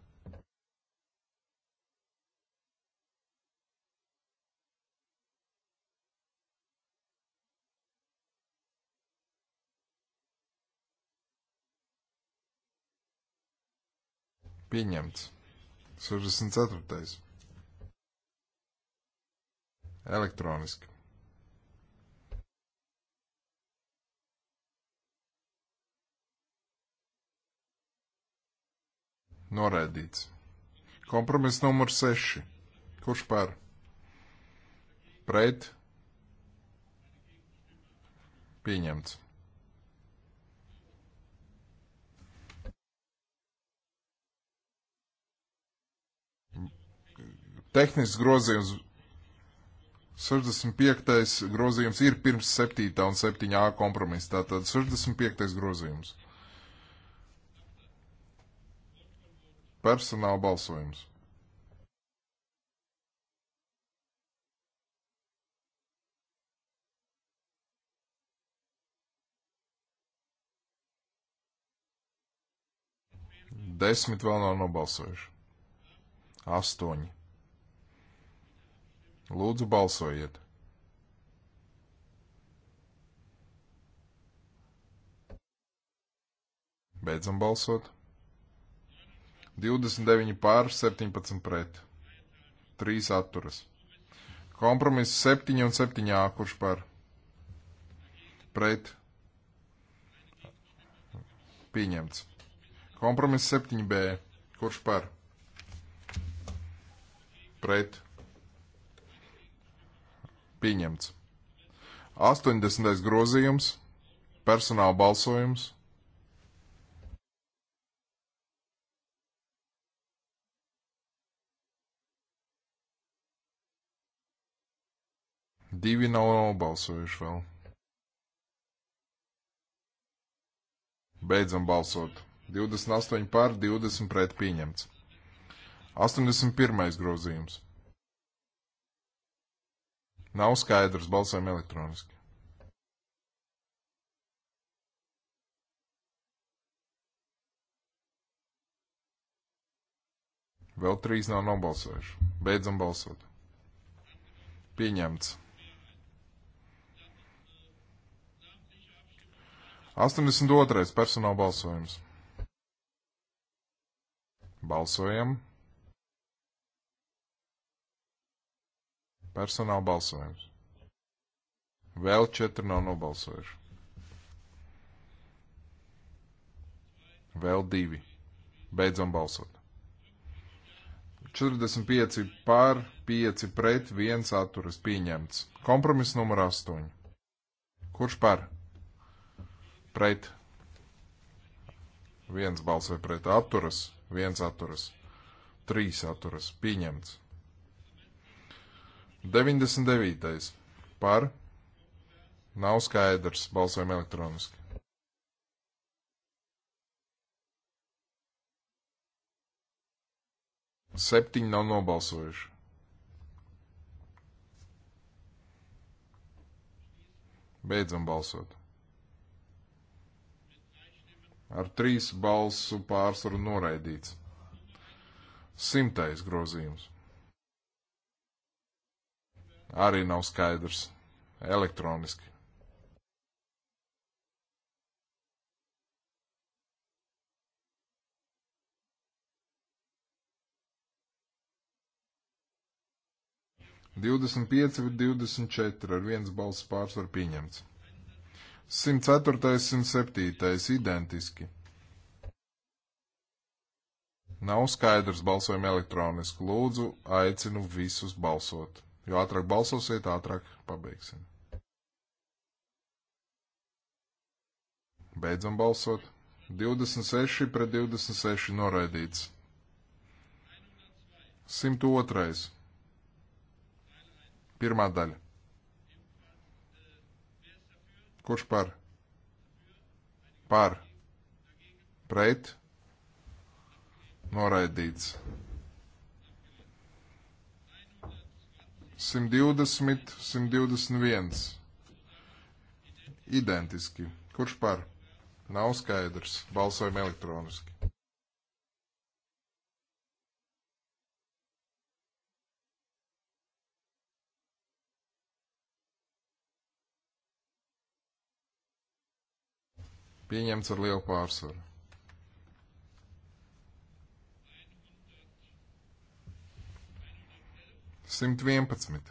Pieņemts. 64. Elektroniski. Noraidīts. Kompromiss numur 6. Kurš par? Pret? Pieņemts. Tehnisks grozījums 65. grozījums ir pirms 7. un 7. kompromisa. Tātad 65. grozījums. Personāla balsojums. Desmit vēl nav nobalsojuši. Astoņi. Lūdzu, balsojiet! Beidzam balsot! 29 pār 17 pret. 3 atturas. Kompromiss 7 un 7 kurš par pret pieņemts. Kompromiss 7b kurš par pret pieņemts. 80. grozījums personāla balsojums Divi nav nobalsojuši vēl. Beidzam balsot. 28 pār 20 pret pieņemts. 81. grozījums. Nav skaidrs, balsojam elektroniski. Vēl trīs nav nobalsojuši. Beidzam balsot. Pieņemts. 82. personāla balsojums. Balsojam. Personāla balsojums. Vēl četri nav nobalsojuši. Vēl divi. Beidzam balsot. 45 pār, 5 pret, 1 atturas pieņemts. Kompromiss numur 8. Kurš par? pret, viens balsoja pret, atturas, viens atturas, trīs atturas, pieņemts. 99. par, nav skaidrs, balsojam elektroniski. Septiņi nav nobalsojuši. Beidzam balsot ar trīs balsu pārsvaru noraidīts. Simtais grozījums. Arī nav skaidrs. Elektroniski. Divdesmit pieci, divdesmit četri ar viens balss pārsvaru pieņemts. 104. 107. identiski. Nav skaidrs, balsojam elektroniski. Lūdzu, aicinu visus balsot. Jo ātrāk balsosiet, ātrāk pabeigsim. Beidzam balsot. 26 pret 26 noraidīts. 102. Pirmā daļa. Kurš par? Par. Pret. Noraidīts. 120, 121. Identiski. Kurš par? Nav skaidrs. Balsojam elektroniski. Pieņemts ar lielu pārsvaru. 111.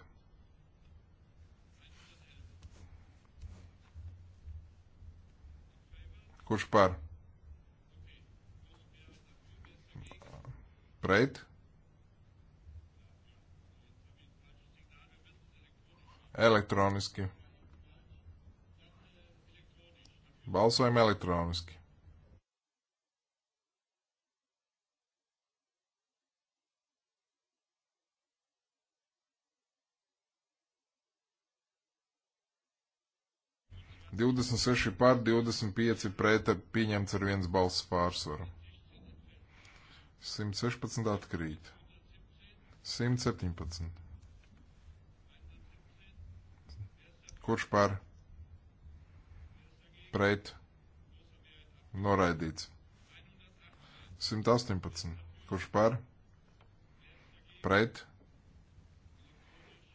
Kurš par? Pret? Elektroniski. Balsojam elektroniski. Divdesmit seši pār, divdesmit pieci pret, pieņemts ar viens balss pārsvaru. 116 atkrīt. 117. Kurš par? pret noraidīts. 118. Kurš par? Pret.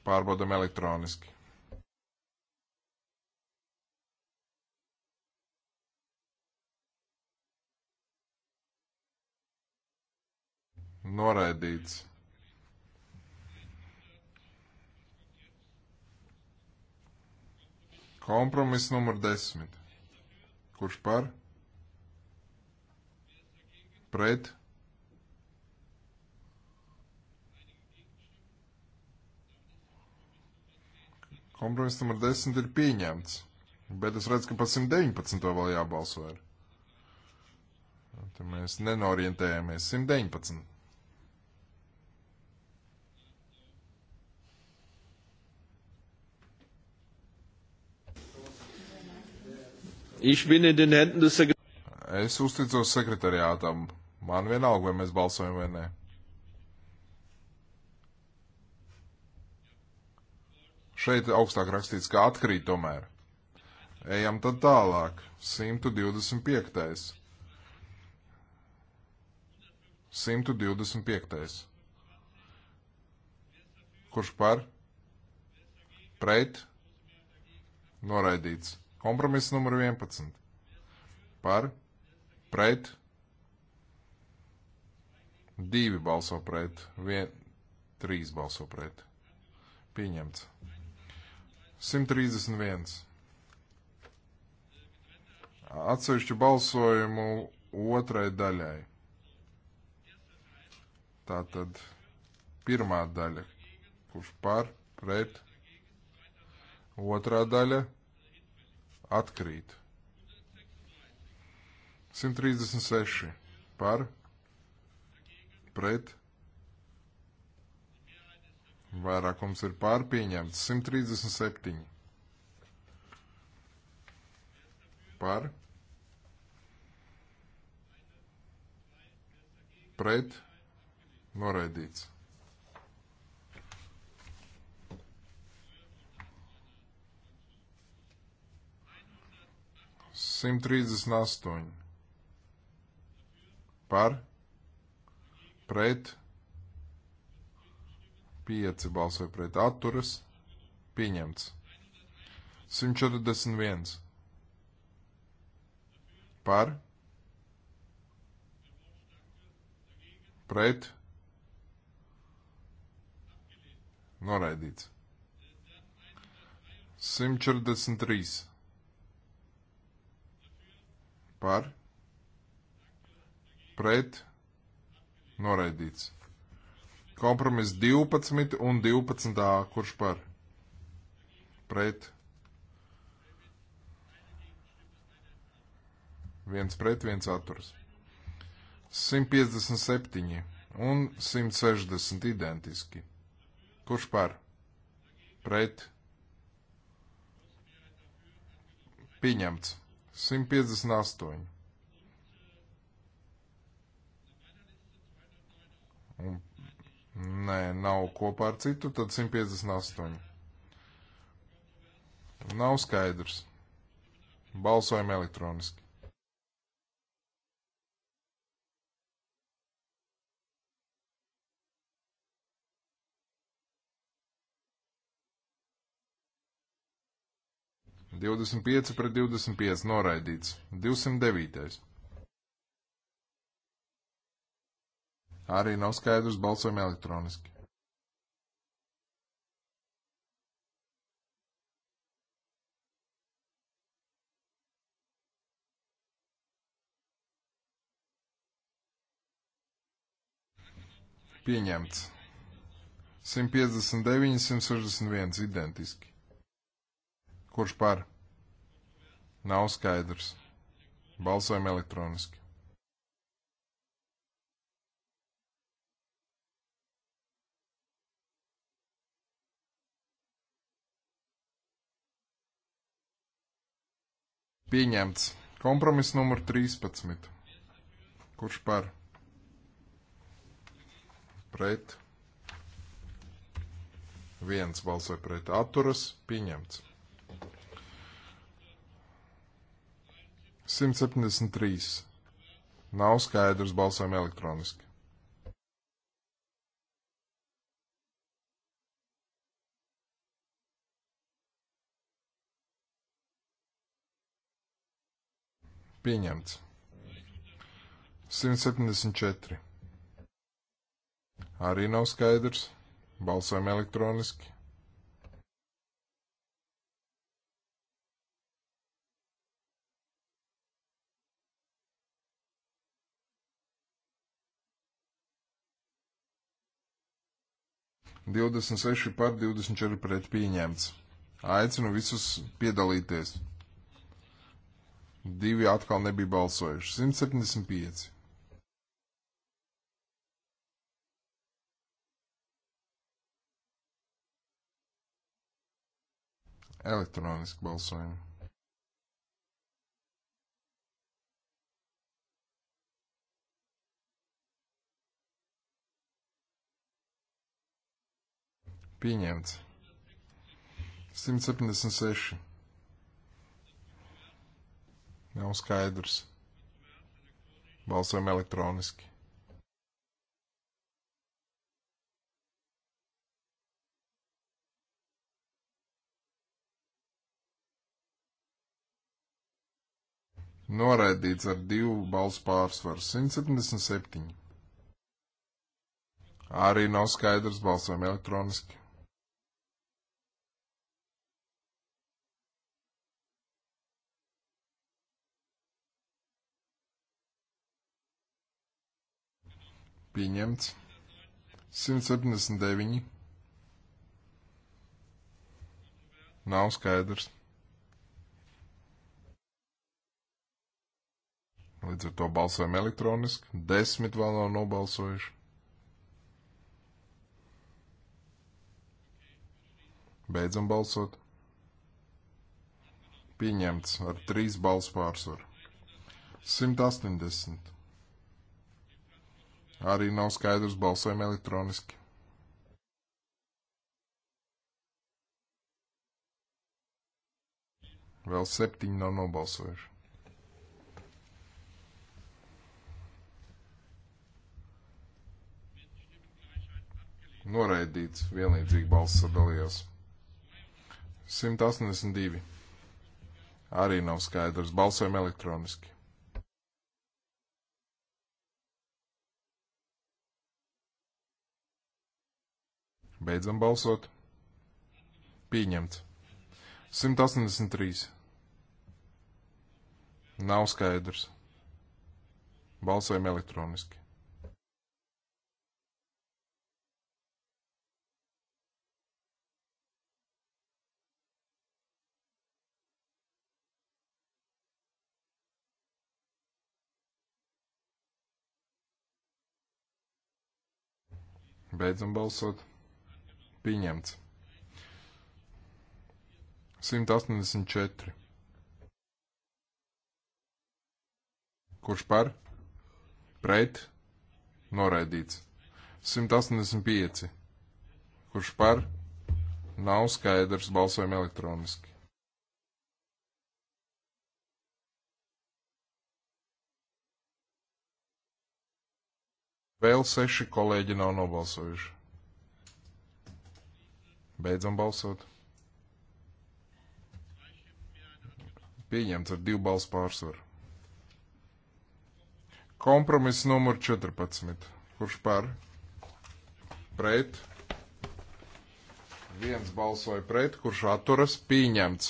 Pārbaudam elektroniski. Noraidīts. Kompromiss numur desmit. Kurš par? Pret? Kompromiss numur 10 ir pieņemts, bet es redzu, ka par 119 vēl jābalso ir. Tad mēs nenorientējamies. 119. Ich bin in den Händen des Es uzticos sekretariātam. Man vienalga, vai mēs balsojam vai nē. Šeit augstāk rakstīts, ka atkrīt tomēr. Ejam tad tālāk. 125. 125. Kurš par? Pret? Noraidīts. Kompromiss numur 11. Par, pret, divi balso pret, vien, trīs balso pret. Pieņemts. 131. Atsevišķu balsojumu otrai daļai. Tātad pirmā daļa, kurš par, pret, otrā daļa, atkrīt. 136 par pret vairākums ir pārpieņemts 137 par pret noraidīts 138. Par, pret, 5 balsoja pret, atturas, pieņemts. 141. Par, pret, noraidīts. 143 par pret noraidīts. Kompromis 12 un 12. kurš par pret viens pret viens atturs. 157 un 160 identiski. Kurš par pret pieņemts. 158. Un, nē, nav kopā ar citu, tad 158. Nav skaidrs. Balsojam elektroniski. 25 pret 25 noraidīts. 209. Arī nav skaidrs, balsojam elektroniski. Pieņemts. 159, 161 identiski. Kurš par? Nav skaidrs. Balsojam elektroniski. Pieņemts. Kompromiss numur 13. Kurš par? Pret. Viens balsoja pret. Atturas. Pieņemts. 173. Nav skaidrs, balsojam elektroniski. Pieņemts. 174. Arī nav skaidrs. Balsojam elektroniski. 26 par 24 pret pieņemts. Aicinu visus piedalīties. Divi atkal nebija balsojuši. 175. Elektroniski balsojumi. Pieņemts. 176. Nav skaidrs. Balsojam elektroniski. Noraidīts ar divu balsu pārsvaru 177. Arī nav skaidrs balsojam elektroniski. pieņemts. 179. Nav skaidrs. Līdz ar to balsojam elektroniski. Desmit vēl nav nobalsojuši. Beidzam balsot. Pieņemts ar trīs balsu pārsvaru. 180. Arī nav skaidrs, balsojam elektroniski. Vēl septiņi nav nobalsojuši. Noraidīts vienlīdzīgi balss sadalījās. 182. Arī nav skaidrs. Balsojam elektroniski. Beidzam balsot. Pieņemts. 183. Nav skaidrs. Balsojam elektroniski. Beidzam balsot. Pieņemts. 184. Kurš par? Pret? Noraidīts. 185. Kurš par? Nav skaidrs, balsojam elektroniski. Vēl seši kolēģi nav nobalsojuši. Beidzam balsot. Pieņemts ar divu balsu pārsvaru. Kompromiss numur 14. Kurš par? Pret. Viens balsoja pret, kurš atturas pieņemts.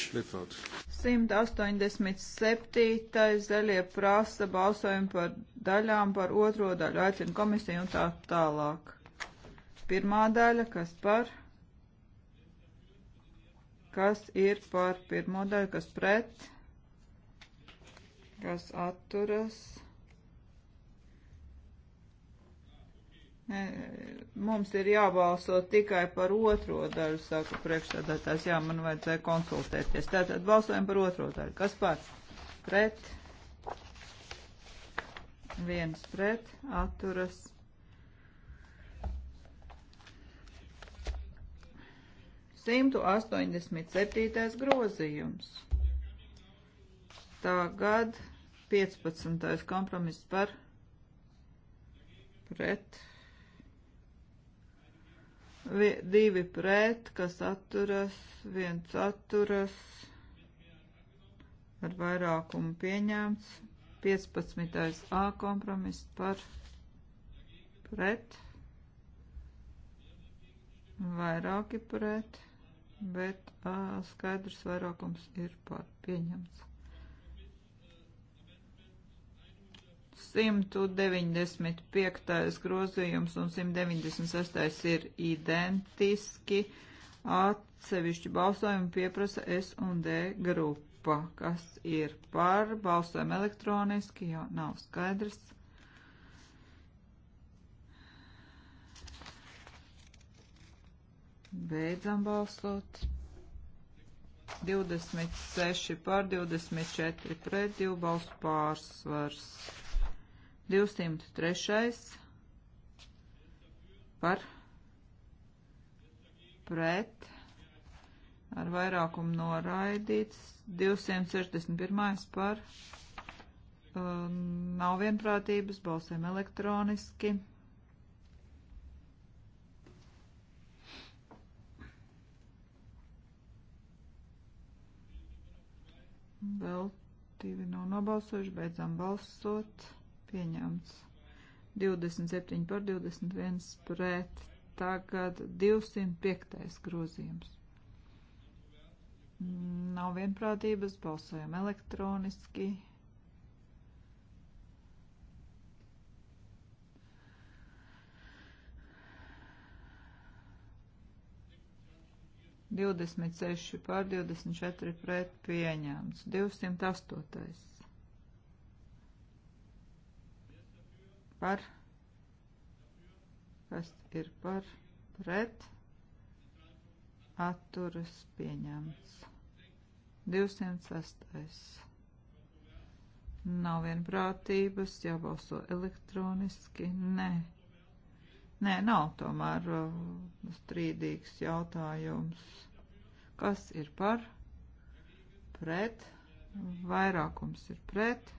187. zaļie prasa balsojumu par daļām, par otro daļu, aicina komisiju un tā tālāk. Pirmā daļa, kas par? Kas ir par pirmo daļu, kas pret, kas atturas. Mums ir jābalso tikai par otro daļu, saka priekšsēdētājs. Jā, man vajadzēja konsultēties. Tātad balsojam par otro daļu. Kas par? Pret. Viens pret. Atturas. 187. grozījums. Tagad 15. kompromiss par pret. Vi, divi pret, kas atturas, viens atturas, ar vairākumu pieņēmts. 15. A kompromiss par pret. Vairāki pret bet uh, skaidrs vairākums ir par pieņemts. 195. grozījums un 196. ir identiski. Atsevišķi balsojumu pieprasa S un D grupa. Kas ir par balsojumu elektroniski, jo nav skaidrs. Beidzam balsot. 26 pār 24 pret 2 balsu pārsvars. 203 par pret ar vairākumu noraidīts. 261 par um, nav vienprātības balsēm elektroniski. 263. Vēl divi nav nobalsojuši, beidzam balsot. Pieņemts. 27 par 21 pret. Tagad 205. grozījums. Nav vienprātības, balsojam elektroniski. 26 pār 24 pret pieņēmts. 208. Par. Kas ir par pret? Atturas pieņemts. 206. Nav vienprātības, jābalso elektroniski. Nē. Nē, nav tomēr uh, strīdīgs jautājums. Kas ir par? Pret. Vairākums ir pret.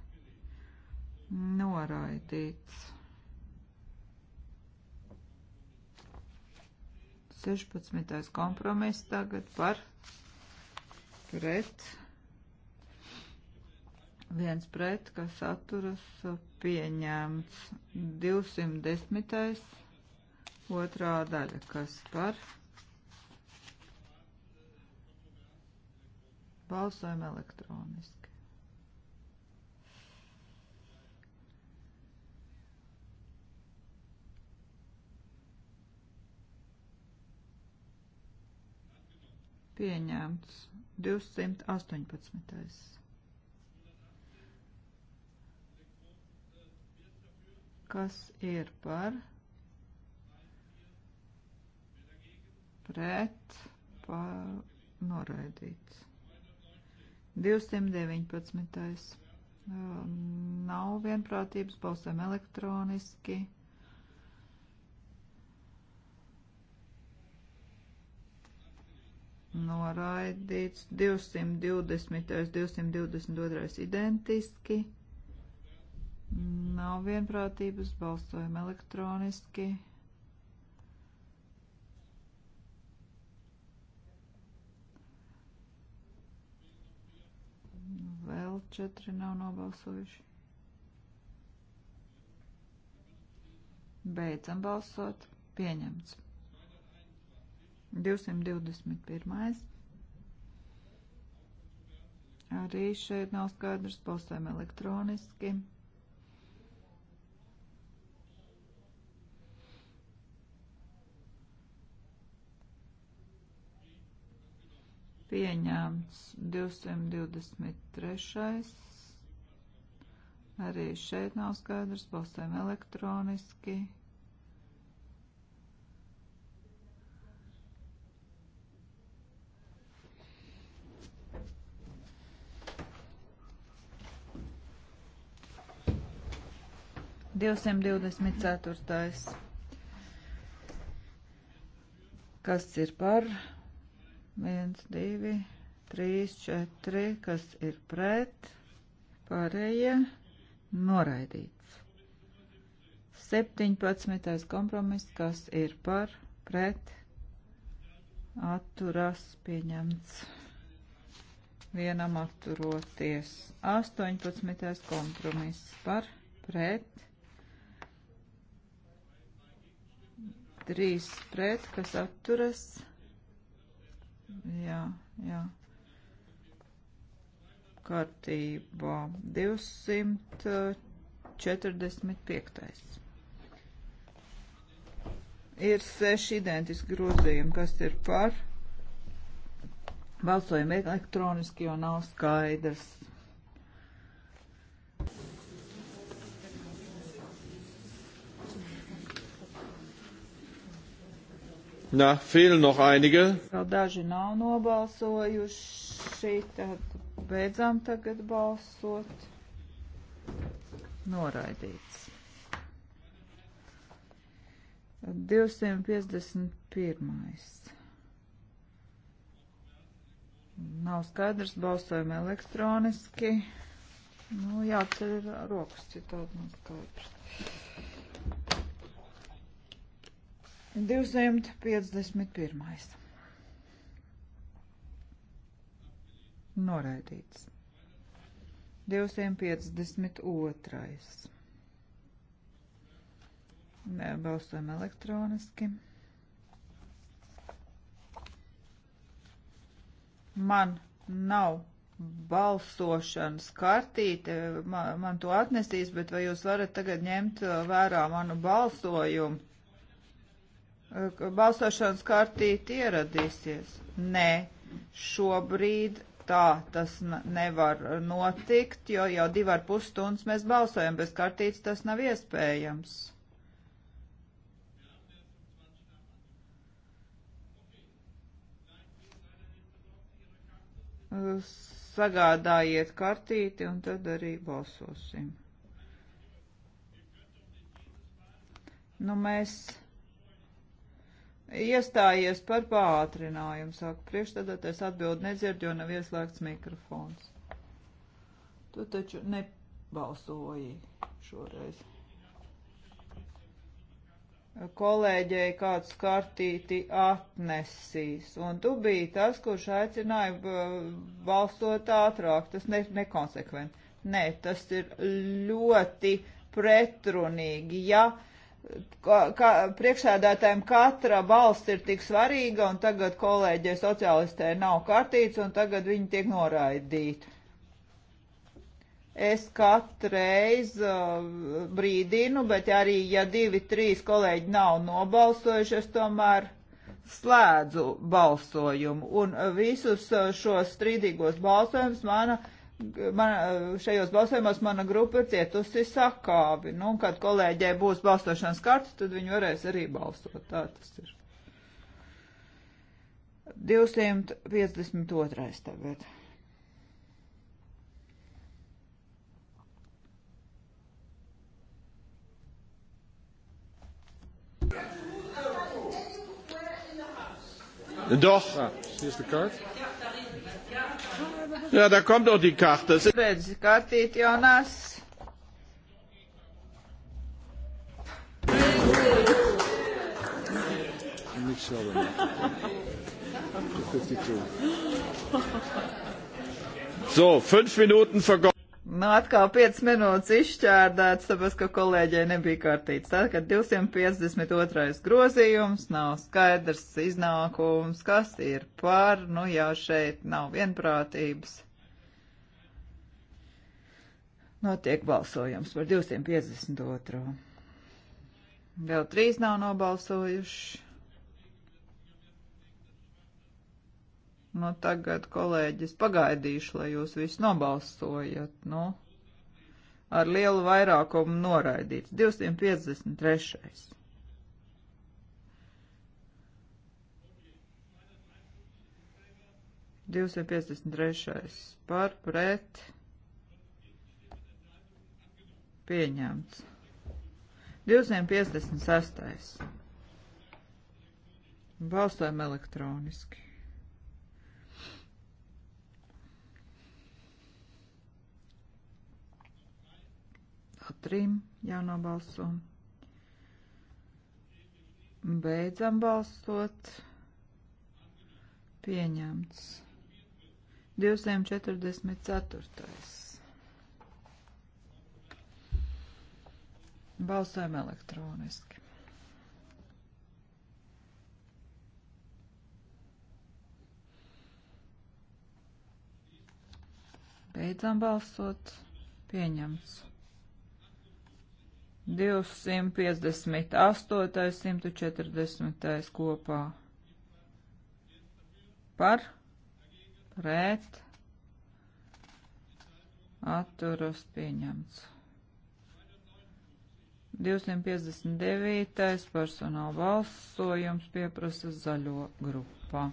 Noraidīts. 16. kompromiss tagad par pret. Viens pret, kas atturas pieņēmts. 210 Otrā daļa, kas par balsojumu elektroniski. Pieņemts 218. Kas ir par? pret noraidīts. 219. Um, nav vienprātības, balsēm elektroniski. Noraidīts 220. 222. identiski. Nav vienprātības, balsojam elektroniski. vēl četri nav nobalsojuši. Beidzam balsot. Pieņemts. 221. Arī šeit nav skaidrs. Balsojam elektroniski. 221. pieņēmts 223. Arī šeit nav skaidrs, balsēm elektroniski. Divsimt divdesmit ceturtais. Kas ir par? 1, 2, 3, 4, kas ir pret, pārējie noraidīts. 17. kompromiss, kas ir par, pret, atturas pieņemts. Vienam atturoties. 18. kompromiss par, pret, trīs pret, kas atturas pieņemts Jā, jā. Kārtībā 245. Eh, ir seši identiski grozījumi, kas ir par balsojumu elektroniski, jo nav skaidrs. Na, viel noch einige. Vēl daži nav nobalsojuši, tad beidzām tagad balsot. Noraidīts. 251. Nav skaidrs, balsojam elektroniski. Nu, jāceļ rokas, citādi nav skaidrs. 251. Noraidīts. 252. Balsojam elektroniski. Man nav balsošanas kartīte, man, man to atnesīs, bet vai jūs varat tagad ņemt uh, vērā manu balsojumu? balsošanas kartīti ieradīsies. Nē, šobrīd tā tas nevar notikt, jo jau divi ar pus stundas mēs balsojam, bez kartītes tas nav iespējams. Sagādājiet kartīti un tad arī balsosim. Nu, mēs iestājies par pātrinājumu, saka priekšstādātais atbild nedzird, jo nav ieslēgts mikrofons. Tu taču nebalsoji šoreiz. Kolēģei kāds kartīti atnesīs, un tu biji tas, kurš aicināja balsot ātrāk, tas ne, nekonsekventi. Nē, tas ir ļoti pretrunīgi. Ja ka, ka priekšsēdētājiem katra balsts ir tik svarīga, un tagad kolēģiem sociālistē nav kartīts, un tagad viņi tiek noraidīti. Es katreiz uh, brīdinu, bet arī, ja divi, trīs kolēģi nav nobalsojuši, es tomēr slēdzu balsojumu. Un visus uh, šos strīdīgos balsojumus mana uh, man, šajos balsojumos mana grupa ir cietusi sakāvi. Nu, kad kolēģei būs balsošanas karta, tad viņi varēs arī balsot. Tā tas ir. 252. tagad. Doch. Ah, hier is de kaart. Ja, da kommt auch die Karte. Redzi kartīt, Jonas. Nichts schauen. 52. So, fünf Minuten vergossen. Nu, atkal 5 minūtes izšķērdēts, tāpēc, ka kolēģei nebija kārtīts. Tad, kad 252. grozījums nav skaidrs iznākums, kas ir par, nu jau šeit nav vienprātības. Notiek balsojums par 252. Vēl trīs nav nobalsojuši. Nu, tagad, kolēģis, pagaidīšu, lai jūs visi nobalsojat, nu, ar lielu vairākumu noraidīts. 253. Divsimt piecdesmit trešais par pret pieņemts. Divsimt piecdesmit sestais. Balsojam elektroniski. trim jānobalso. Beidzam balsot. Pieņemts. 244. Balsojam elektroniski. Beidzam balsot. Pieņemts. 258, 140 kopā par, pret, atturos pieņemts. 259. personāla balsojums pieprasa zaļo grupā.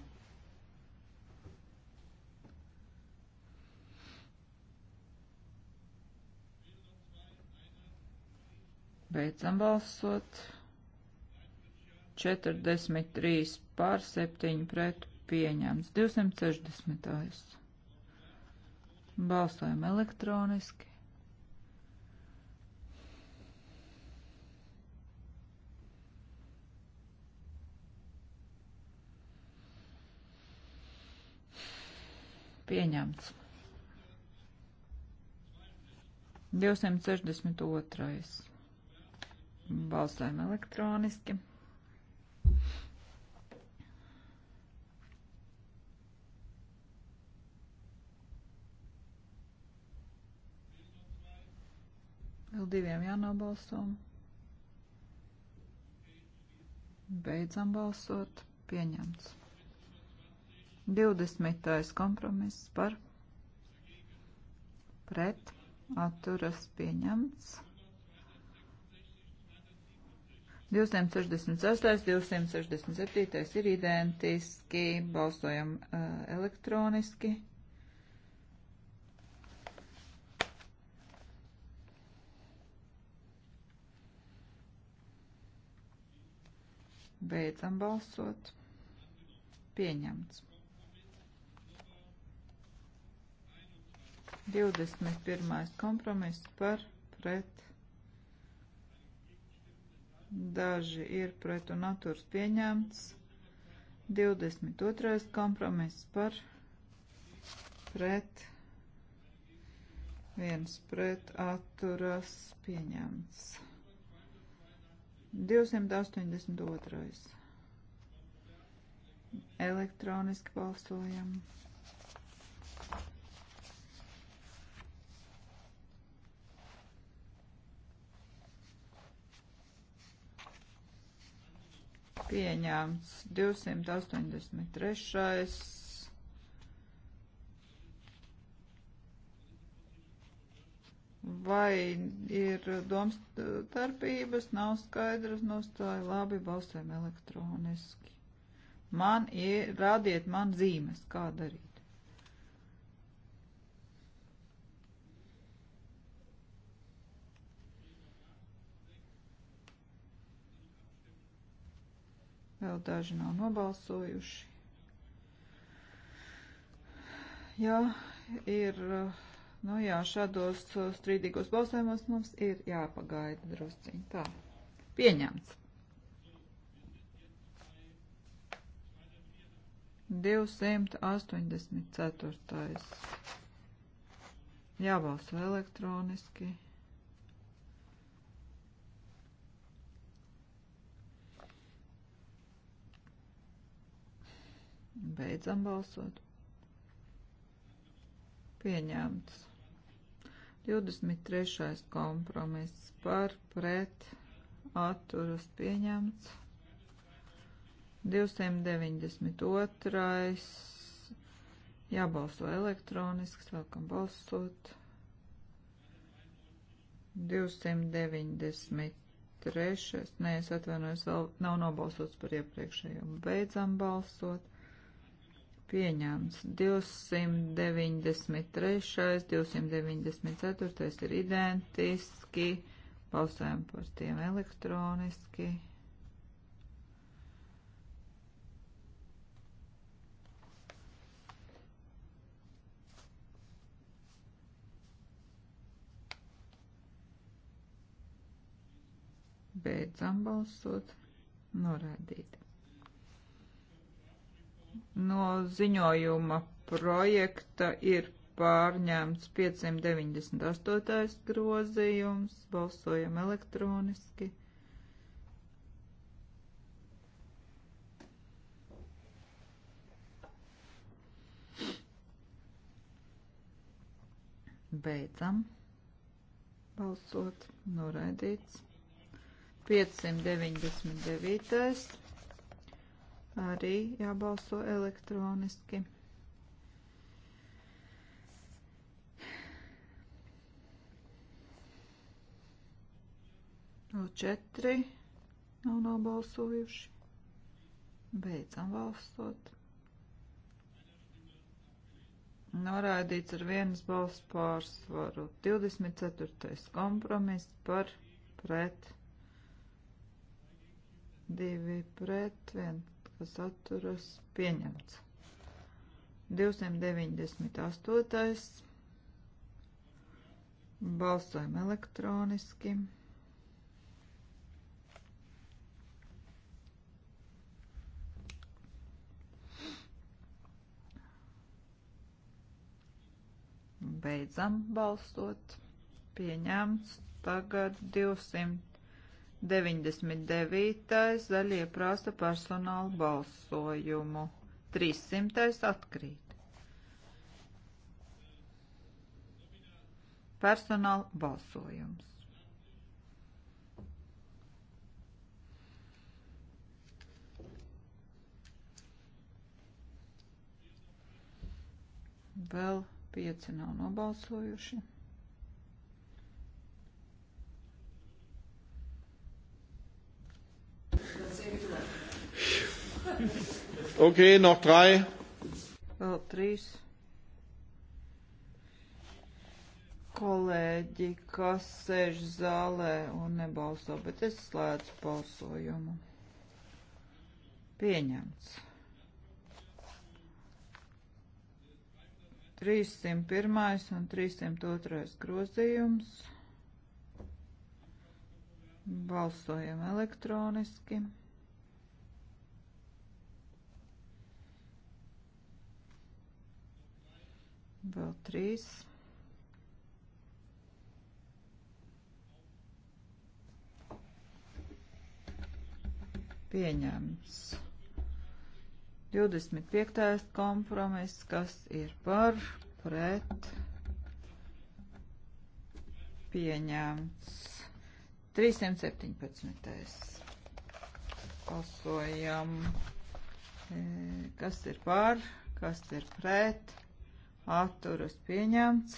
Beidzam balsot. 43 pār 7 pret pieņemts. 260. Balsojam elektroniski. Pieņemts. 262. Balsojam elektroniski. Vēl diviem jānobalso. Beidzam balsot. Pieņemts. 20. kompromiss par pret atturas pieņemts. 268, 267 ir identiski, balsojam uh, elektroniski. Beidzam balsot. Pieņemts. 21. kompromiss par pret daži ir pret un atturs pieņemts. 22. kompromiss par pret, viens pret atturas pieņemts. 282. Elektroniski balsojam. pieņemts 283. Vai ir domstarpības, nav skaidrs nostāja, labi, balsojam elektroniski. Man ir, rādiet man zīmes, kā darīt. Vēl daži nav nobalsojuši. Jā, ir, nu jā, šādos strīdīgos balsojumos mums ir jāpagaida drusciņi. Tā, pieņemts. 284. Jābalso elektroniski. Beidzam balsot. Pieņemts. 23. kompromiss par pret atturas pieņemts. 292. Jābalso elektroniski, sākam balsot. 293. Nē, es atvainojos, vēl nav nobalsots par iepriekšējo. Beidzam balsot pieņemts. 293, 294 ir identiski, balsojam par tiem elektroniski. Beidzam balsot, norādīt no ziņojuma projekta ir pārņemts 598. grozījums, balsojam elektroniski. Beidzam balsot, noraidīts. 599 arī jābalso elektroniski. Vēl četri nav nobalsojuši. Beidzam balsot. Noraidīts ar vienas balss pārsvaru. 24. kompromiss par pret. Divi pret, viens kas atturas pieņemts. 298. Balsojam elektroniski. Beidzam balsot. Pieņemts tagad 200. 99. zaļie prasa personālu balsojumu. 300. atkrīt. Personāla balsojums. Vēl pieci nav nobalsojuši. Okay, noch drei. Vēl trīs kolēģi, kas sēž zālē un nebalso, bet es slēdzu balsojumu. Pieņemts. 301. un 302. grozījums. Balsojam elektroniski. Vēl trīs. Pieņems. 25. kompromiss, kas ir par, pret, pieņemts. 317. Balsojam, e, kas ir pār, kas ir pret, atturas pieņemts.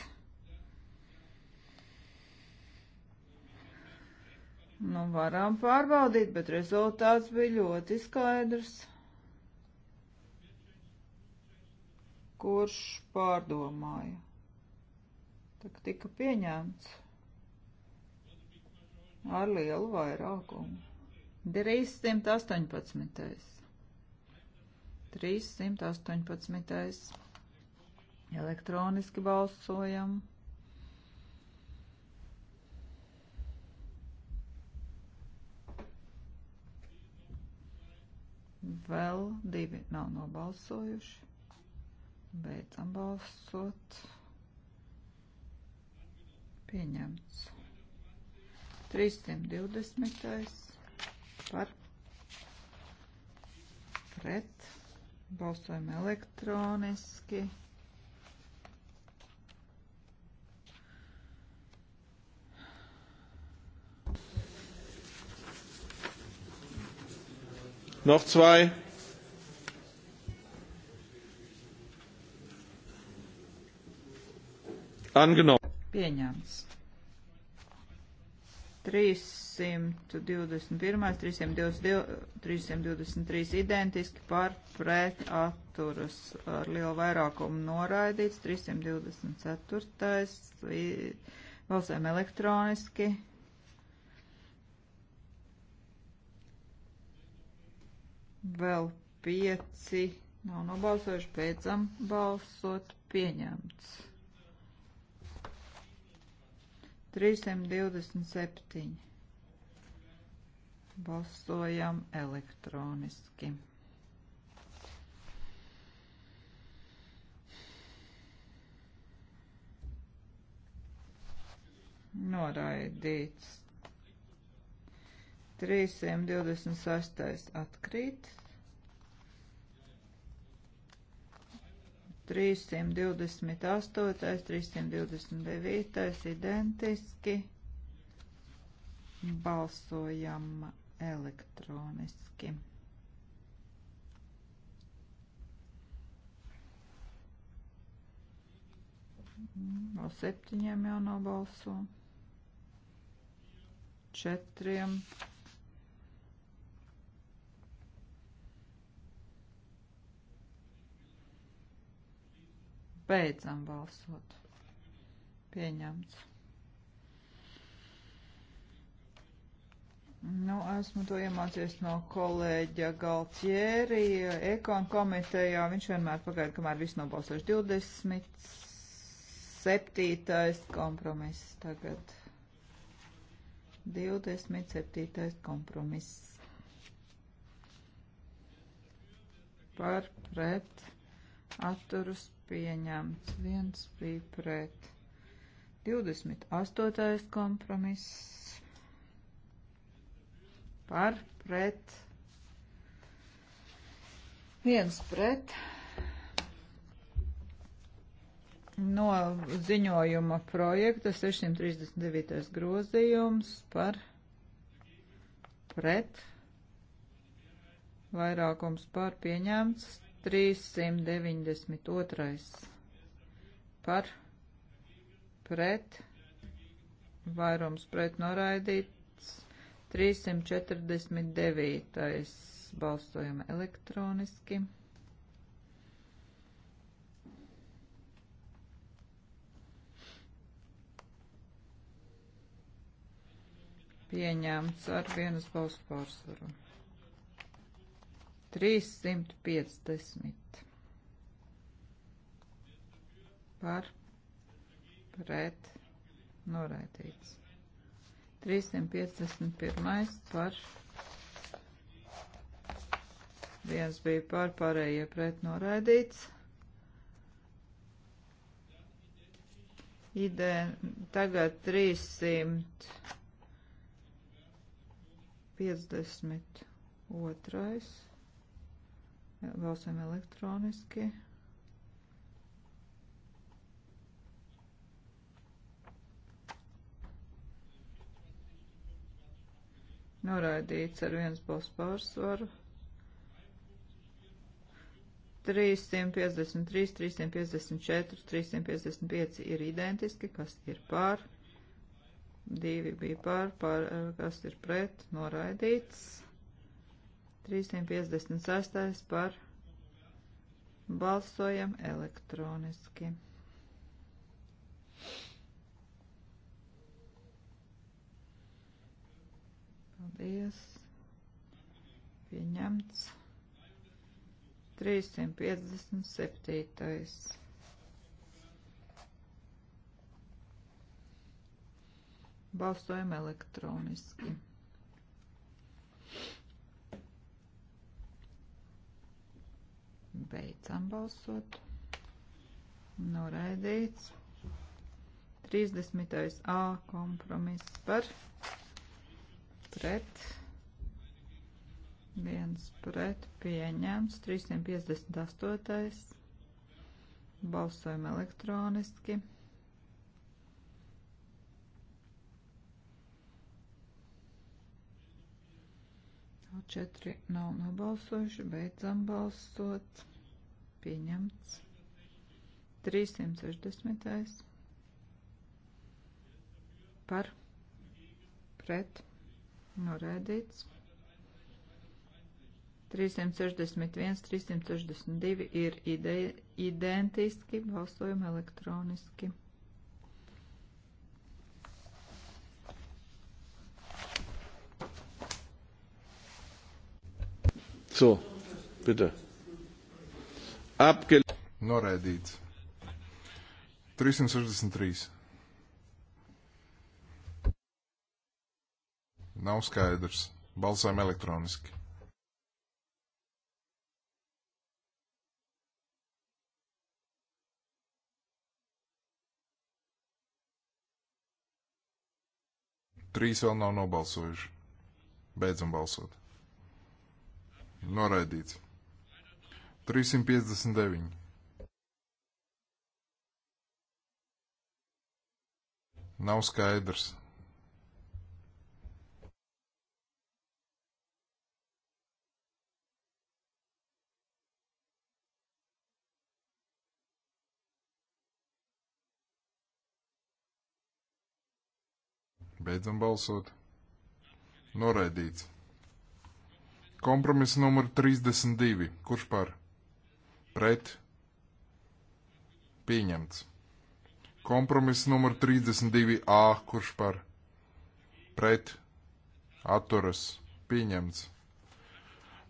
Nu, varam pārbaudīt, bet rezultāts bija ļoti skaidrs. Kurš pārdomāja? Tak tika pieņemts ar lielu vairākumu. 318. 318. Elektroniski balsojam. Vēl divi nav nobalsojuši. Beidzam balsot. Pieņemts. 320. par pret. Balsojam elektroniski. Noch zwei. Angenommen. Pieņemts. 321, 322, 323 identiski par pret atturas ar lielu vairākumu noraidīts, 324. Balsēm elektroniski. Vēl pieci nav nobalsojuši, beidzam balsot pieņemts. 327. Balsojam elektroniski. Noraidīts. 326. atkrīt. 328, 329 identiski. Balsojam elektroniski. No septiņiem jau nobalso. Četriem. Beidzam balsot. Pieņemts. Nu, esmu to iemācies no kolēģa Galtieri, ekon komitejā. Viņš vienmēr pagaida, kamēr viss nobalsoši 27. kompromiss tagad. 27. kompromiss. Par pret atturus pieņemts, viens bija pret. 28. kompromiss par pret, viens pret. No ziņojuma projekta 639. grozījums par pret vairākums par pieņemts 392. par pret vairums pret noraidīts 349. balsojam elektroniski. Pieņēmts ar vienas balsu pārsvaru. 350 par pret noraidīts. 351 par viens bija par pārējie pret noraidīts. Ide tagad 352. Balsojam elektroniski. Noraidīts ar viens balss pārsvaru. 353, 354, 355 ir identiski, kas ir pār. Divi bija pār, pār kas ir pret, noraidīts. 356. par balsojam elektroniski. Paldies. Pieņemts. 357. Balsojam elektroniski. Beidzam balsot. Noraidīts. 30. A kompromiss par pret. 1 pret pieņemts. 358. Balsojam elektroniski. Četri nav nobalsojuši, beidzam balsot pieņemts. 360. par pret norēdīts. 361, 362 ir ide identiski, balsojam elektroniski. So, bitte. Apge... Noraidīts. 363. Nav skaidrs. Balsājam elektroniski. Trīs vēl nav nobalsojuši. Beidzam balsot. Noraidīts. 359. Nav skaidrs. Beidzam balsot. Noraidīts. Kompromiss numur 32. Kurš par? pret pieņemts. Kompromiss numur 32A, kurš par pret atturas pieņemts.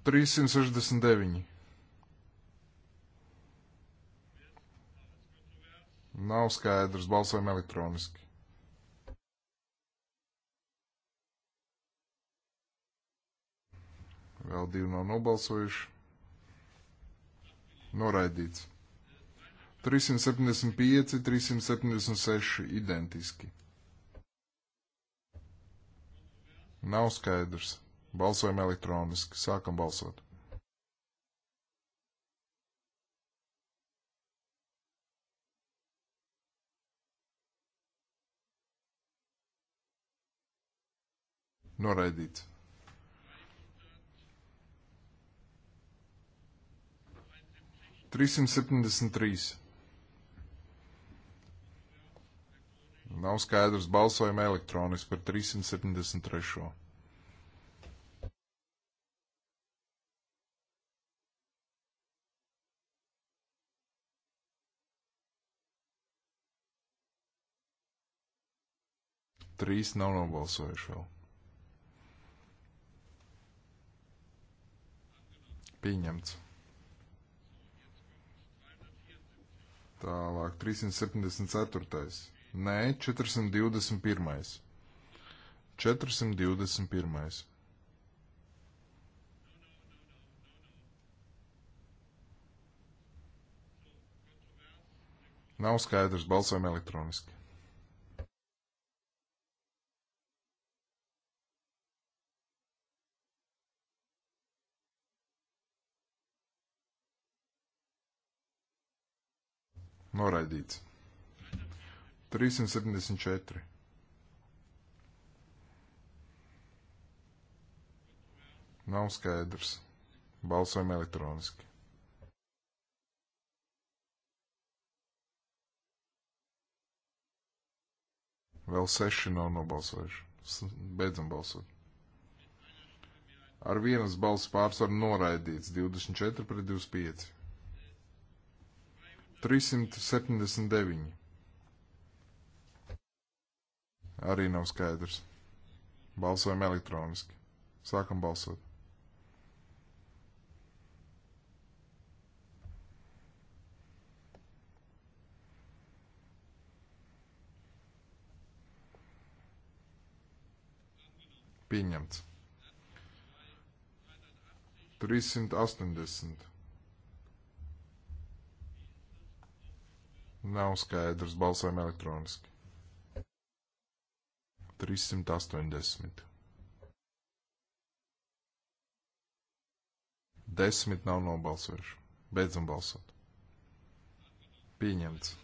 369. Nav skaidrs, balsojam elektroniski. Vēl divi nav nobalsojuši. Noraidīts. 375, 376 identiski. Nav skaidrs. Balsojam elektroniski. Sākam balsot. Noraidīts. 373. Nav skaidrs, balsojam elektroniski par 373. Trīs nav nobalsojuši vēl. Pieņemts. Tālāk, 374. Nē, 421. 421. Nav skaidrs, balsojam elektroniski. Noraidīts. 374. Nav skaidrs. Balsojam elektroniski. Vēl seši nav nobalsojuši. Beidzam balsot. Ar vienas balss pārsvaru noraidīts 24 pret 25. 379. Arī nav skaidrs. Balsojam elektroniski. Sākam balsot. Pieņemts. 380. Nav skaidrs, balsojam elektroniski. 380. Desmit nav nobalsojuši. Beidzam balsot. Pieņemts.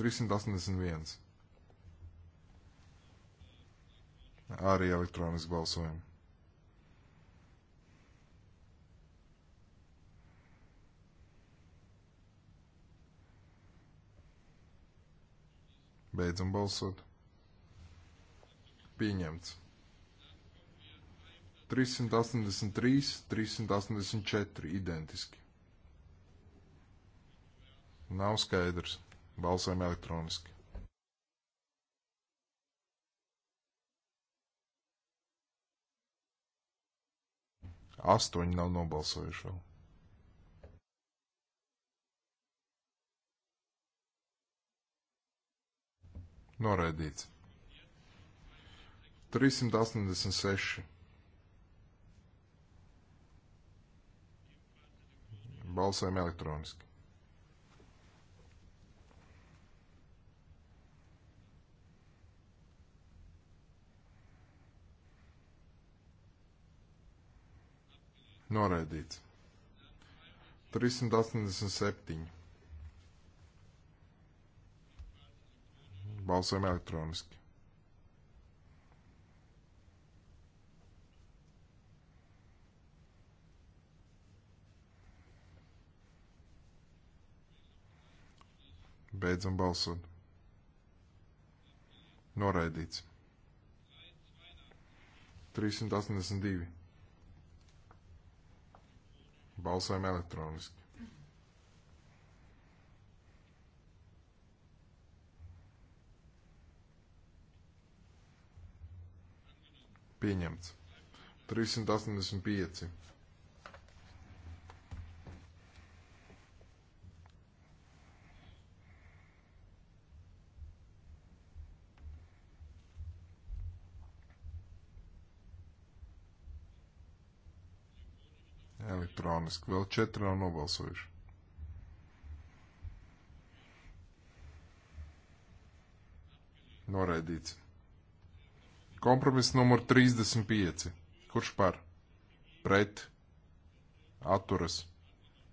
381. Arī elektroniski balsojam. Beidzam balsot. Pieņemts. 383, 384 identiski. Nav skaidrs. Balsojam elektroniski. Astoņi nav nobalsojuši vēl. Noraidīts. 386. Balsojam elektroniski. Noraidīts. 387. Balsojam elektroniski. Beidzam balsot. Noraidīts. 382. Balsojam elektroniski. Pieņemts. 385. Elektroniski. Vēl četri nav nobalsojuši. Noraidīts. Kompromiss numur 35. Kurš par? Pret. Atturas.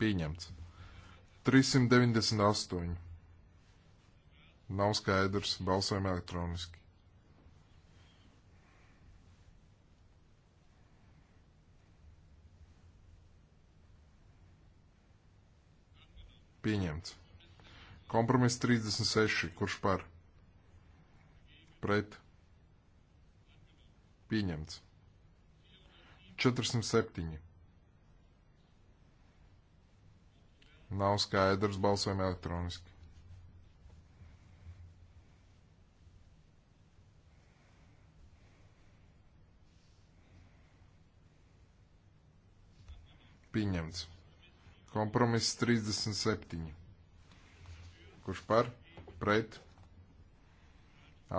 Pieņemts. 398. Nav skaidrs. Balsojam elektroniski. Pieņemts. Kompromiss 36. Kurš par? Pret Pieņemts. 407. Nav skaidrs, balsojam elektroniski. Pieņemts. Kompromiss 37. Kurš par? Pret.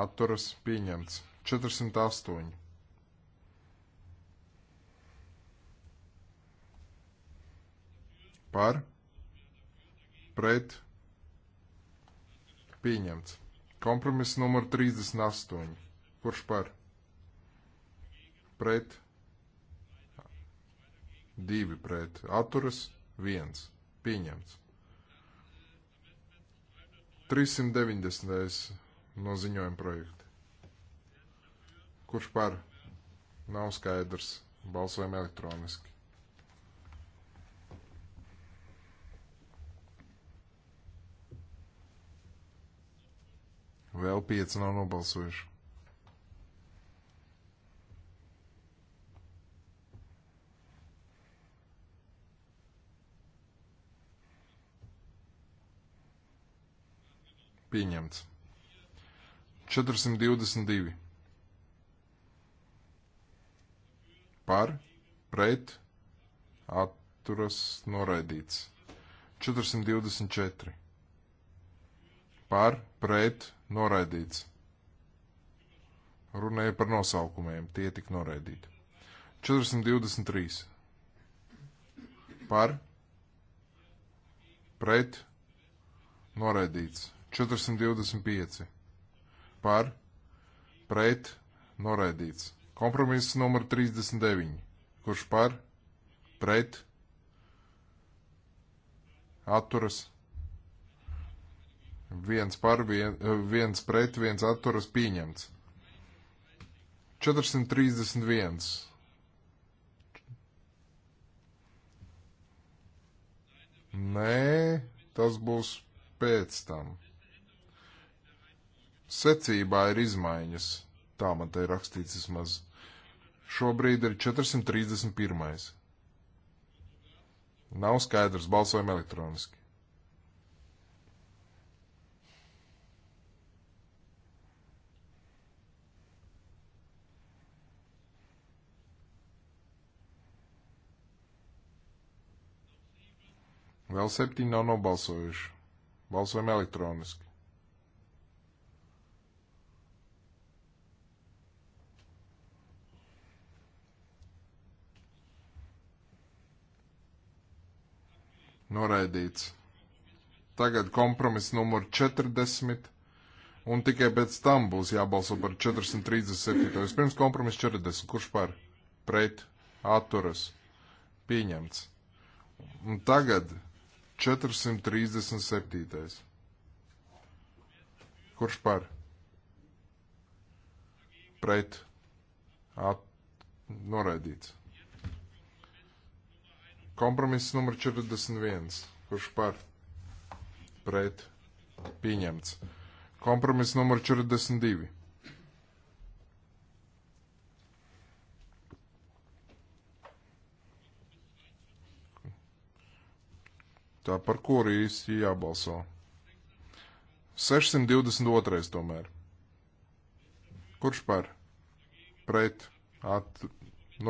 Atturas pieņemts. 408. par, pret, pieņemts. Kompromiss numur 38. Kurš par? Pret, divi pret, atturas, viens, pieņemts. 390. no ziņojuma projekta. Kurš par? Nav skaidrs. Balsojam elektroniski. Vēl pieci nav nobalsojuši. Pieņemts. 422. Par, pret, atturas, noraidīts. 424. Par, pret, Noraidīts. Runēja par nosaukumiem, tie tik noraidīti. 423. Par. Pret. Noraidīts. 425. Par. Pret. Noraidīts. Kompromiss numur 39. Kurš par? Pret. Atturas viens par, vien, viens pret, viens atturas pieņemts. 431. Nē, tas būs pēc tam. Secībā ir izmaiņas, tā man te ir rakstīts vismaz. Šobrīd ir 431. Nav skaidrs, balsojam elektroniski. Vēl septiņi nav nobalsojuši. Balsojam elektroniski. Noraidīts. Tagad kompromiss numur 40, un tikai pēc tam būs jābalso par 437. Vispirms kompromiss 40. Kurš par? Pret. Atturas. Pieņemts. Un tagad 437. Kurš par? Pret. At, noraidīts. Kompromiss numur 41. Kurš par? Pret. Pieņemts. Kompromiss numur 42. Tā par kuru īsti jābalso? 622. tomēr. Kurš par? Pret. At,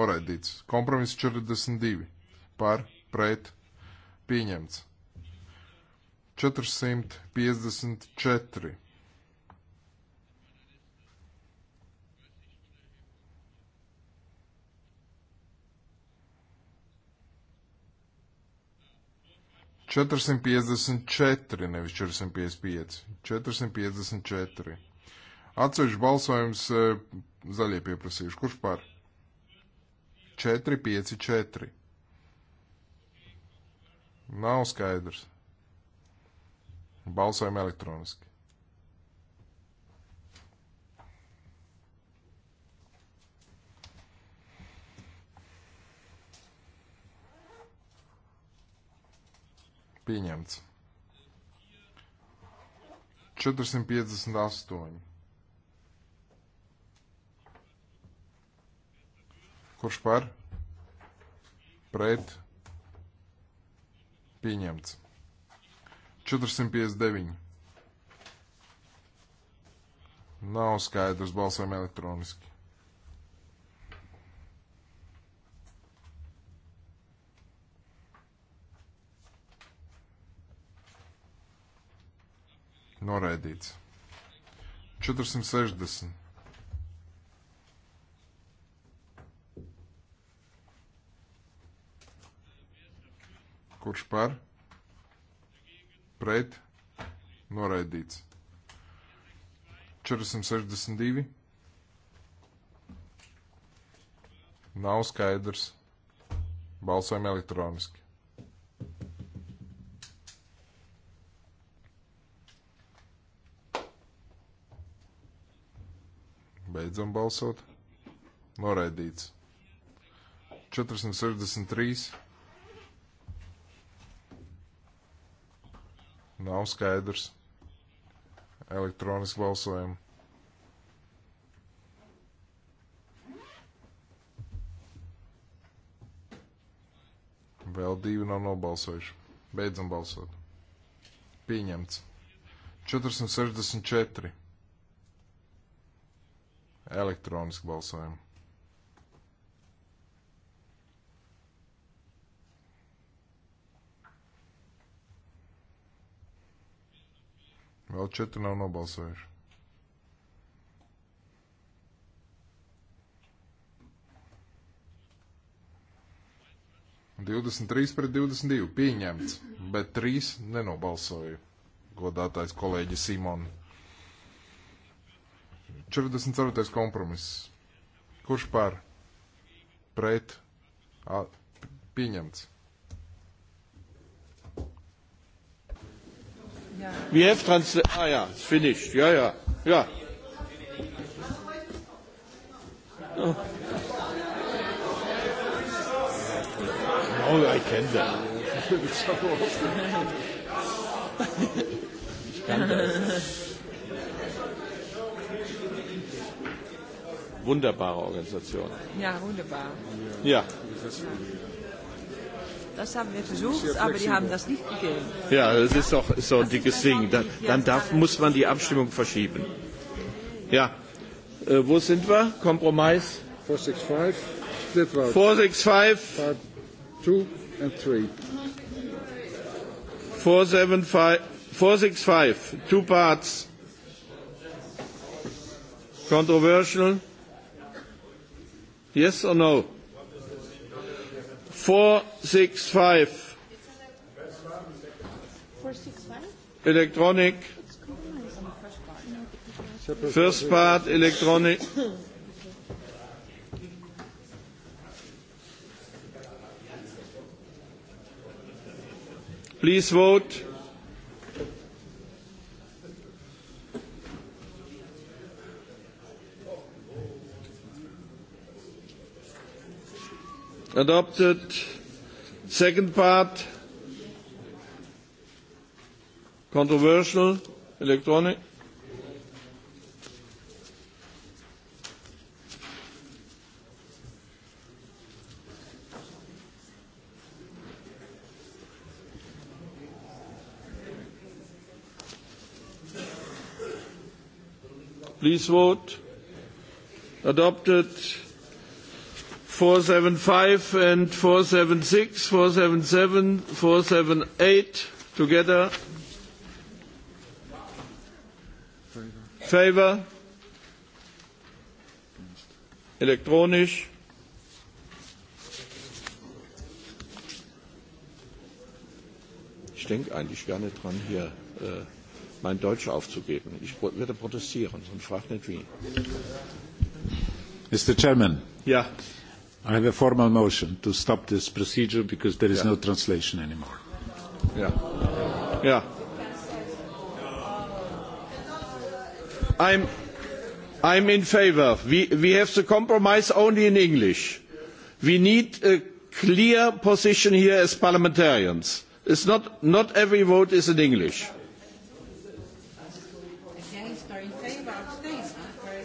noraidīts. Kompromiss 42. Par. Pret. Pieņemts. 454 454, nevis 455. 454. Atsevišķi balsojums e, zaļie pieprasījuši. Kurš par? 4, 5, 4. Nav skaidrs. Balsojam elektroniski. Pieņemts. 458. Kurš par? Pret. Pieņemts. 459. Nav skaidrs, balsojam elektroniski. Noraidīts. 460. Kurš par? Pret? Noraidīts. 462. Nav skaidrs. Balsojam elektroniski. Beidzam balsot. Noraidīts. 463. Nav skaidrs. Elektroniski balsojam. Vēl divi nav nobalsojuši. Beidzam balsot. Pieņemts. 464. Elektroniski balsojam. Vēl četri nav nobalsojuši. Divdesmit trīs pret divdesmit divi pieņemts, bet trīs nenobalsoju, godātais kolēģis Simons. 44. kompromiss. Kurš par? Pret? A, pieņemts. We have translate. Ah, yeah, it's finished. Yeah, yeah, yeah. No, no I can that. ich kann das. Wunderbare Organisation. Ja, wunderbar. Ja. Das haben wir versucht, aber die haben das nicht gegeben. Ja, das ist doch so ein dickes Ding. Dann, dann darf, muss man die Abstimmung verschieben. Ja. Äh, wo sind wir? Kompromiss? 465. Split vote. 465. Part 2 and 3. 475. 465. Two parts. Controversial. Yes or no? 465. 465? Electronic. First part, electronic. Please vote. adopted. Second part, controversial, electronic. Please vote. Adopted. 475 and 476, 477, 478 together. Favor? Elektronisch? Ich denke eigentlich gerne dran, hier äh, mein Deutsch aufzugeben. Ich würde protestieren und frage nicht wie. Mr. Chairman. Ja. Yeah. I have a formal motion to stop this procedure because there is yeah. no translation anymore. Yeah. Yeah. I'm, I'm in favor. We, we have the compromise only in English. We need a clear position here as parliamentarians. It's not, not every vote is in English.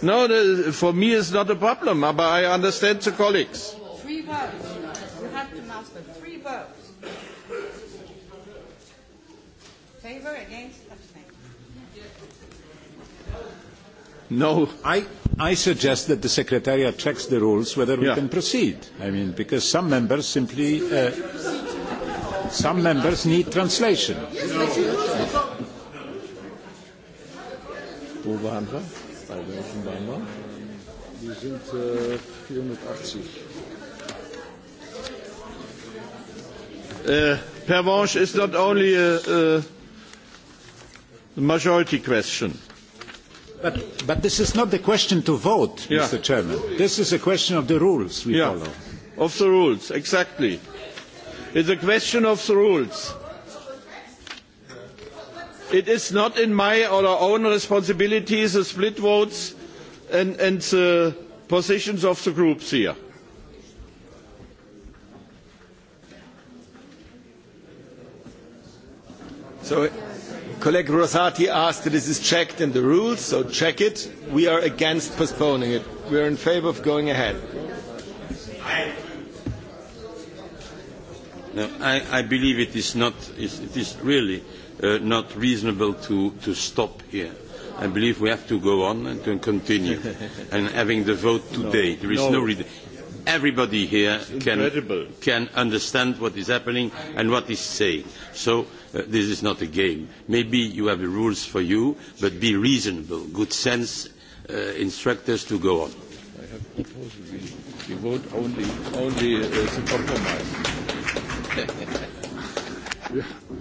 No, the, for me it's not a problem, but I understand the colleagues. Three votes. You have to master three votes. Favor, against, abstain. No. I, I suggest that the Secretariat checks the rules whether we yeah. can proceed. I mean, because some members simply... Uh, some members need translation. Yes, no. Wo waren wir? Bei welchen waren wir? Wir sind äh, 480. Uh, äh, Pervenche is not only a, a majority question. But, but this is not the question to vote, yeah. Mr. Chairman. This is a question of the rules we yeah. follow. Of the rules, exactly. It's a question of the rules. It is not in my or our own responsibility, the split votes and, and the uh, positions of the groups here. So, colleague Rosati asked that this is checked in the rules, so check it. We are against postponing it. We are in favor of going ahead. No, I, I believe it is not, it is really uh, not reasonable to, to stop here. I believe we have to go on and to continue. and having the vote today, no, there is no, no reason. Everybody here can, incredible. can understand what is happening and what is saying. So uh, this is not a game. Maybe you have the rules for you, but be reasonable. Good sense uh, instruct us to go on. I have proposed we, we vote only, only uh, the compromise. yeah.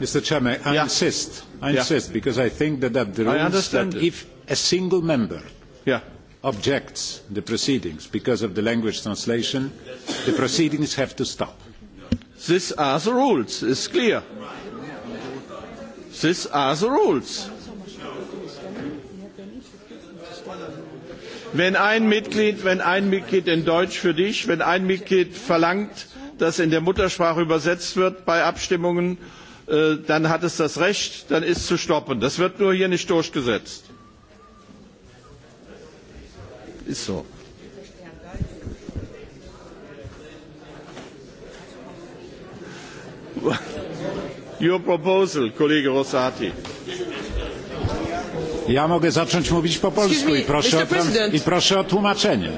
Mr. Chairman, I yeah. insist. I yeah. insist because I think that, that the rules that if a single member yeah. objects the proceedings because of the language translation, the proceedings have to stop. These are the rules. It's clear. These are the rules. Wenn ein Mitglied, wenn ein Mitglied in Deutsch für dich, wenn ein Mitglied verlangt, dass in der Muttersprache übersetzt wird bei Abstimmungen äh, dann hat es das Recht, dann ist zu stoppen. Das wird nur hier nicht durchgesetzt. Ist so. Your proposal, Kollege Rosati. Ja mogę zacząć mówić po polsku me, i proszę, o, i proszę o tłumaczenie.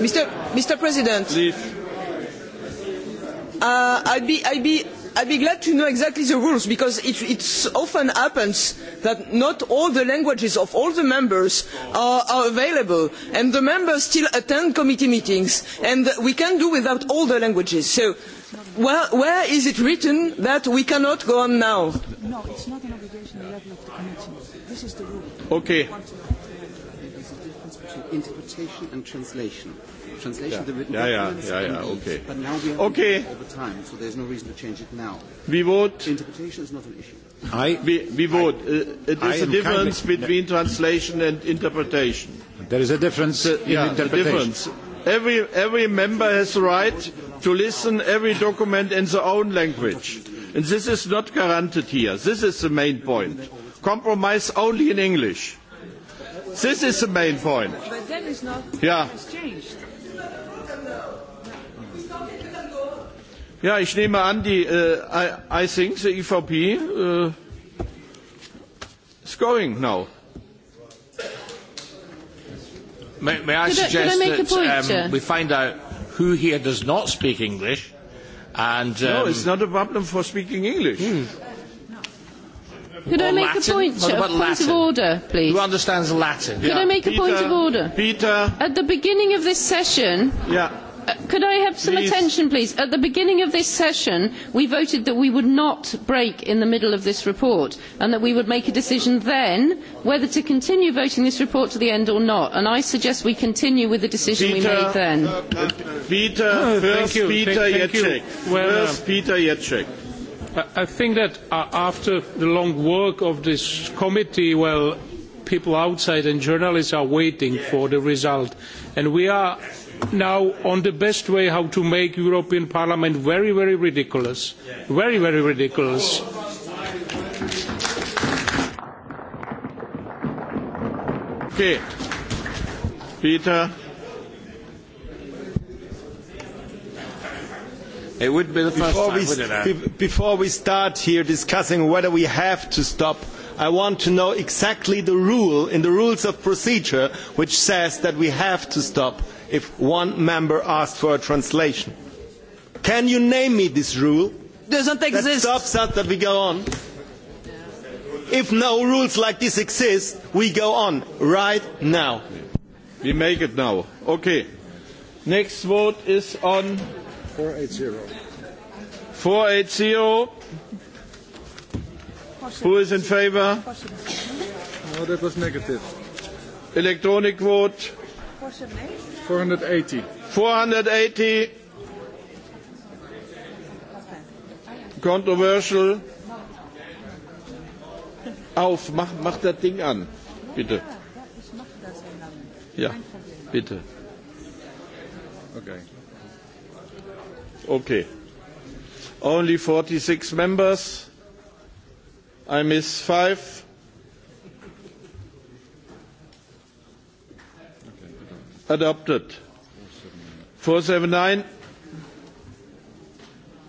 Mr. Mr. President, Please. uh, I'll be, I'll be i would be glad to know exactly the rules because it often happens that not all the languages of all the members are, are available and the members still attend committee meetings and we can do without all the languages. so where, where is it written that we cannot go on now? No, it's not an obligation at the level of the committee. This is the rule. Okay. There's a difference between interpretation and translation translation. Yeah. There were no yeah, yeah, yeah, yeah, okay. But now we have okay. all the time, so there's no reason to change it now. We vote. Interpretation is not an issue. I, we, we vote. I, uh, it is a difference kindly, between no. translation and interpretation. There is a difference uh, in yeah, interpretation. A difference. Every, every member has the right to listen every document in their own language. And this is not guaranteed here. This is the main point. Compromise only in English. This is the main point. But that is not yeah. changed. Ja, ich nehme an, die äh, I, I think the EVP äh, is going now. May, may I could suggest I, could I that point, um, we find out who here does not speak English? And um, no, it's not a problem for speaking English. Hmm. Could or I make Latin? a point, a point Latin? of order, please? Who understands Latin? Could yeah. I make Peter, a point of order? Peter. At the beginning of this session, yeah Uh, could I have some please. attention, please? At the beginning of this session, we voted that we would not break in the middle of this report and that we would make a decision then whether to continue voting this report to the end or not. And I suggest we continue with the decision Peter, we made then. Uh, Peter, oh, first thank you. Peter thank, thank Jacek. You. Well, uh, first Peter Jacek. I think that uh, after the long work of this committee, well, people outside and journalists are waiting yeah. for the result. And we are now on the best way how to make European Parliament very, very ridiculous. Very, very ridiculous. Okay. Peter. It would be the first before time, we, wouldn't it? Before we start here discussing whether we have to stop I want to know exactly the rule in the rules of procedure which says that we have to stop if one member asked for a translation. Can you name me this rule? Doesn't exist. That stops us that we go on. If no rules like this exist, we go on right now. We make it now. Okay. Next vote is on 480. 480. Who is in favor? No, that was negative. Electronic vote. 478. 480. 480. Controversial. Auf, mach, mach das Ding an, bitte. Ja, bitte. Okay. Okay. Only 46 members. I miss five. adopted. 479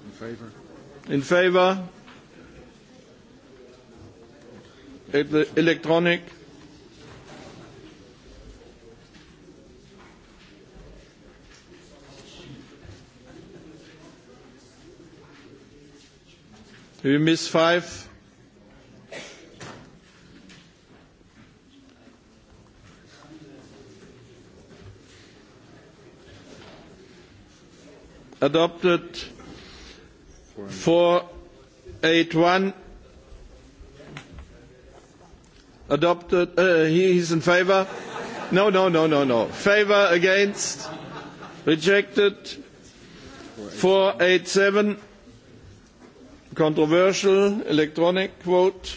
in favor. In favor. Electronic. We miss five. adopted 481 adopted uh, he is in favor no no no no no favor against rejected 487 controversial electronic vote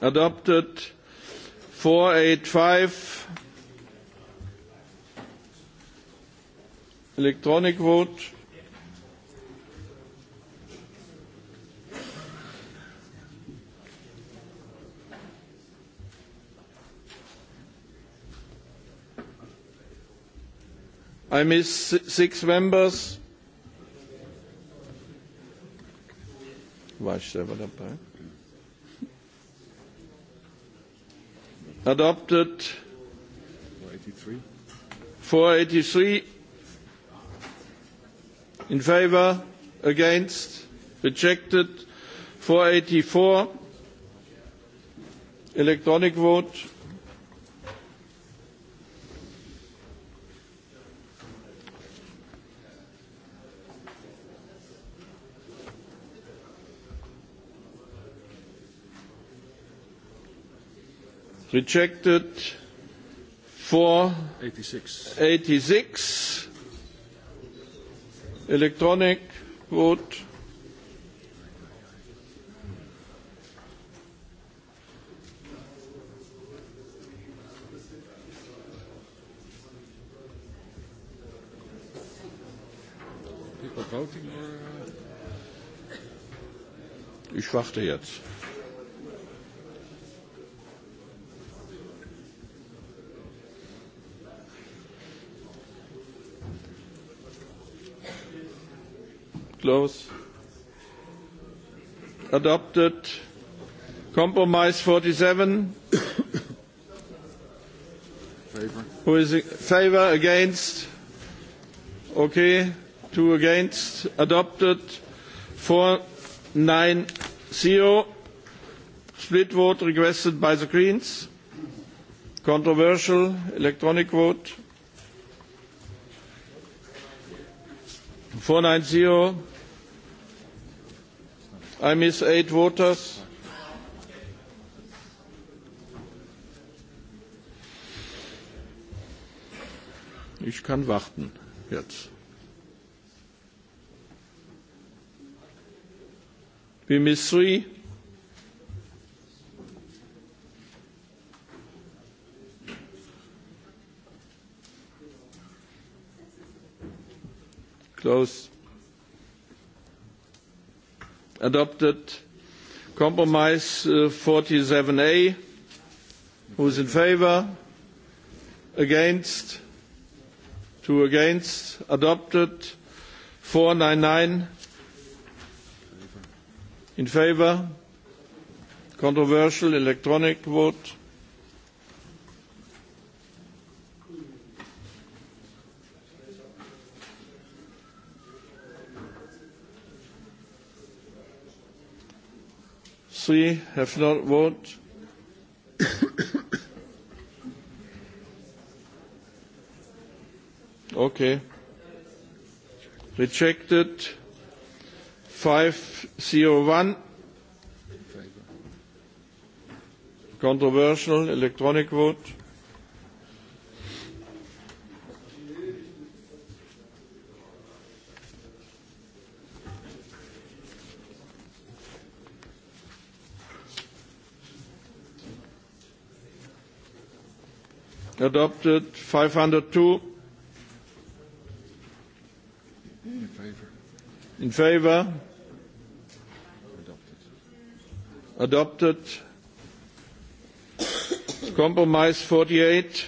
adopted. 485 electronic vote. I miss six members. War ich selber dabei? adopted 483, 483. in favor against rejected 484 electronic vote rejected 486 86. electronic vote people voting or uh, Ich warte jetzt. close. Adopted. Compromise 47. Favor. Who is in favor? Against? Okay. Two against. Adopted. 490. Split vote requested by the Greens. Controversial. Electronic vote. 490. I miss eight voters. Ich kann warten jetzt. We miss three. Close adopted. Compromise uh, 47A. Who's in favor? Against? Two against. Adopted. 499. In favor? Controversial electronic vote. three have not voted. okay. Rejected. 501. Controversial electronic vote. adopted 502 in favor in favor adopted compromise 48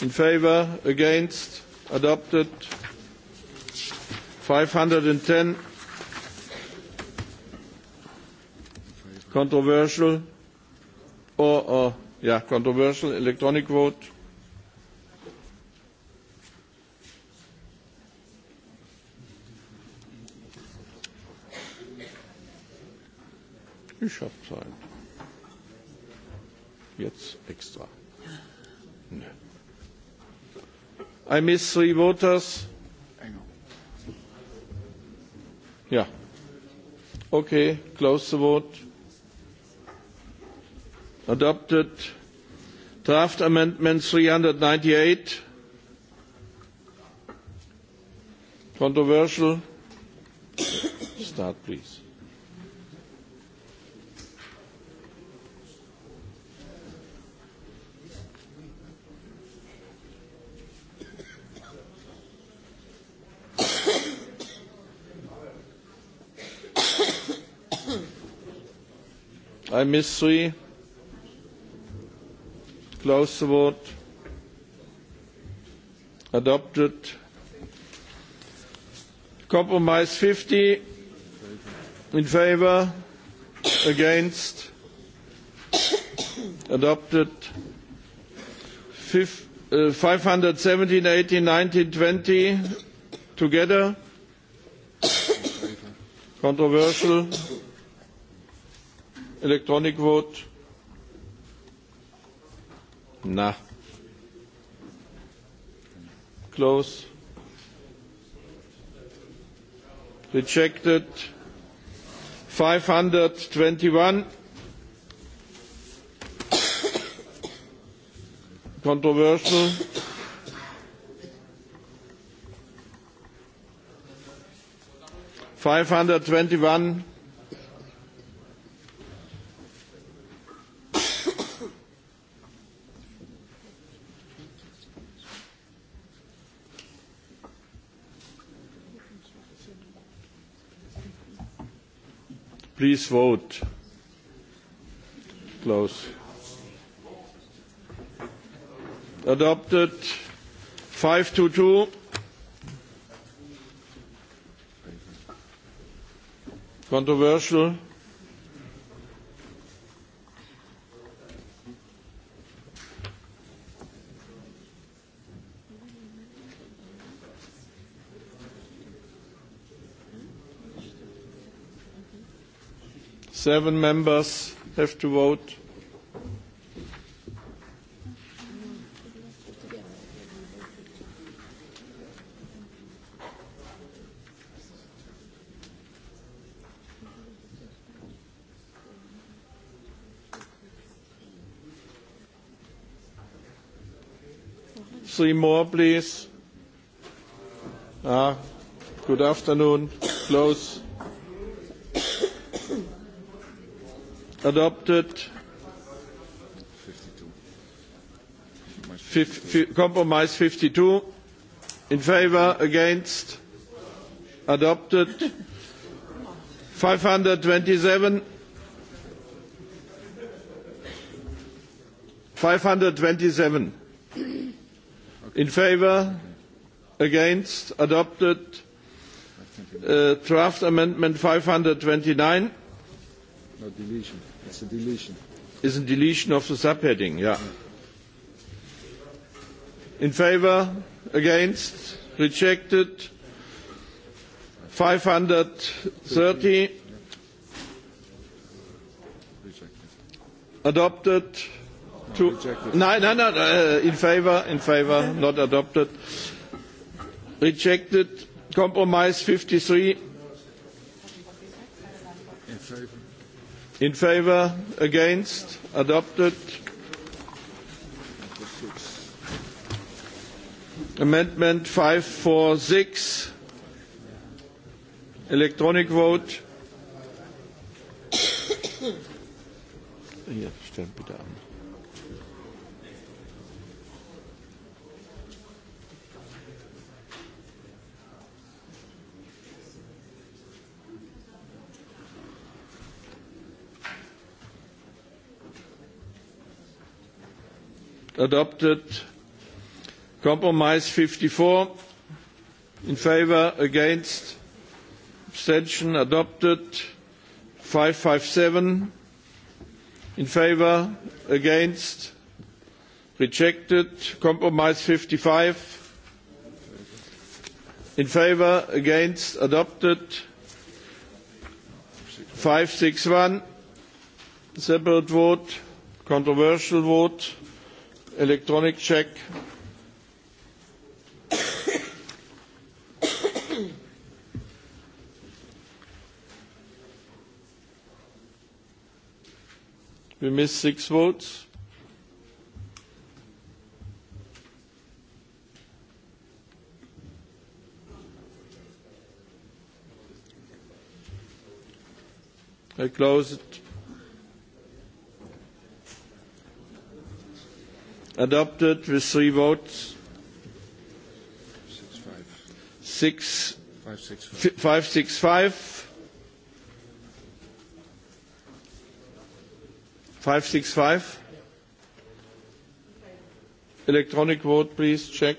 in favor against adopted 510 controversial or, or Yeah, controversial electronic vote. Ich hab Zeit. Jetzt extra. Nee. I miss three voters. Yeah. Okay, close the vote adopted. Draft Amendment 398, controversial. Start, please. I missed three. Close the vote. Adopted. Compromise 50. In favor? Against? Adopted. Fif, uh, 517, 18, 19, 20 together. Controversial. Electronic vote. Na. Close. Rejected. 521. Controversial. Five hundred twenty one Please vote. Close. Adopted. 522. Controversial. Seven members have to vote. Three more, please. Ah, good afternoon. Close. adopted. Fif compromise 52 in favor against adopted 527 527 in favor against adopted uh, draft amendment 529 no deletion It's a deletion. Is a deletion of the subheading, yeah. In favor? Against? Rejected? 530? Adopted? To, no, no, no, uh, in favor, in favor, not adopted. Rejected. Compromise 53. In favor in favor against adopted amendment 546 electronic vote hier stellen bitte an adopted. Compromise 54 in favor, against, abstention adopted. 557 in favor, against, rejected. Compromise 55 in favor, against, adopted. 561 separate vote, controversial vote electronic check. We missed six votes. I close it. adopted with three votes. Six, five. Six, five, six, five. five, six, five. Five, six, five. Electronic vote, please. Check.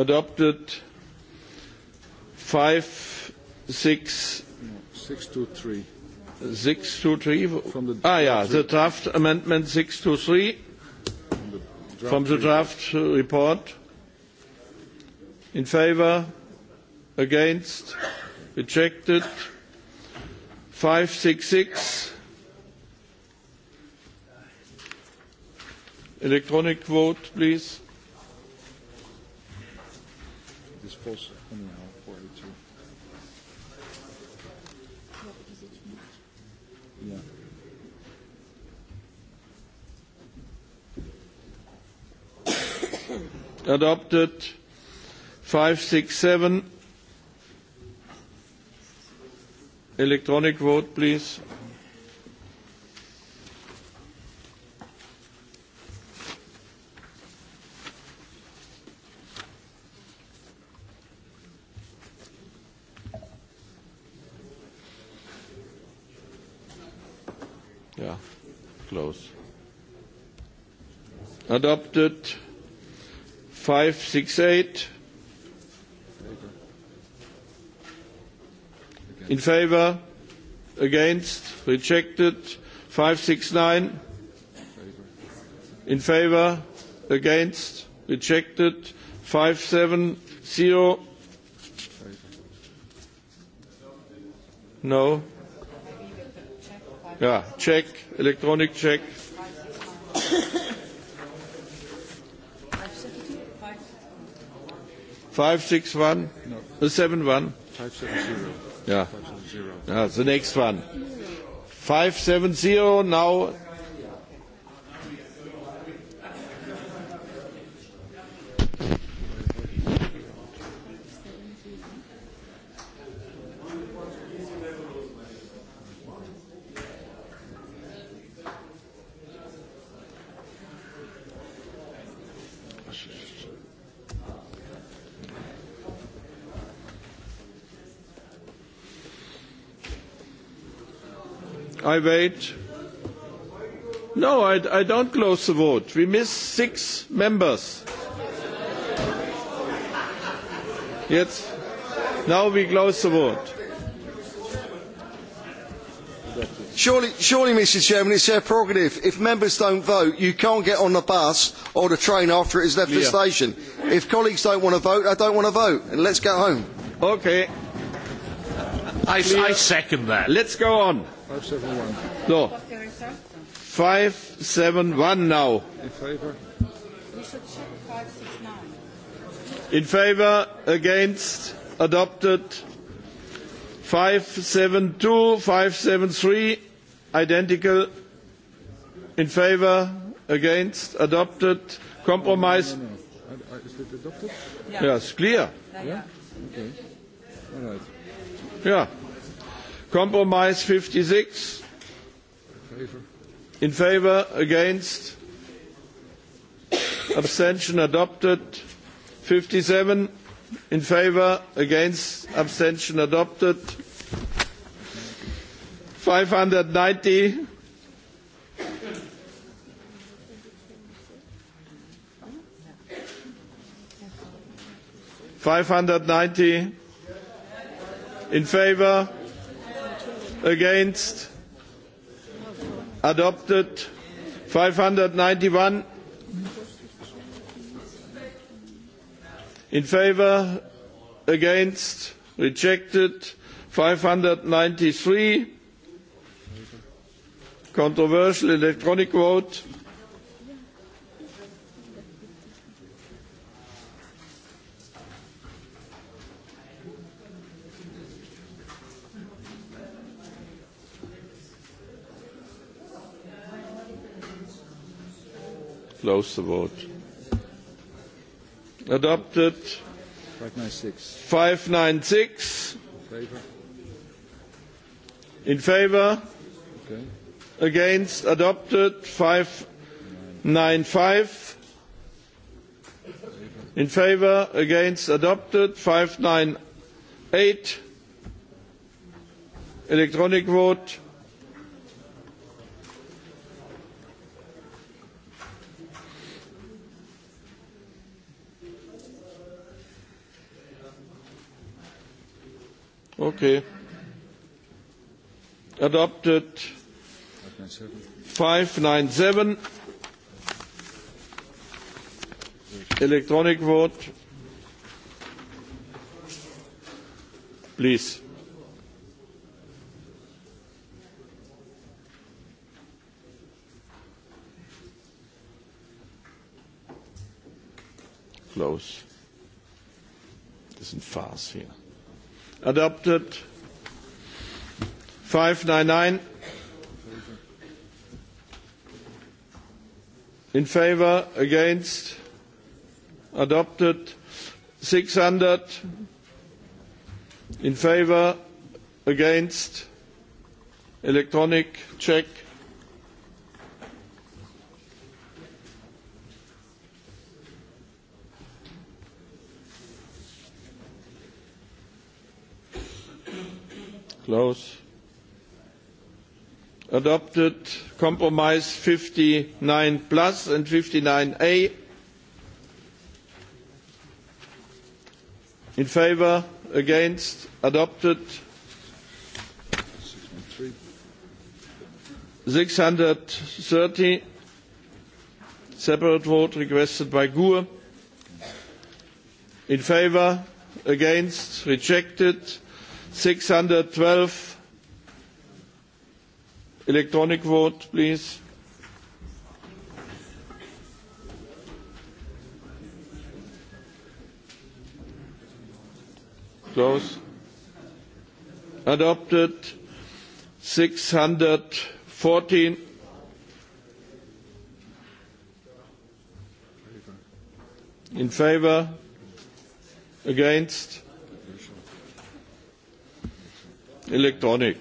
adopted. Five, six, no, six to three. Six to three. From the ah, yeah, three. the draft amendment six to three from the draft, from the draft report. report. In favour, against, rejected. Five, six, six. Electronic vote, please is possible anyhow for you to. Yeah. adopted. Five, six, seven. Electronic vote, please. adopted 568 in favor against rejected 569 in favor against rejected 570 no yeah check electronic check 561? No. 71? 570. Yeah. 570. Yeah, the next one. 570, now wait? No, I, I don't close the vote. We miss six members. Jetzt, now we close the vote. Surely, surely, Mr Chairman, it's their prerogative. If members don't vote, you can't get on the bus or the train after it's left yeah. the station. If colleagues don't want to vote, I don't want to vote, and let's go home. Okay. I, clear. I second that. Let's go on. 571. So, 571 now. In favor? We should check 569. In favor, against, adopted. 572, 573, identical. In favor, against, adopted. Compromise. No, no, no. Uh, uh, is it adopted? Yeah. Yes, clear. Yeah? yeah? Okay. All right. Yeah. Compromise 56. In favor, against, abstention adopted. 57 in favor, against, abstention adopted. 590 590 in favor against adopted 591 in favor against rejected 593 controversial electronic vote Close the vote. Adopted. 596. 596. Favor. In favor? Okay. Against? Adopted. 595. In favor? Against? Adopted. 598. Electronic vote. Okay. Adopted. 597. Electronic vote. Please. Close. Das ist ein Farce hier adopted. 599 in favor, against, adopted. 600 in favor, against, electronic check. Close. Adopted compromise 59 plus and 59A. In favor, against, adopted. 630 separate vote requested by GUE. In favor, against, rejected. 612 electronic vote please close adopted 614 in favor against Elektronik.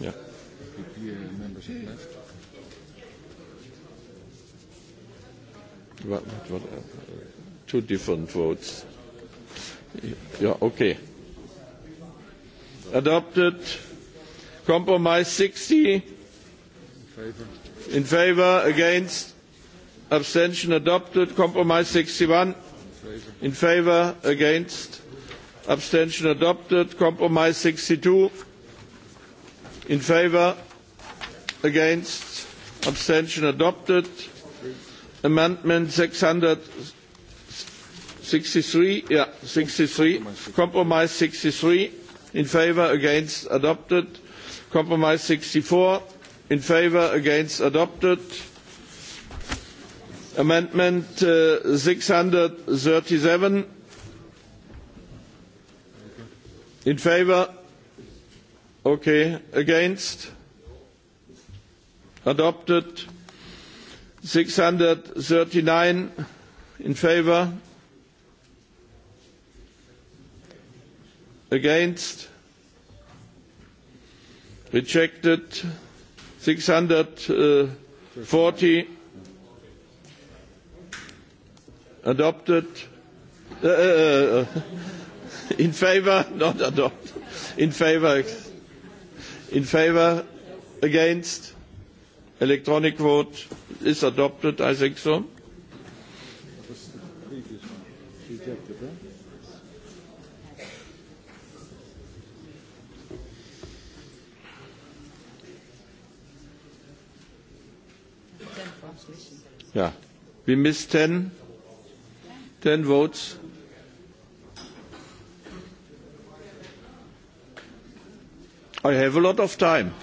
Yeah. What, what, what, uh, two different votes. Yeah, okay. Adopted. Compromise 60. In favor. In favor against abstention adopted compromise 61 in favor against abstention adopted compromise 62 in favor against abstention adopted amendment 663 yeah 63 compromise 63 in favor against adopted compromise 64 in favor against adopted Amendment uh, 637 in favor. Okay. Against? Adopted. 639 in favor. Against? Rejected. 640 adopted. Uh, uh, uh, in favor, not adopted. In favor, in favor, against. Electronic vote is adopted, I think so. Yeah. We missed 10. 10 votes. I have a lot of time.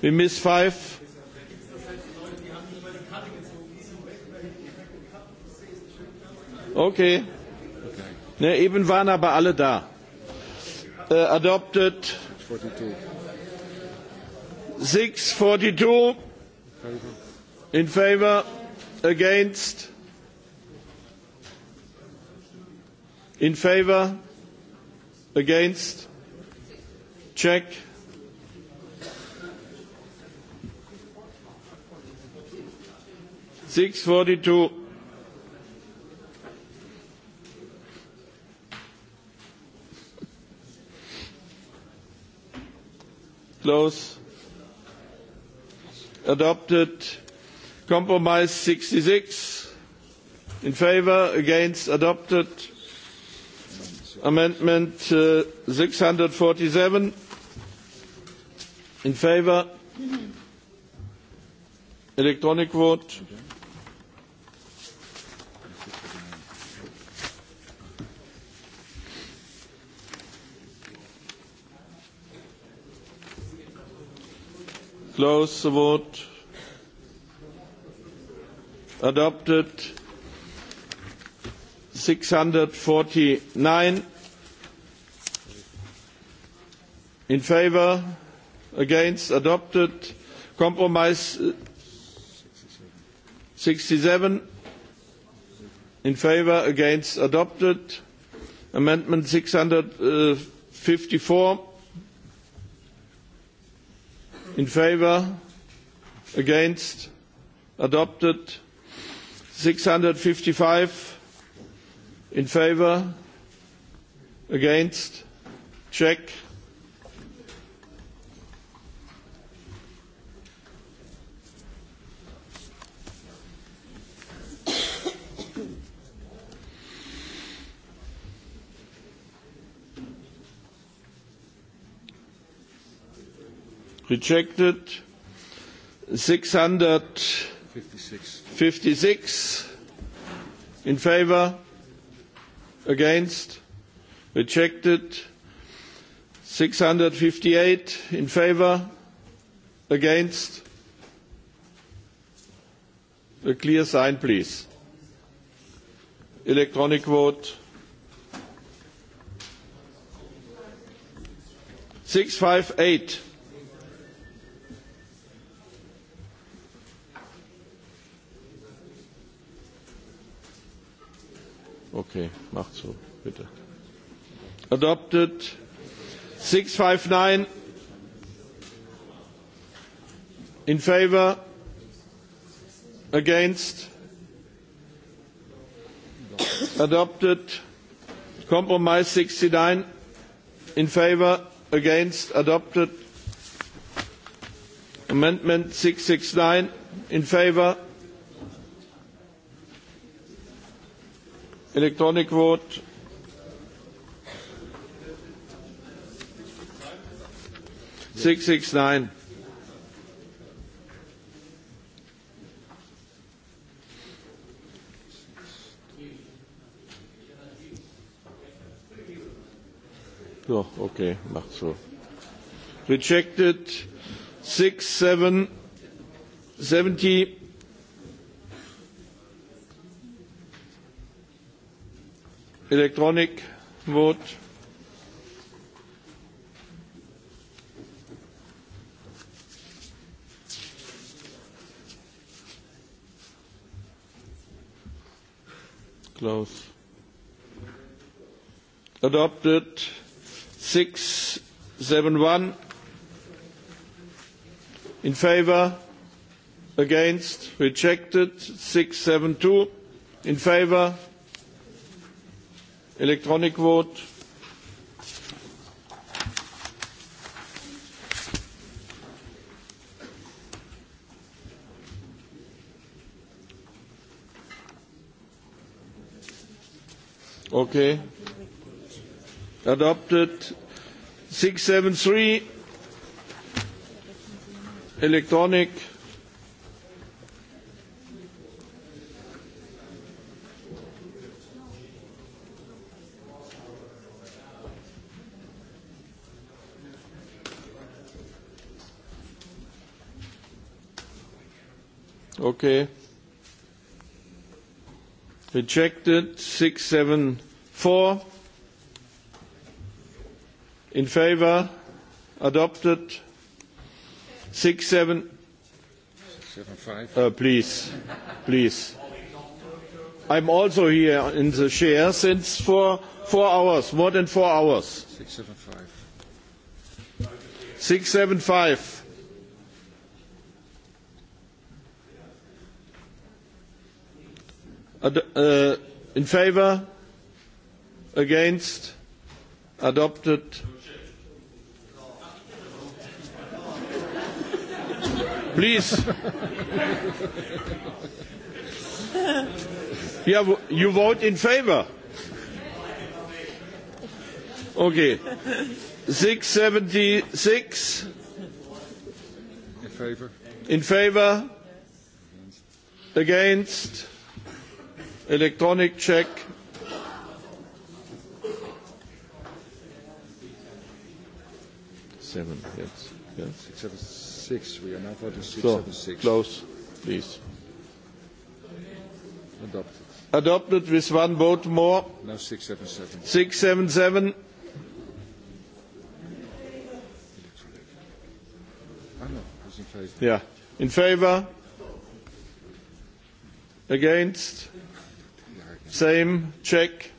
We miss five. Okay. okay. Ne, eben waren aber alle da. Äh, adopted. 42. 642 in favor against in favor against check six forty two close adopted. Compromise 66 in favour, against, adopted. Amendment uh, 647 in favour. Mm-hmm. Electronic vote. Okay. Close the vote. Adopted. 649 in favor, against, adopted. Compromise 67 uh, in favor, against, adopted. Amendment 654 in favor against adopted 655 in favor against check rejected. 656 in favor, against, rejected. 658 in favor, against. A clear sign, please. Electronic vote. 658. Okay, macht so, bitte. Adopted. 659. In favor? Against? Adopted. Compromise 69. In favor? Against? Adopted. Amendment 669. In favor? Against? Electronic vote. Six six nine. So, okay, macht so. Rejected six seven seventy. Electronic vote. Close. Adopted. 671. In favor? Against? Rejected. 672. In favor? Electronic vote. Okay. Adopted. 673. Electronic. Okay. Rejected. 674. In favor. Adopted. 67. Uh, please. Please. I'm also here in the chair since four, four hours, more than four hours. 675. 675. uh, in favor against adopted please yeah, you vote in favor okay 676 in favor in favor against, against Electronic check. Seven, yes. yes. Six, seven, six. We are now voting six, so, seven, six. Close, please. Adopted. Adopted with one vote more. Now six, seven, seven. Six, seven, seven. Ah, no, who's in favor? Yeah. In favor? Against? Same. Check.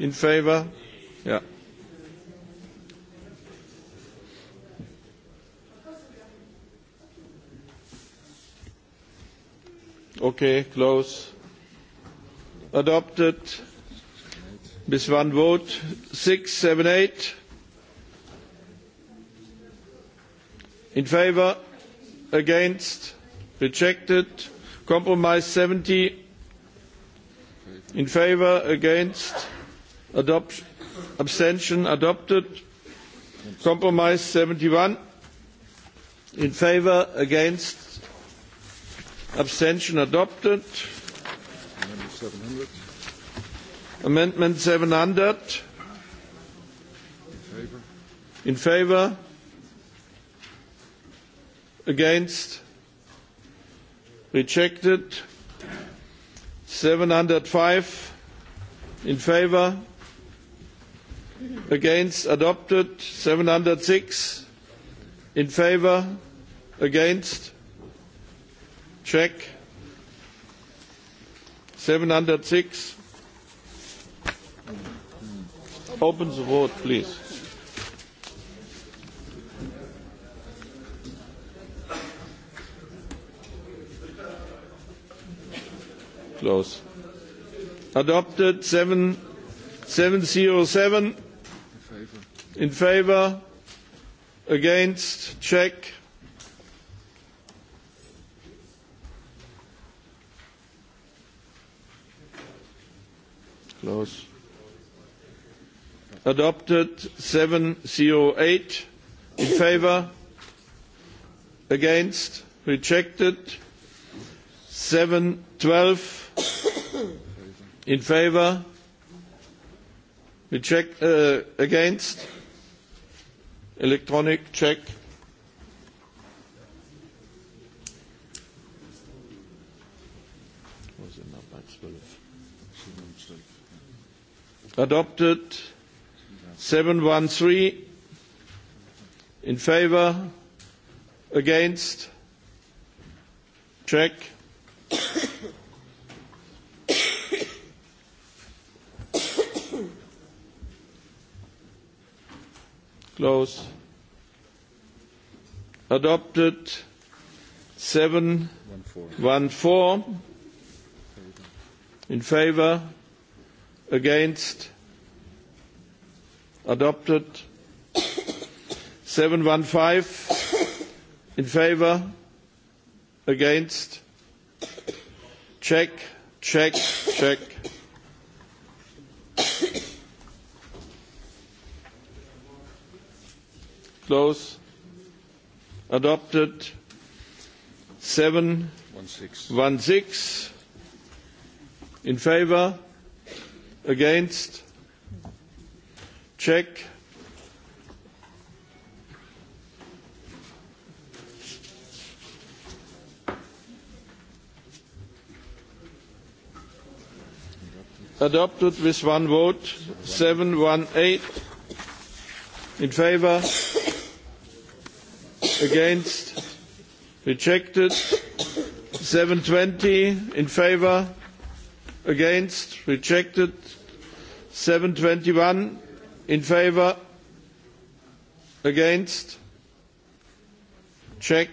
In favor? Yeah. Okay, close. Adopted. Bis wann vote? Six, seven, eight. In favor? Against? Rejected? Compromise 70 in favor, against, adopt, abstention adopted. Compromise 71 in favor, against, abstention adopted. Amendment 700. Amendment 700. In favor? Against? rejected 705 in favor against adopted 706 in favor against check 706 open the vote please close. Adopted. 707 in favor. Against. Check. Close. Adopted. 708 in favor. Against. Rejected seven twelve in favor we check uh, against electronic check adopted 713 in favor against check Close. Adopted. 7 1 4 in favor against adopted 715 in favor against check check check Close. Adopted. 7. 1-6. In favor? Against? Check. Adopted with one vote. 7-1-8. In favor? against rejected 720 in favor against rejected 721 in favor against check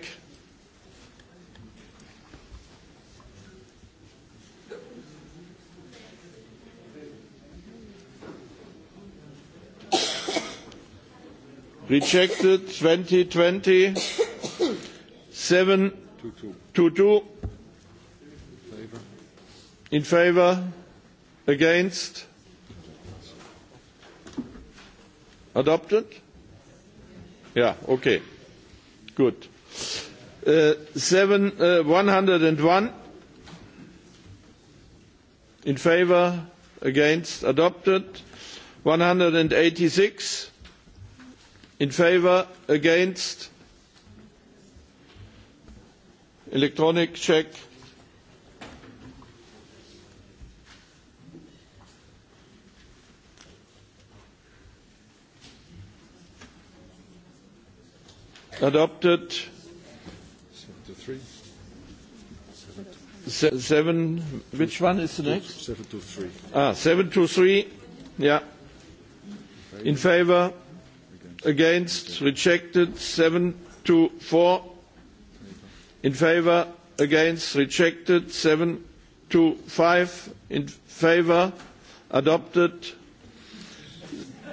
rejected 2020 7 to 2 in favor against adopted yeah okay good uh, 7 uh, 101 in favor against adopted 186 in favor against electronic check adopted 73 Se seven which one is the next 723 ah 723 yeah in favor against rejected 7 to 4 in favor against rejected 7 to 5 in favor adopted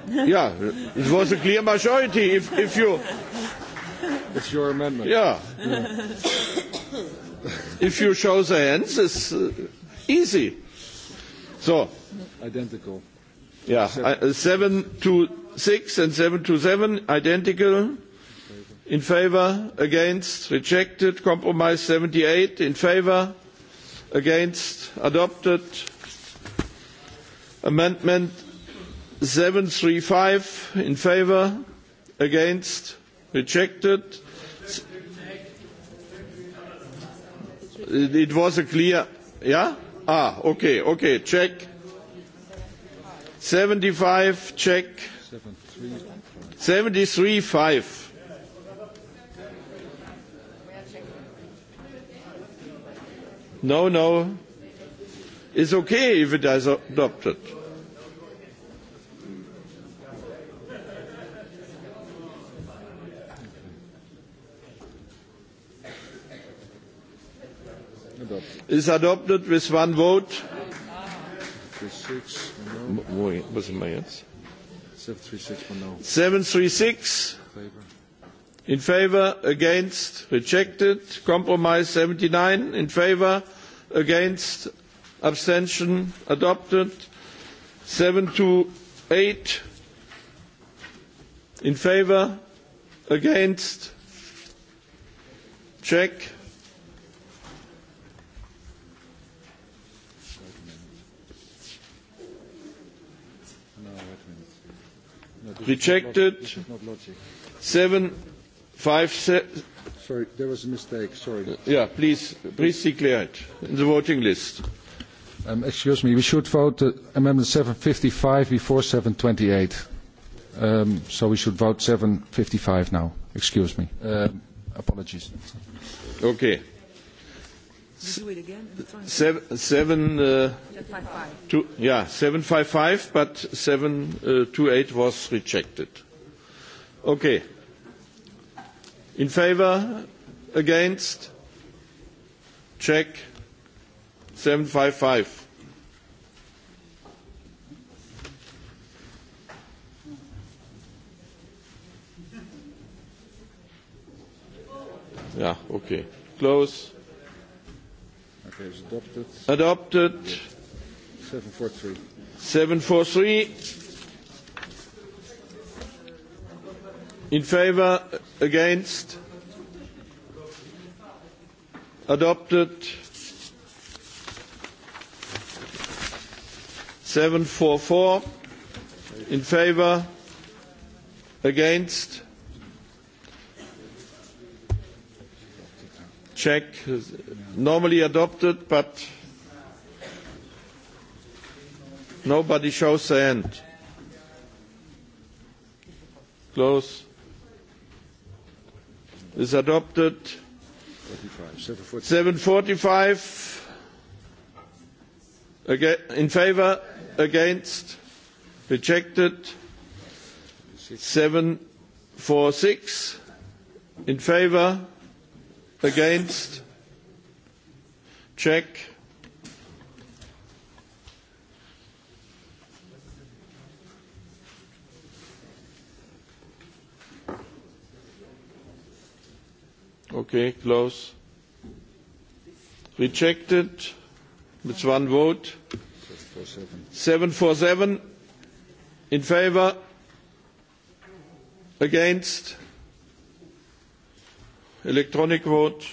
yeah it was a clear majority if, if you it's your amendment yeah, yeah. if you show the hands it's uh, easy so identical yeah seven. Uh, 7 to 6 and 727 identical. In favor, against, rejected. Compromise 78 in favor, against, adopted. Amendment 735 in favor, against, rejected. It was a clear, yeah? Ah, okay, okay, check. 75, check. 73 5. No, no. It's okay if it is adopted. is adopted with one vote. Wo, was sind wir jetzt? 736, 736 in favor against rejected compromise 79 in favor against abstention adopted 728 in favor against check Rejected. Seven, five, se Sorry, there was a mistake. Sorry. Yeah, please, please declare it in the voting list. Um, excuse me, we should vote uh, Amendment 755 before 728. Um, so we should vote 755 now. Excuse me. Um, apologies. Okay do it again? Seven, seven, uh, five, five. Two, yeah, 755, but 728 uh, was rejected. Okay. In favor? Against? Check. 755. Yeah, okay. Close. Okay, it's adopted. Adopted. 743. 743. In favor, against, adopted. 744. In favor, against, check normally adopted but nobody shows the end close is adopted 45. 745 again in favor against rejected 746 in favor Against? Check. Okay, close. Rejected with one vote. 747 in favor. Against? Electronic vote.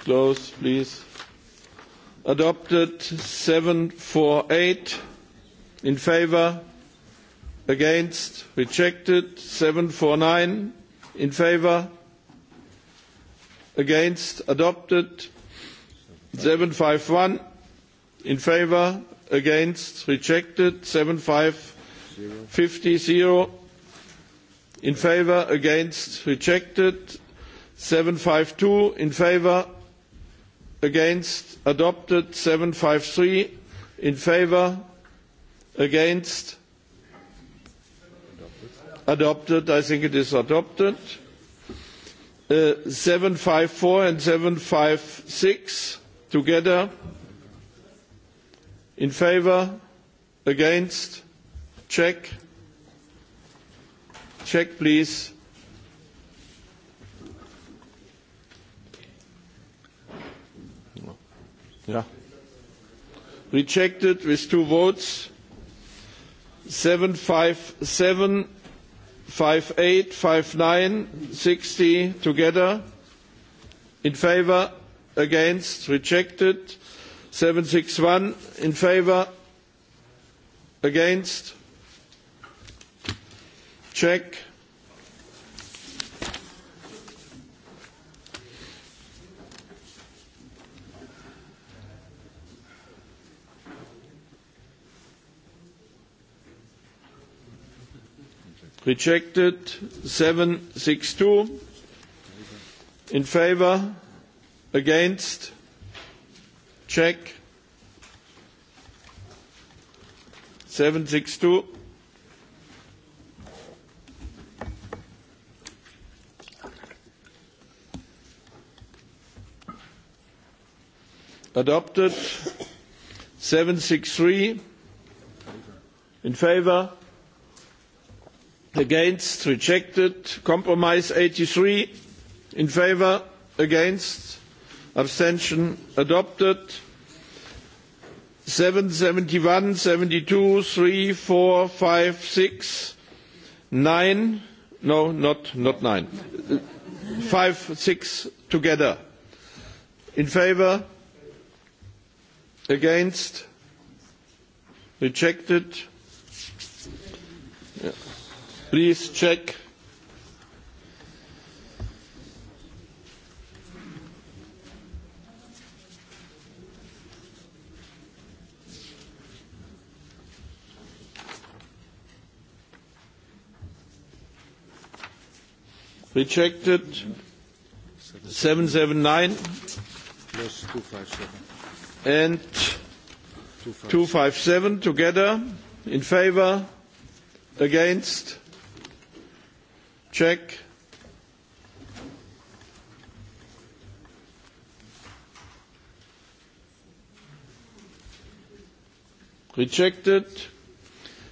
Close, please. Adopted 748 in favor, against, rejected 749 in favor, against, adopted 751 in favor, against, rejected. 7550 in favor, against, rejected. 752 in favor, against, adopted. 753 in favor, against, adopted. I think it is adopted. Uh, 754 and 756 together in favor against check check please yeah rejected with two votes 757 58 59 60 together in favor against rejected 761 in favor against check rejected 762 in favor Against? Check. 762. Adopted. 763. In favor? Against? Rejected. Compromise 83. In favor? Against? abstention adopted 771 72 3 4 5 6 9 no not not 9 5 6 together in favor against rejected yeah. please check Rejected. 779 plus 257. And 257 together. In favor? Against? Check. Rejected.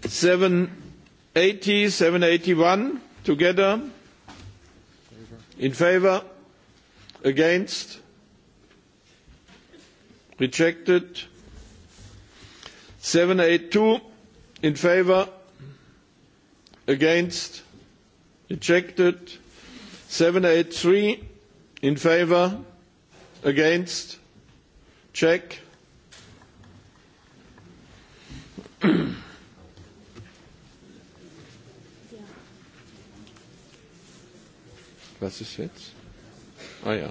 780, 781 together in favor against rejected 782 in favor against rejected 783 in favor against check Was ist jetzt? Ah ja,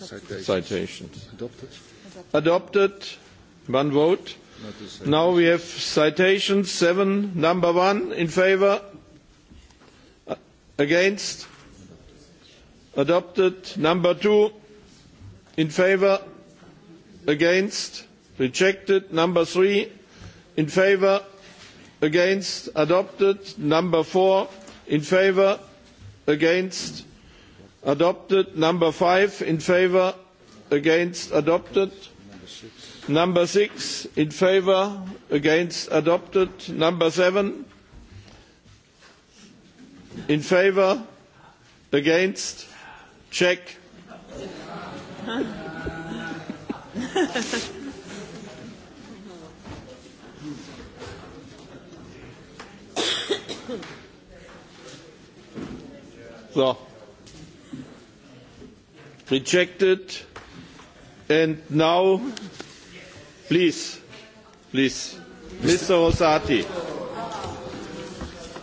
Citations. Citations. Adopted. Adopted. One vote. Now we have citations seven, number one, in favor, against, adopted. Number two, in favor, against, rejected. Number three, in favor, against, adopted. Number four, in favor, against, adopted number five in favor against adopted number six in favor against adopted number seven in favor against check so rejected and now please please mr rosati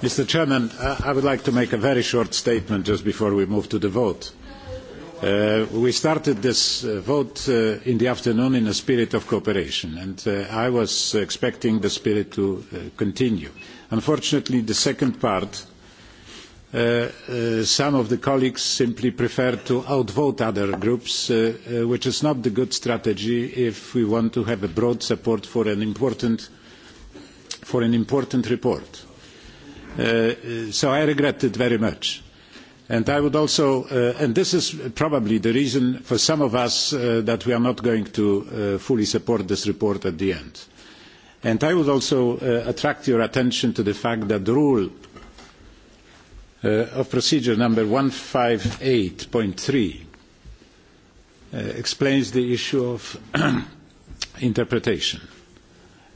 mr chairman i would like to make a very short statement just before we move to the vote uh, we started this uh, vote uh, in the afternoon in a spirit of cooperation, and uh, I was expecting the spirit to uh, continue. Unfortunately, the second part Uh, uh, some of the colleagues simply prefer to outvote other groups, uh, uh, which is not the good strategy if we want to have a broad support for an important, for an important report. Uh, uh, so I regret it very much. And I would also, uh, and this is probably the reason for some of us uh, that we are not going to uh, fully support this report at the end. And I would also uh, attract your attention to the fact that the rule uh, uh, of procedure number 158.3 uh, explains the issue of interpretation.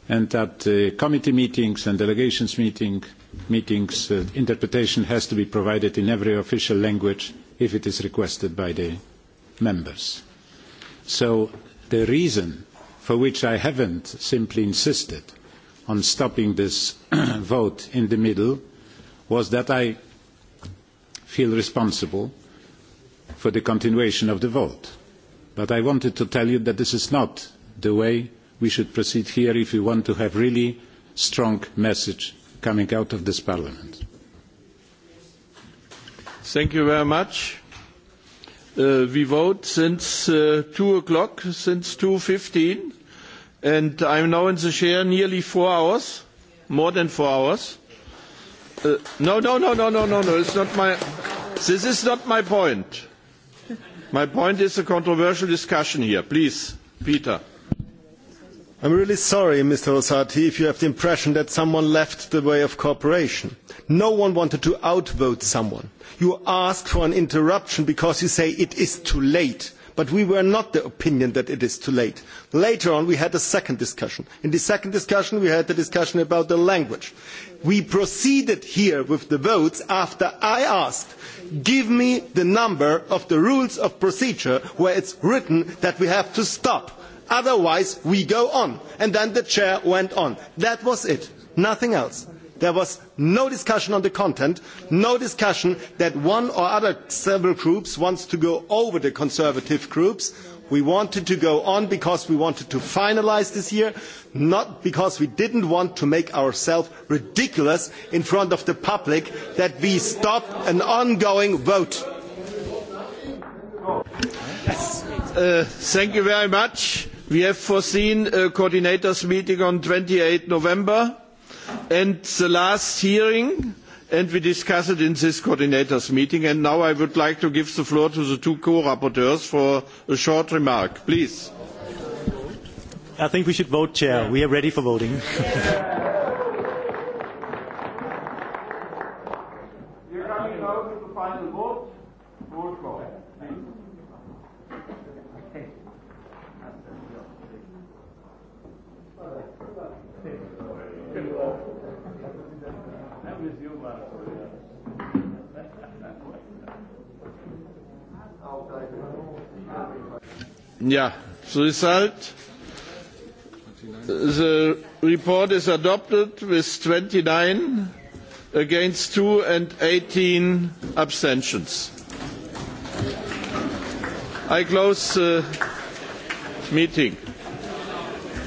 And at uh, committee meetings and delegations meeting, meetings, uh, interpretation has to be provided in every official language if it is requested by the members. So the reason for which I haven't simply insisted on stopping this vote in the middle was that I feel responsible for the continuation of the vote. But I wanted to tell you that this is not the way we should proceed here if we want to have really strong message coming out of this parliament. Thank you very much. Uh, we vote since uh, 2 o'clock, since 2.15, and I'm now in the chair nearly four hours, more than four hours Uh, no, no, no, no, no, no, no. It's not my. This is not my point. My point is a controversial discussion here. Please, Peter. I'm really sorry, Mr. Rosati, if you have the impression that someone left the way of cooperation. No one wanted to outvote someone. You asked for an interruption because you say it is too late but we were not the opinion that it is too late. Later on, we had a second discussion. In the second discussion, we had the discussion about the language. We proceeded here with the votes after I asked, give me the number of the rules of procedure where it's written that we have to stop. Otherwise, we go on. And then the chair went on. That was it. Nothing else. There was no discussion on the content, no discussion that one or other several groups wants to go over the conservative groups. We wanted to go on because we wanted to finalize this year, not because we didn't want to make ourselves ridiculous in front of the public that we stop an ongoing vote. Yes. Uh, thank you very much. We have foreseen a coordinators meeting on 28 November and the last hearing, and we discussed it in this coordinators' meeting. And now I would like to give the floor to the two co-rapporteurs for a short remark. Please. I think we should vote, Chair. Yeah. We are ready for voting. You're coming now to the final vote. Vote for it. Okay. Ja, so ist halt. The report is adopted with 29 against 2 and 18 abstentions. I close the meeting.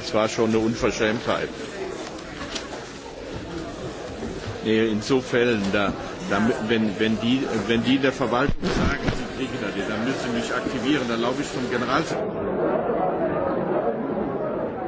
Es war schon eine Unverschämtheit. Nee, äh, in so Fällen, da, da, wenn, wenn, die, wenn die der Verwaltung sagen, sie kriegen das, dann müssen sie mich aktivieren, dann laufe ich zum Generalsekretär.